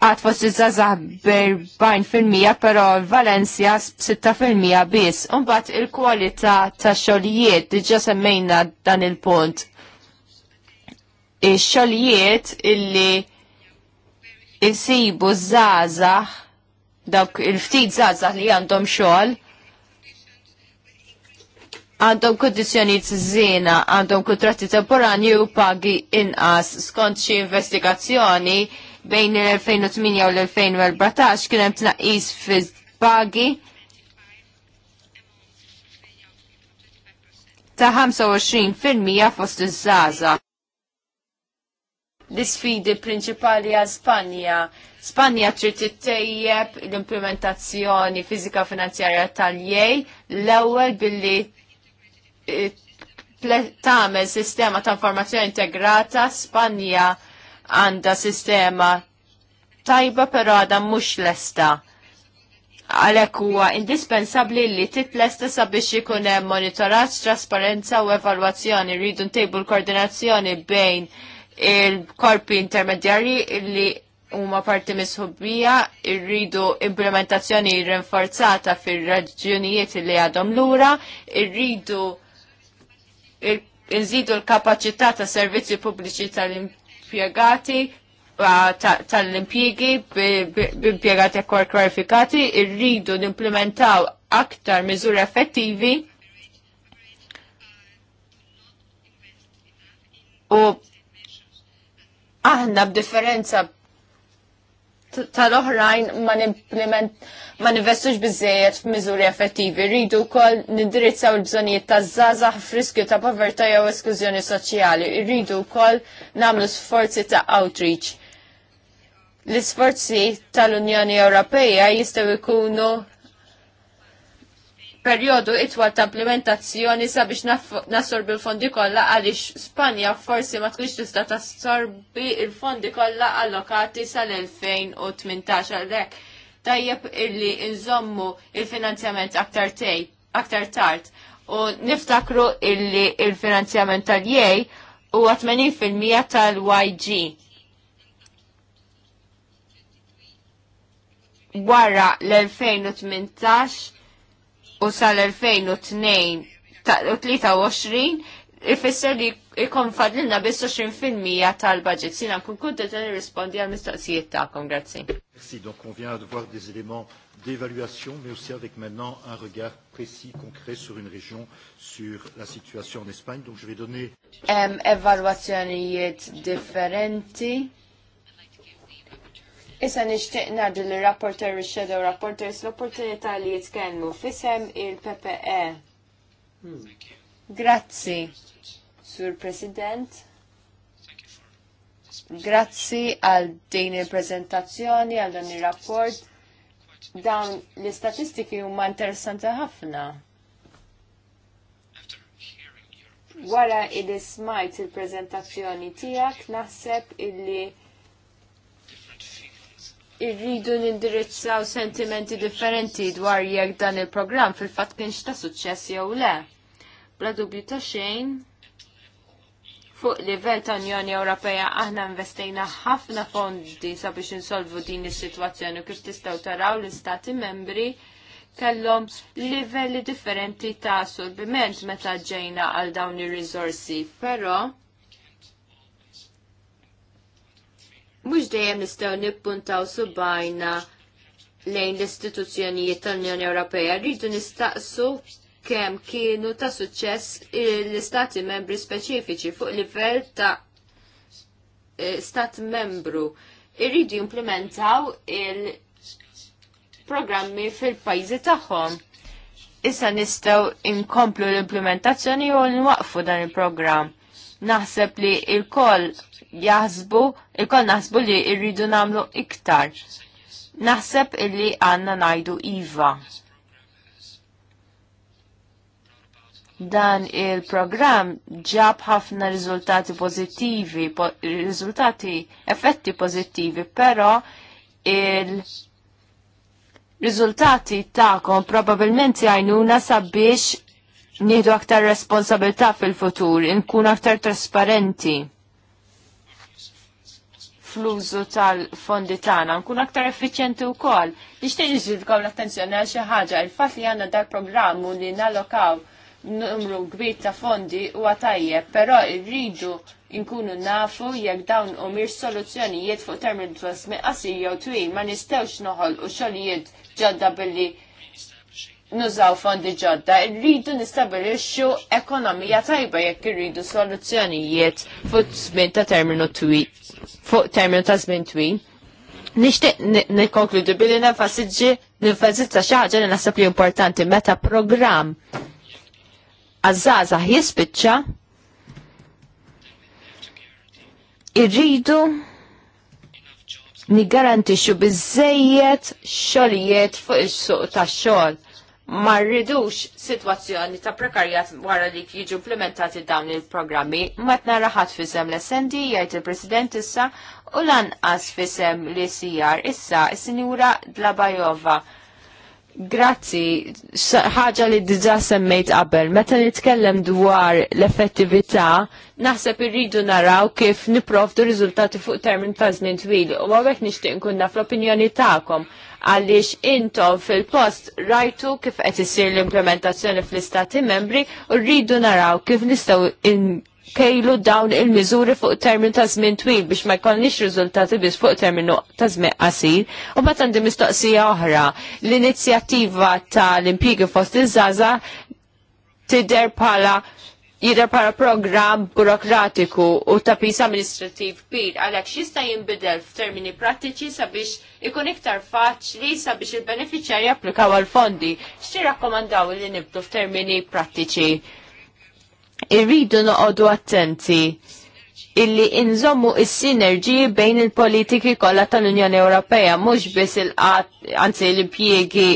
għad fost iż-żazax b-40% pero Valencia 6 biss. Umbat il-kualita ta' xogħlijiet diġa semmejna dan il-punt. Ix-xogħlijiet illi jisibu żazax dawk il-ftit zazah li għandhom xogħol għandhom kondizjoniet zina għandhom kontratti temporani u pagi inqas skont xi investigazzjoni bejn l-2008 u l-2014 kien hemm tnaqqis fil-pagi ta' 25% fost iż-żaża l-isfidi prinċipali għal Spanja. Spanja trid tittejjeb l-implementazzjoni fiżika finanzjarja tal-jej l-ewwel billi eh, tagħmel sistema ta' informazzjoni integrata Spanja għandha sistema tajba però għadha mhux lesta Għalhekk huwa indispensabbli li titlesta sabiex ikun hemm monitoraġġ, trasparenza u evalwazzjoni rridu ntejbu l-koordinazzjoni bejn il-korpi intermedjarji li huma parti misħubbija irridu implementazzjoni rinforzata fir-raġunijiet li għadhom lura, irridu nżidu l-kapacità ta' servizzi pubbliċi tal-impjegati tal-impjegi b'impjegati akkor kwalifikati, irridu nimplementaw aktar miżuri effettivi u aħna b'differenza tal-oħrajn ma nimplement ma nivestux bizzejet f'miżuri effettivi. Rridu wkoll nindirizzaw l bżonijiet ta' zazax friskju ta' povertà jew eskużjoni soċjali. Irridu wkoll nagħmlu sforzi ta' outreach. L-isforzi tal-Unjoni Ewropea jistgħu jkunu perjodu itwal ta' implementazzjoni sabiex nasorbi l-fondi kollha għaliex Spanja forsi ma tkunx tista' tasorbi l-fondi kollha allokati sal-2018 għalhekk tajjeb illi nżommu il-finanzjament aktar tej, aktar tard u niftakru illi il-finanzjament tal-jej u 80% tal-YG. Wara l-2018 u sal-2023 ifisser li ikon fadlina bis 20% tal-budget. Sina kun nkun t qed rispondi għal mistoqsijiet tagħkom, grazzi. Merci, donc on vient de voir des éléments d'évaluation, mais aussi avec maintenant un regard précis, concret sur une région, sur la situation en Espagne. Donc je vais donner... Um, evaluazzjonijiet differenti Issa nixtieq ngħaddi li rapporter u shadow rapporters l-opportunità li jitkellmu f'isem il-PPE. Grazzi, Sur President. Grazzi għal din il-prezentazzjoni, għal dan il-rapport. Dawn l-istatistiki huma interessanti ħafna. Wara id ismajt il-prezentazzjoni tiegħek naħseb illi irridu nindirizzaw sentimenti differenti dwar jekk dan il-programm fil-fatt kienx ta' suċċess jew le. Bla dubju ta' xejn, fuq livell ta' Unjoni Ewropea aħna investejna ħafna fondi sabiex insolvu din is-sitwazzjoni kif tistgħu taraw l-istati membri kellhom livelli differenti ta' assorbiment meta ġejna għal dawn ir-riżorsi, però mhux dejjem nistgħu nippuntaw subajna lejn l-istituzzjonijiet tal-Unjoni Ewropea rridu nistaqsu kemm kienu ta' suċċess l-istati membri speċifiċi fuq livell ta' eh, stat membru irridu implementaw il-programmi fil-pajzi tagħhom. Issa nistgħu inkomplu l-implementazzjoni u nwaqfu dan il-programm. Naħseb li il-koll jaħsbu, il-koll naħsbu li irridu namlu iktar. Naħseb illi għanna najdu Iva. Dan il-program ġab ħafna riżultati pozittivi, po riżultati effetti pozittivi, pero il- Riżultati ta'kom probabilment jajnuna sabiex nieħdu aktar responsabilità fil-futur, nkun aktar trasparenti fl-użu tal-fondi tagħna, nkun aktar effiċjenti wkoll. Nixtieq niġrilkom l-attenzjoni għal xi ħaġa, il-fatt li għandna dal-programm u li nallokaw numru kbir ta' fondi huwa tajjeb, però rridu nkunu nafu jekk dawn u mir soluzzjonijiet fuq termin twasmi qasir jew twil ma nistgħux noħol u xogħlijiet ġodda billi nużaw fondi ġodda, rridu nistabilixxu ekonomija tajba jekk irridu soluzzjonijiet fuq żmien ta' terminu twil, fuq terminu ta' żmien twil. Nixtieq nikkonkludu billi nenfasiġġi ta' xi ħaġa li naħseb li importanti meta programm għażgħażagħ jispiċċa irridu nigarantixxu biżejjed xogħlijiet fuq is-suq tax-xogħol ma rridux situazzjoni ta' prekarjat wara li jiġu implementati dawn il-programmi, ma tnara ħadd fisem l-SND jgħid il-President issa u lanqas fisem li sijar issa s sinjura Dlabajova. Grazzi, ħaġa li diġa semmejt qabel, meta nitkellem dwar l-effettività, naħseb irridu naraw kif niprovdu rizultati fuq termin ta' żmien twil u għawek nixtieq nkunna fl opinjoni tagħkom għaliex intom fil-post rajtu kif qed isir l-implementazzjoni fl-istati membri u rridu naraw kif nistgħu kejlu dawn il-miżuri fuq termin ta' żmien twil biex ma jkollniex riżultati biex fuq terminu ta' żmien qasir. U meta għandi mistoqsija oħra. L-inizjattiva tal-impjiegi fost iż żaza tidher bħala jidher para programm burokratiku u tapis amministrativ kbir għalhekk x'jista' jinbidel f'termini prattiċi sabiex ikun iktar faċli sabiex il beneficjar japplikaw għal fondi. X'ti rakkomandaw li nibdu f'termini prattiċi? Irridu noqogħdu attenti illi inżommu is-sinerġiji bejn il-politiki kollha tal-Unjoni Ewropea mhux biss il-qatt anzi l-impjiegi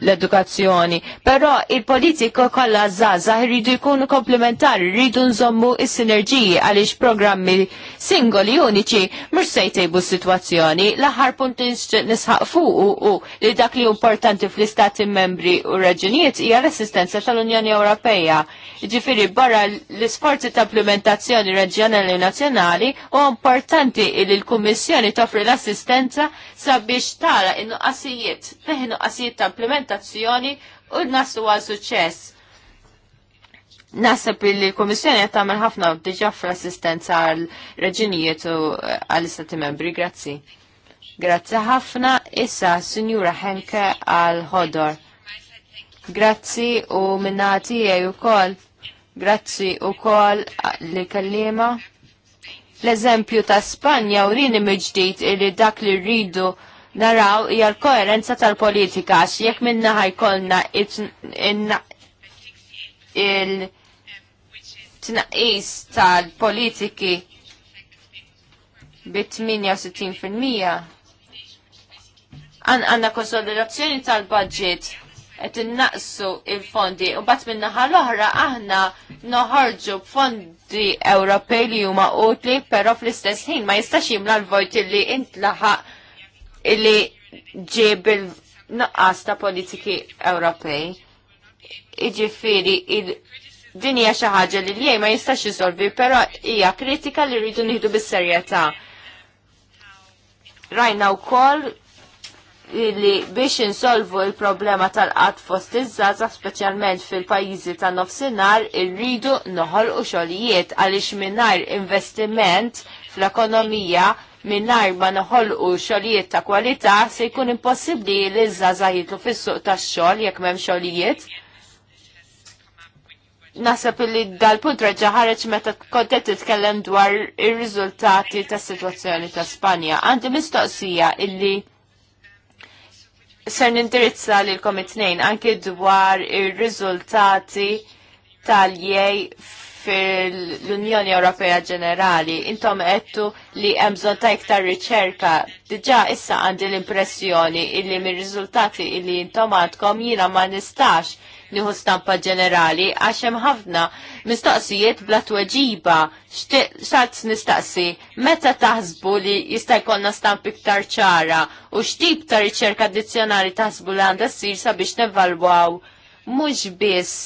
l-edukazzjoni. Però il-politika kollha żgħażagħ rridu jkunu komplementari, rridu nżommu is-sinerġiji għaliex programmi singoli uniċi mhux se jtejbu s-sitwazzjoni. L-aħħar punt nisħaq fuq u li dak li importanti fl-istati membri u reġunijiet hija l-assistenza tal-Unjoni Ewropea. Ġifieri barra l-isforzi ta' implementazzjoni reġjonali internazzjonali u importanti li l-Kummissjoni toffri l-assistenza sabiex tara in-nuqqasijiet, neħi nuqqasijiet ta' implementazzjoni u nasu għal suċċess. Nasab li l-Komissjoni qed tagħmel ħafna diġà fl-assistenza għal reġinijiet u għall istati membri. Grazzi. Grazzi ħafna issa Sinjura Henke għal ħodor. Grazzi u minnati u kol. Grazzi u kol li kallima L-eżempju ta' Spanja u rini mġdijt illi dak li rridu naraw hija l-koerenza tal-politika għax jekk minna ħajkolna il-tnaqis tal-politiki bit 68% għanna konsolidazzjoni tal-budget qed innaqsu il-fondi u bat min-naħa l-oħra aħna noħorġu fondi Ewropej li huma utli però fl-istess ħin ma jistax jimla l-vojt illi intlaħaq illi ġib il-nuqqas ta' politiki Ewropej. Iġifiri il-din hija xi ħaġa li l ma jistax jisolvi, però hija kritika li rridu nieħdu bis-serjetà. Rajna wkoll li biex insolvu il-problema tal-qat fost iż-żaza speċjalment fil-pajjiżi ta' nofsinhar irridu noħol u xogħlijiet għaliex mingħajr investiment fl-ekonomija mingħajr ma noħol u xogħlijiet ta' kwalità se jkun impossibbli li ż-żaza jitlu fis-suq tax-xogħol jekk m'hemm xogħlijiet. Naħseb li dal-punt reġa ħareġ meta kontet titkellem dwar ir-riżultati tas-sitwazzjoni ta' Spanja. Għandi mistoqsija illi ser nindirizza li l-kom it-nejn anki dwar ir-riżultati tal-jej fil-Unjoni Ewropea ġenerali. Intom għettu li hemm ta' iktar riċerka. Diġà issa għandi l-impressjoni illi mir-riżultati illi intom għandkom jiena ma nistax nieħu stampa ġenerali għax hemm ħafna mistoqsijiet bla tweġiba. X'satt nistaqsi meta taħsbu li jista' jkollna stamp iktar ċara u x'tip ta' riċerka addizzjonali taħsbu li għandha ssir sabiex nevalwaw mhux biss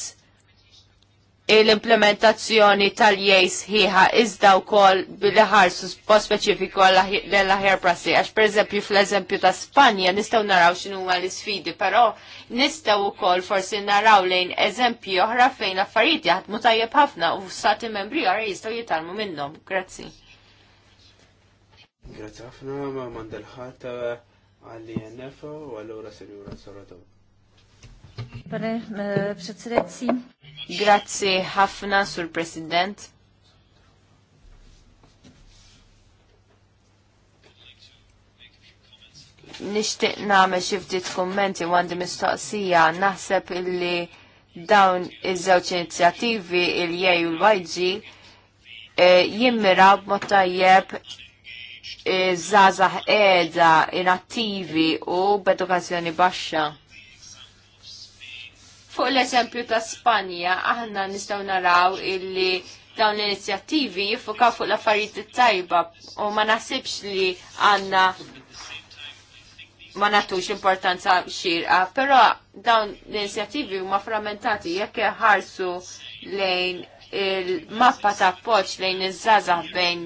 l-implementazzjoni tal-jejs ħiħa iżda u kol bil-ħarsu post specifiku l prassi. Għax per eżempju fl-eżempju ta' Spanja nistaw naraw xinu ma l-sfidi, pero nistaw u kol forsi naraw lejn eżempju oħra fejn affarijiet jaħdmu tajjeb ħafna u stati membri għara jistaw jitalmu minnom. Grazzi. Grazzi ħafna ma mandel għal għalli jennefa u għallura senjura Soratov. Eh, Grazie Grazzi ħafna sur President. Nishtiq nagħmel xi ftit kummenti għandi mistoqsija naħseb illi dawn iż-żewġ inizjattivi il jgħu u l-YG eh, jimmiraw b'mod tajjeb eh, żgħażagħ qiegħda inattivi u b'edukazzjoni baxxa. Fuq l-eżempju ta' Spanja, aħna nistgħu naraw illi dawn l-inizjattivi jiffokaw fuq l-affarijiet tajba u ma nasibx li għandna ma natux importanza xirqa, però dawn l-inizjattivi huma frammentati jekk ħarsu lejn il-mappa ta' poċ lejn iż-żazah bejn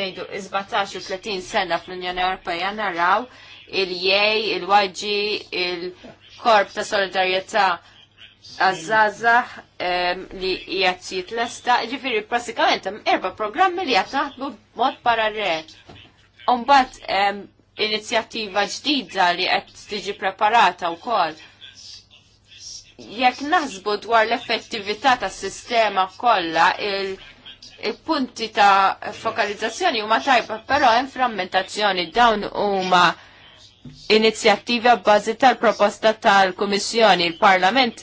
nejdu 17 u 30 sena fl-Unjoni Ewropea naraw il-jej, il waġi il-korp ta' solidarjetà għazzazax li l jitlesta, ġifiri prasikament hemm erba programmi li jgħat naħdmu mod parallel. Umbat inizjattiva ġdida li qed tiġi preparata wkoll. Jekk naħsbu dwar l-effettività tas-sistema kollha il- punti ta' fokalizzazzjoni huma tajba, però hemm frammentazzjoni dawn huma inizjattivi għabbażi tal-proposta tal komissjoni Il-Parlament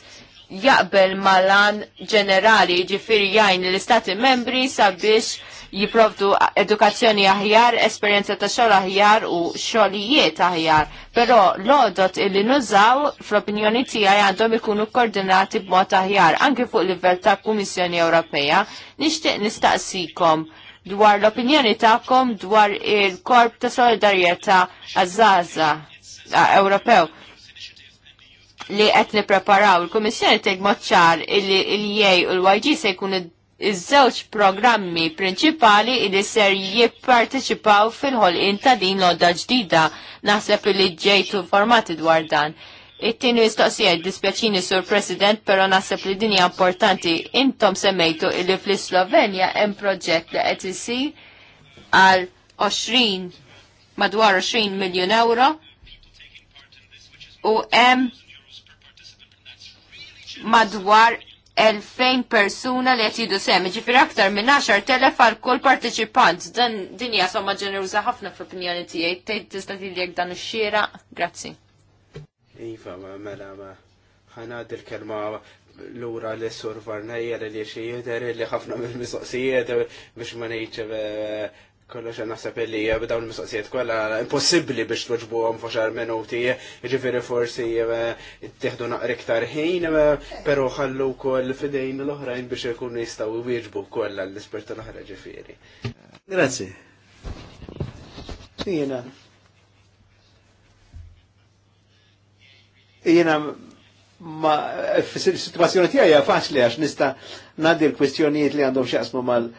jaqbel malan ġenerali ġifiri jajn l-istati membri sabiex jiprovdu edukazzjoni aħjar, esperienza ta' xogħol aħjar u xolijiet aħjar. Però l-odot illi nużaw fl-opinjoni tiegħi għandhom ikunu koordinati b'mod aħjar anke fuq livell ta' Kummissjoni Ewropea. Nixtieq nistaqsikom dwar l-opinjoni tagħkom dwar il-Korp ta' Solidarjetà Azzaza Ewropew li qed nippreparaw il-Kummissjoni tgħid mod ċar il jej u l-YG se jkun iż-żewġ programmi prinċipali li ser jipparteċipaw fil-ħolqien ta' din l-odda ġdida naħseb li ġejtu formati dwar dan. It-tieni mistoqsija dispjaċini sur President, però naħseb li din hija importanti. Intom semmejtu li fl-Slovenja hemm proġett li qed isir għal 20 madwar 20 miljun euro u hemm madwar 2000 persuna li qed jiedu sem, ġifier aktar minn 10,000 għal kol partiċipant. Dan din hija somma ġeneruża ħafna fl-opinjoni tiegħi. Tgħid tista' tiljek dan ix-xiera. Grazzi. Iva, mela, ħanad il-kelma l-ura li s-sur varnajja li xie jider li ħafna mill-misoqsijiet biex ma nejċe kollox naħseb li b'dawn eh, il-mistoqsijiet kolla, impossibbli biex twaġbuhom f'għaxar minuti, jiġifieri forsi eh, tieħdu naqra iktar ħin, però ħallu wkoll fidejn l-oħrajn biex ikunu jistgħu jwieġbu kollha l-ispert l-oħra ġifiri. Grazie. Jiena. Jiena ma fis-sitwazzjoni tiegħi faċli għax nista' ngħaddi l-kwestjonijiet li għandhom x'jaqsmu mal-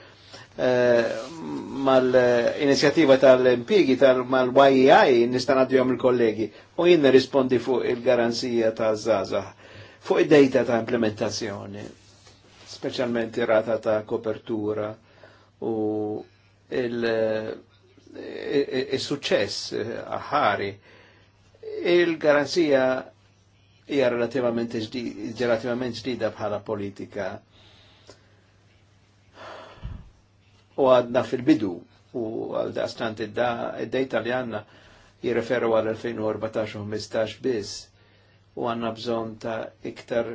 Eh, mal-inizjativa tal-impiegi tal-YEI nistan għaddu għaddijom il-kollegi u jinn rispondi fuq il-garanzija tal zaza fuq id-dejta ta' implementazzjoni specialment rata ta' kopertura u il-success il, eh, eh, il ħari il-garanzija hija relativament ġdida bħala politika u għadna fil-bidu u għal daqstant id da italjanna jirreferu għal 2014-15 bis u għanna bżon ta' iktar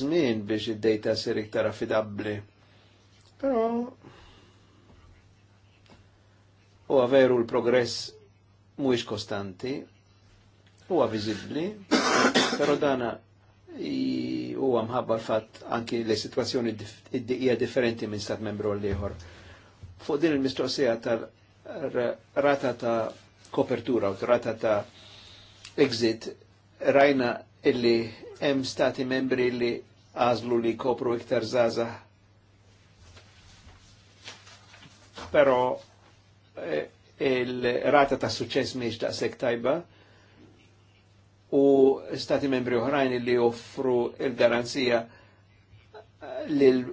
zmin biex id-dejta sir iktar affidabli. Pero u għaveru l-progress mhuwiex kostanti, huwa għavizibli, pero dana huwa għamħabba l-fatt anki l situazzjoni hija differenti minn stat membru l ieħor fuq din il-mistoqsija tal-rata ta' kopertura u rata ta' exit rajna illi hemm stati membri li għażlu li kopru iktar zaza. Però eh, il-rata ta' suċċess miex daqshekk tajba u stati membri oħrajn li offru il-garanzija lil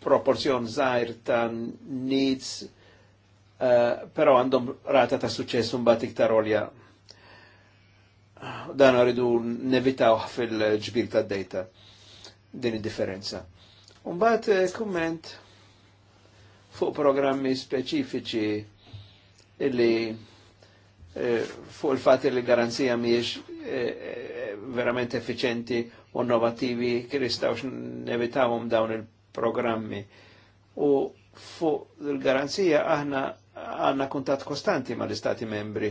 proporzjon zaħir ta' needs, uh, eh, pero għandhom rata ta' suċess bat iktar olja. Dan għaridu nevitaw fil-ġbir ta' data din il differenza bat eh, komment fuq programmi speċifiċi illi eh, fuq il-fat li garanzija miex eh, eh, verament efficienti u innovativi kristawx nevitawum dawn il- programmi u fuq il-garanzija aħna għanna kuntat kostanti ma l-istati membri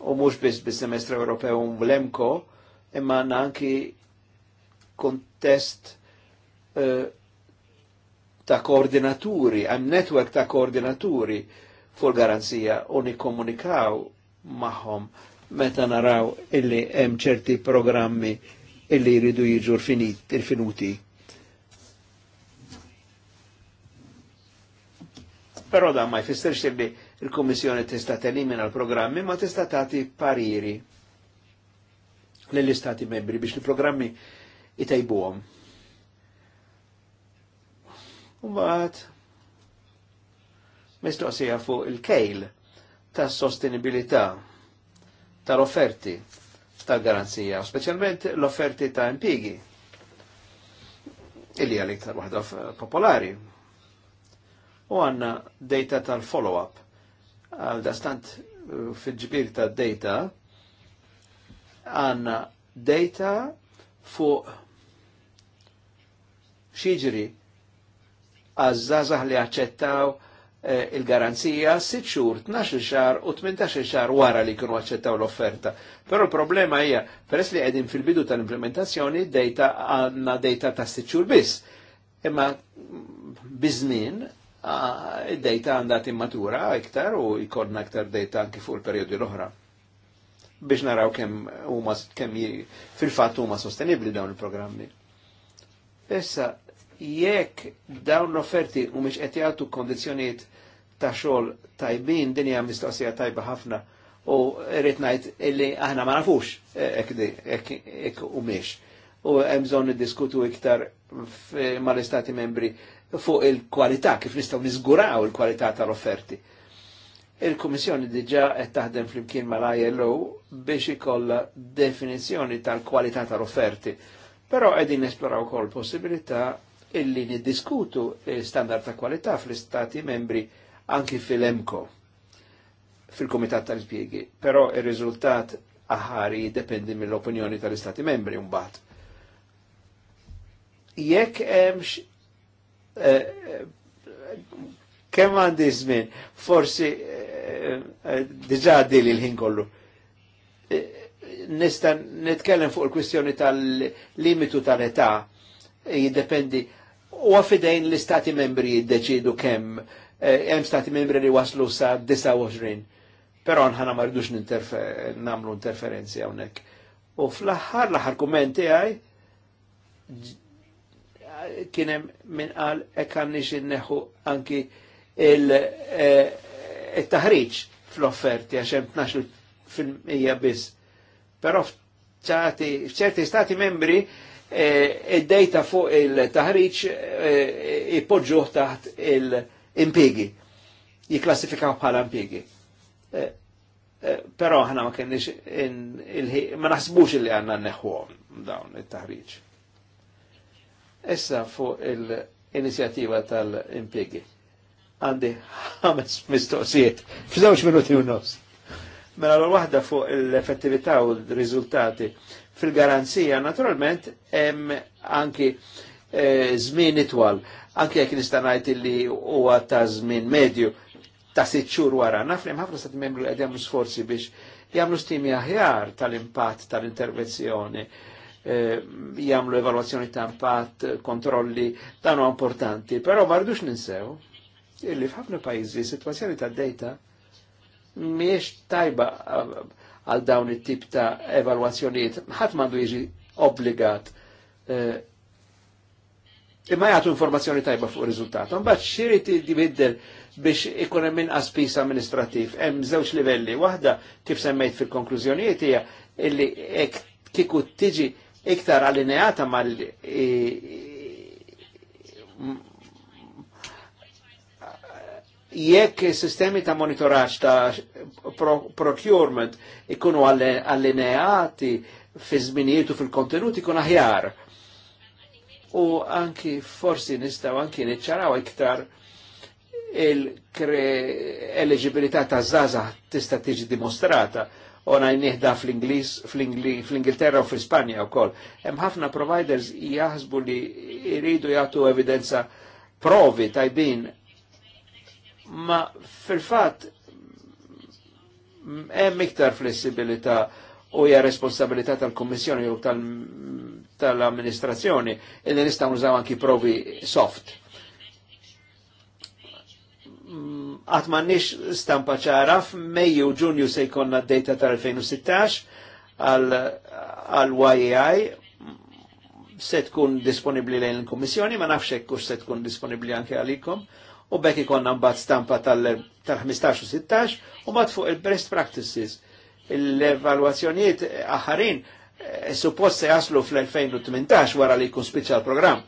u mux biss bis-semestru Ewropew un blemko imma għanna anki kontest uh, eh, ta' koordinaturi, għan network ta' koordinaturi fuq garanzija u nikkomunikaw maħom meta naraw illi hemm ċerti programmi illi jridu jiġu l finuti Però da ma jfisserx illi il komissjoni tista' telimina l-programmi ma tista' tagħti pariri lill-Istati membri biex il-programmi itajbuhom. Mbagħad mistoqsija fuq il-kejl tas-sostenibilità tal-offerti tal-garanzija, specialment l-offerti ta' impigi. Illi għal iktar wahda popolari. U għanna data tal-follow-up. Għal dastant uh, fil-ġbir ta' data għanna data fuq xieġri għazzazah li għacċettaw Eh, il-garanzija 6 xhur, 12 xar u 18 xar wara li kienu aċċettaw l-offerta. Però l-problema hija peress li qegħdin fil-bidu tal-implementazzjoni data għandna data ta' 6 xhur biss. Imma biżmien id-data għandha timmatura iktar u jkollna aktar data anki fuq il-perjodi l-oħra biex naraw kemm huma kemm fil-fatt huma sostenibbli dawn il-programmi. Issa jekk dawn l-offerti u miex qed jagħtu kondizzjonijiet ta' xogħol tajbin din hija mistoqsija tajba ħafna u rrid ngħid illi aħna ma nafux hekk u miex. U hemm bżonn niddiskutu iktar mal-istati membri fuq il-kwalità kif nistgħu niżguraw il-kwalità tal-offerti. Il-Kummissjoni diġà qed taħdem flimkien mal-ILO biex ikollha definizzjoni tal-kwalità tal-offerti. Però qegħdin nesploraw ukoll possibilità illi niddiskutu standard ta' kwalità fl-istati membri anki fil-EMCO, fil-Komitat tal spiegi però il rizultat aħari dependi mill-opinjoni tal-istati membri un bat. Jekk emx eh, eh, kemm għandi żmien, forsi eh, eh diġà dili l-ħin kollu. Eh, Nista' nitkellem fuq il-kwistjoni tal-limitu tal-età jiddependi u għafidejn l-istati membri jiddeċidu kemm eh, hemm stati membri li waslu sa 29. Però nħana marridux namlu interferenzi hawnhekk. U fl-aħħar l-aħħar kumment tiegħi kien hemm min qal hekk għandniex inneħu anki il-taħriġ eh, fl-offerti għax hemm 12 fil-mija biss. Però f'ċerti stati membri id-dejta e, e fuq il-taħriċ e, ipoġġuħ taħt il impigi jiklassifikaw bħala impigi. Pero ħana ma kienx ma naħsbux il li għanna neħwom dawn il-taħriċ. Issa fuq il-inizjativa tal impigi Għandi ħames mistoqsijiet, f'żewġ minuti u nofs. Mela l wahda fuq l-effettività u l rizultati fil-garanzija naturalment hemm anki eh, żmien e, itwal. Anki jekk nista' ngħid li huwa ta' żmien medju ta' sitt xhur wara. Naf li ħafna stati membri qed jagħmlu sforzi biex jagħmlu stimi aħjar tal-impatt tal-intervenzjoni eh, jamlu evalwazzjoni ta' impatt, kontrolli, dan huwa importanti, però ma rridux ninsew illi f'ħafna pajjiżi situazzjoni ta' data miex tajba għal dawn it-tip ta' evalwazzjonijiet. Ħadd m'għandu jiġi obbligat eh, imma jagħtu informazzjoni tajba fuq ir-riżultat. Mbagħad xirid jibiddel biex ikun hemm inqas pis amministrattiv. Hemm żewġ livelli. Waħda kif semmejt fil-konklużjonijiet hija illi hekk kieku tiġi iktar allineata mal jekk sistemi ta' monitoraċ ta' procurement ikunu allineati fi żminijiet u fil-kontenut ikun aħjar. U anki forsi nistaw anki niċċaraw iktar il-eligibilità ta' zaza tista' tiġi dimostrata u najnieħda fl-Inglis, fl-Ingilterra u fl-Ispanja u koll. Hemm ħafna providers jaħsbu li jridu jgħatu evidenza provi tajbin ma fil-fat hemm iktar flessibilità u hija responsabilità tal-Kummissjoni jew tal-amministrazzjoni tal li nistgħu nużaw anki provi soft. Qatt m'għandniex stampa ċara f'Mejju Ġunju se jkollna d-data tal-2016 għal yai se tkun disponibbli lejn il-Kummissjoni, ma nafx hekk se tkun disponibbli anke għalikom u bekk ikonna mbagħad stampa tal-15 tal u 16 u mbagħad fuq il-best practices. L-evalwazzjonijiet aħarin eh, suppost se jaslu fl-2018 wara li jkun speċjal programm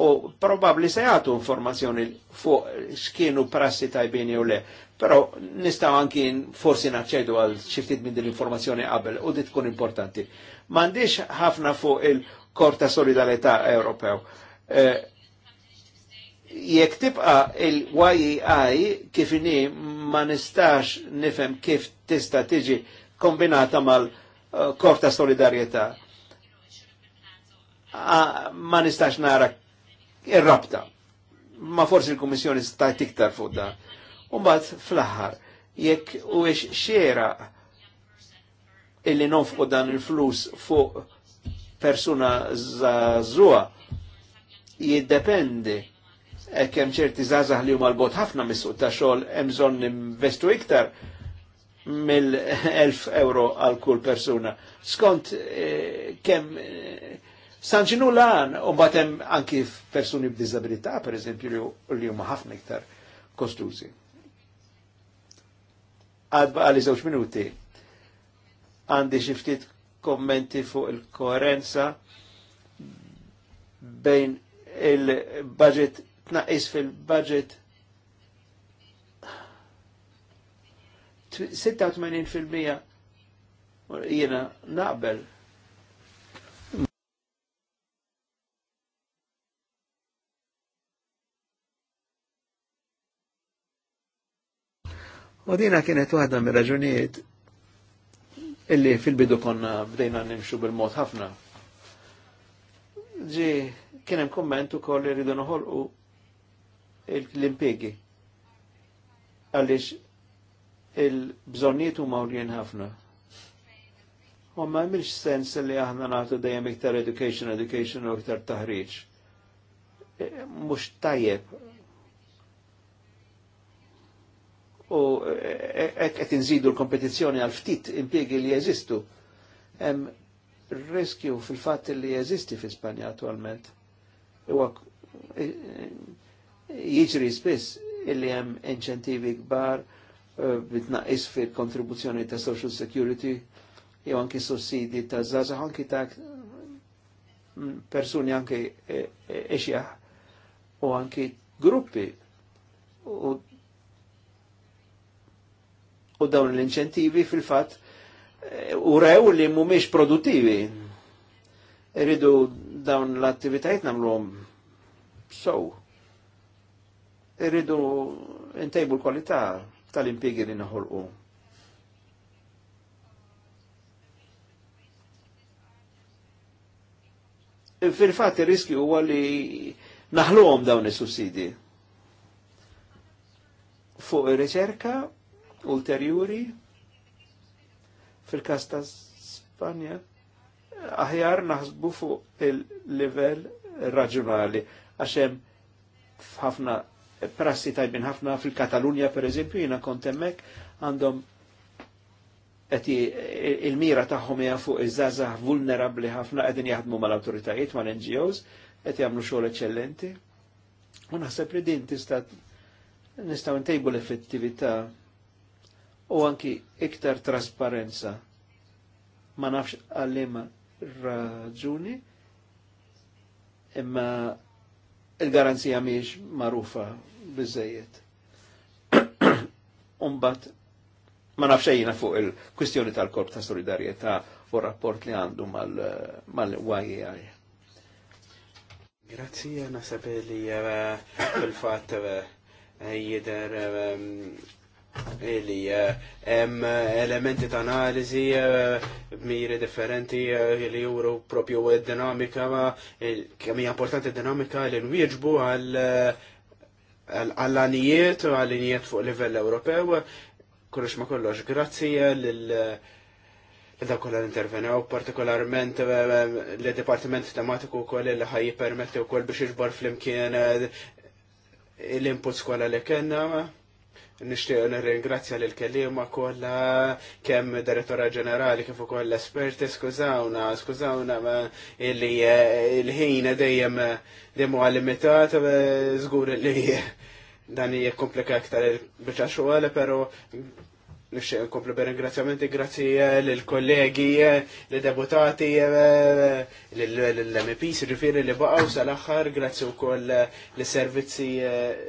u probabli se jagħtu informazzjoni fuq x'kienu prassi tajbin jew le. Però nistgħu anki forsi naċċedu għal xiftit minn din l-informazzjoni qabel u di tkun importanti. M'għandix ħafna fuq il-Korta Solidarità Ewropew. Eh, jekk tibqa il-YEI kif inni ma nistax nifem kif tista tiġi kombinata mal eh, korta Solidarieta. Ma nistax nara ir-rabta. Ma forsi il-Kummissjoni sta' tiktar fuq Umbat fl-aħħar, jekk u xera illi nonfqu dan il-flus fuq persuna zazua jiddependi hemm ċerti zazah li huma l-bot ħafna mis-suq ta' xogħol hemm bżonn investu iktar mill-1000 euro għal kull persuna. Skont eh, kemm eh, sanġinu lan u batem anki persuni b'diżabilità per eżempju, li huma ħafna iktar kostużi. Għadba għalli żewġ minuti għandi xi ftit kommenti fuq il-koerenza bejn il-budget tnaqis fil-budget 86% jiena naqbel U dina kienet waħda mir raġunijiet illi fil-bidu konna bdejna nimxu bil-mod ħafna. Ġi, kienem kommentu koll li rridu noħolqu l-impiegi. Għalix il-bżonniet ma' mawrjen ħafna. U ma jemilx sens li aħna naħtu dajem iktar education, education u iktar taħriċ. E, Mux tajjeb. U e, e, qed nżidu l kompetizjoni għal ftit impiegi li jeżistu. Hemm riskju fil fat li jeżisti fil Spanja attualment. Huwa jiġri spiss illi hemm inċentivi kbar eh, bitnaqis fil-kontribuzzjoni ta' Social Security jew anki sussidi ta' zaza anki ta' persuni anki eċjaħ eh, eh, u anki gruppi u, u dawn l-inċentivi fil-fat u rew li mumiex produttivi. Irridu dawn l-attivitajiet namluhom sow irridu intejbu l-kwalità tal impiegi li naħolqu. Fil-fat ir-riskju huwa li naħluhom dawn is-sussidi fuq ir-riċerka ulterjuri fil każ ta' Spanja aħjar naħsbu fuq il-livell raġunali għaxem ħafna prassi tajbin ħafna fil-Katalunja per eżempju, jina kontemmek għandhom il-mira taħħom hija fuq iż żaħ vulnerabli ħafna qegħdin jaħdmu mal-awtoritajiet mal-NGOs qed jagħmlu xogħol eċċellenti. U naħseb li din tista' nistgħu ntejbu l-effettività u anki iktar trasparenza. Ma nafx għallim raġuni imma il-garanzija miex marufa bizzejiet. Umbat, ma nafxejjina fuq il-kwistjoni tal-korp ta' solidarieta u rapport li għandu mal-YAI. Grazie Grazzi, nasab li eh, fil-fat eh, jider eh, Eli hemm eh, elementi ta' analiżi eh, miri differenti eh, li juru propju dinamika kemm hija importanti dinamika li nwieġbu għal għall-anijiet u għall-anijiet fuq livell Ewropew. Kollox ma kollox, grazzi lil da kolla intervenew, partikolarment l departiment tematiku koll li ħaj permetti u koll biex iġbar fl-imkien l-inputs kolla li kena nishtiq nirringrazzja lil kelliema kollha kemm direttora ġenerali kif ukoll l-esperti skużawna, skużawna illi eh, l-ħin dejjem dejjem huwa limitat żgur li dan hija komplika aktar il-biċċa xogħol, però Nixxie nkomplu bir-ringrazzjamenti, grazzi eh, l-kollegi, eh, l-deputati, eh, l s ġifiri li baqaw sal-axħar, grazzi u koll l-servizzi,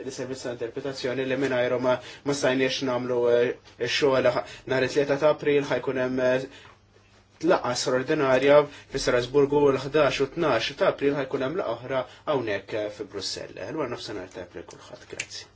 l-servizzi interpretazzjoni li minna ma ma stajniex namlu xoħla nhar it-3 ta' april ħajkunem tlaqa straordinarja fi Strasburgu l-11 u 12 ta' april ħajkunem l oħra hawnhekk fi Brussell. L-għan nofsenar ta' april kulħadd, grazzi.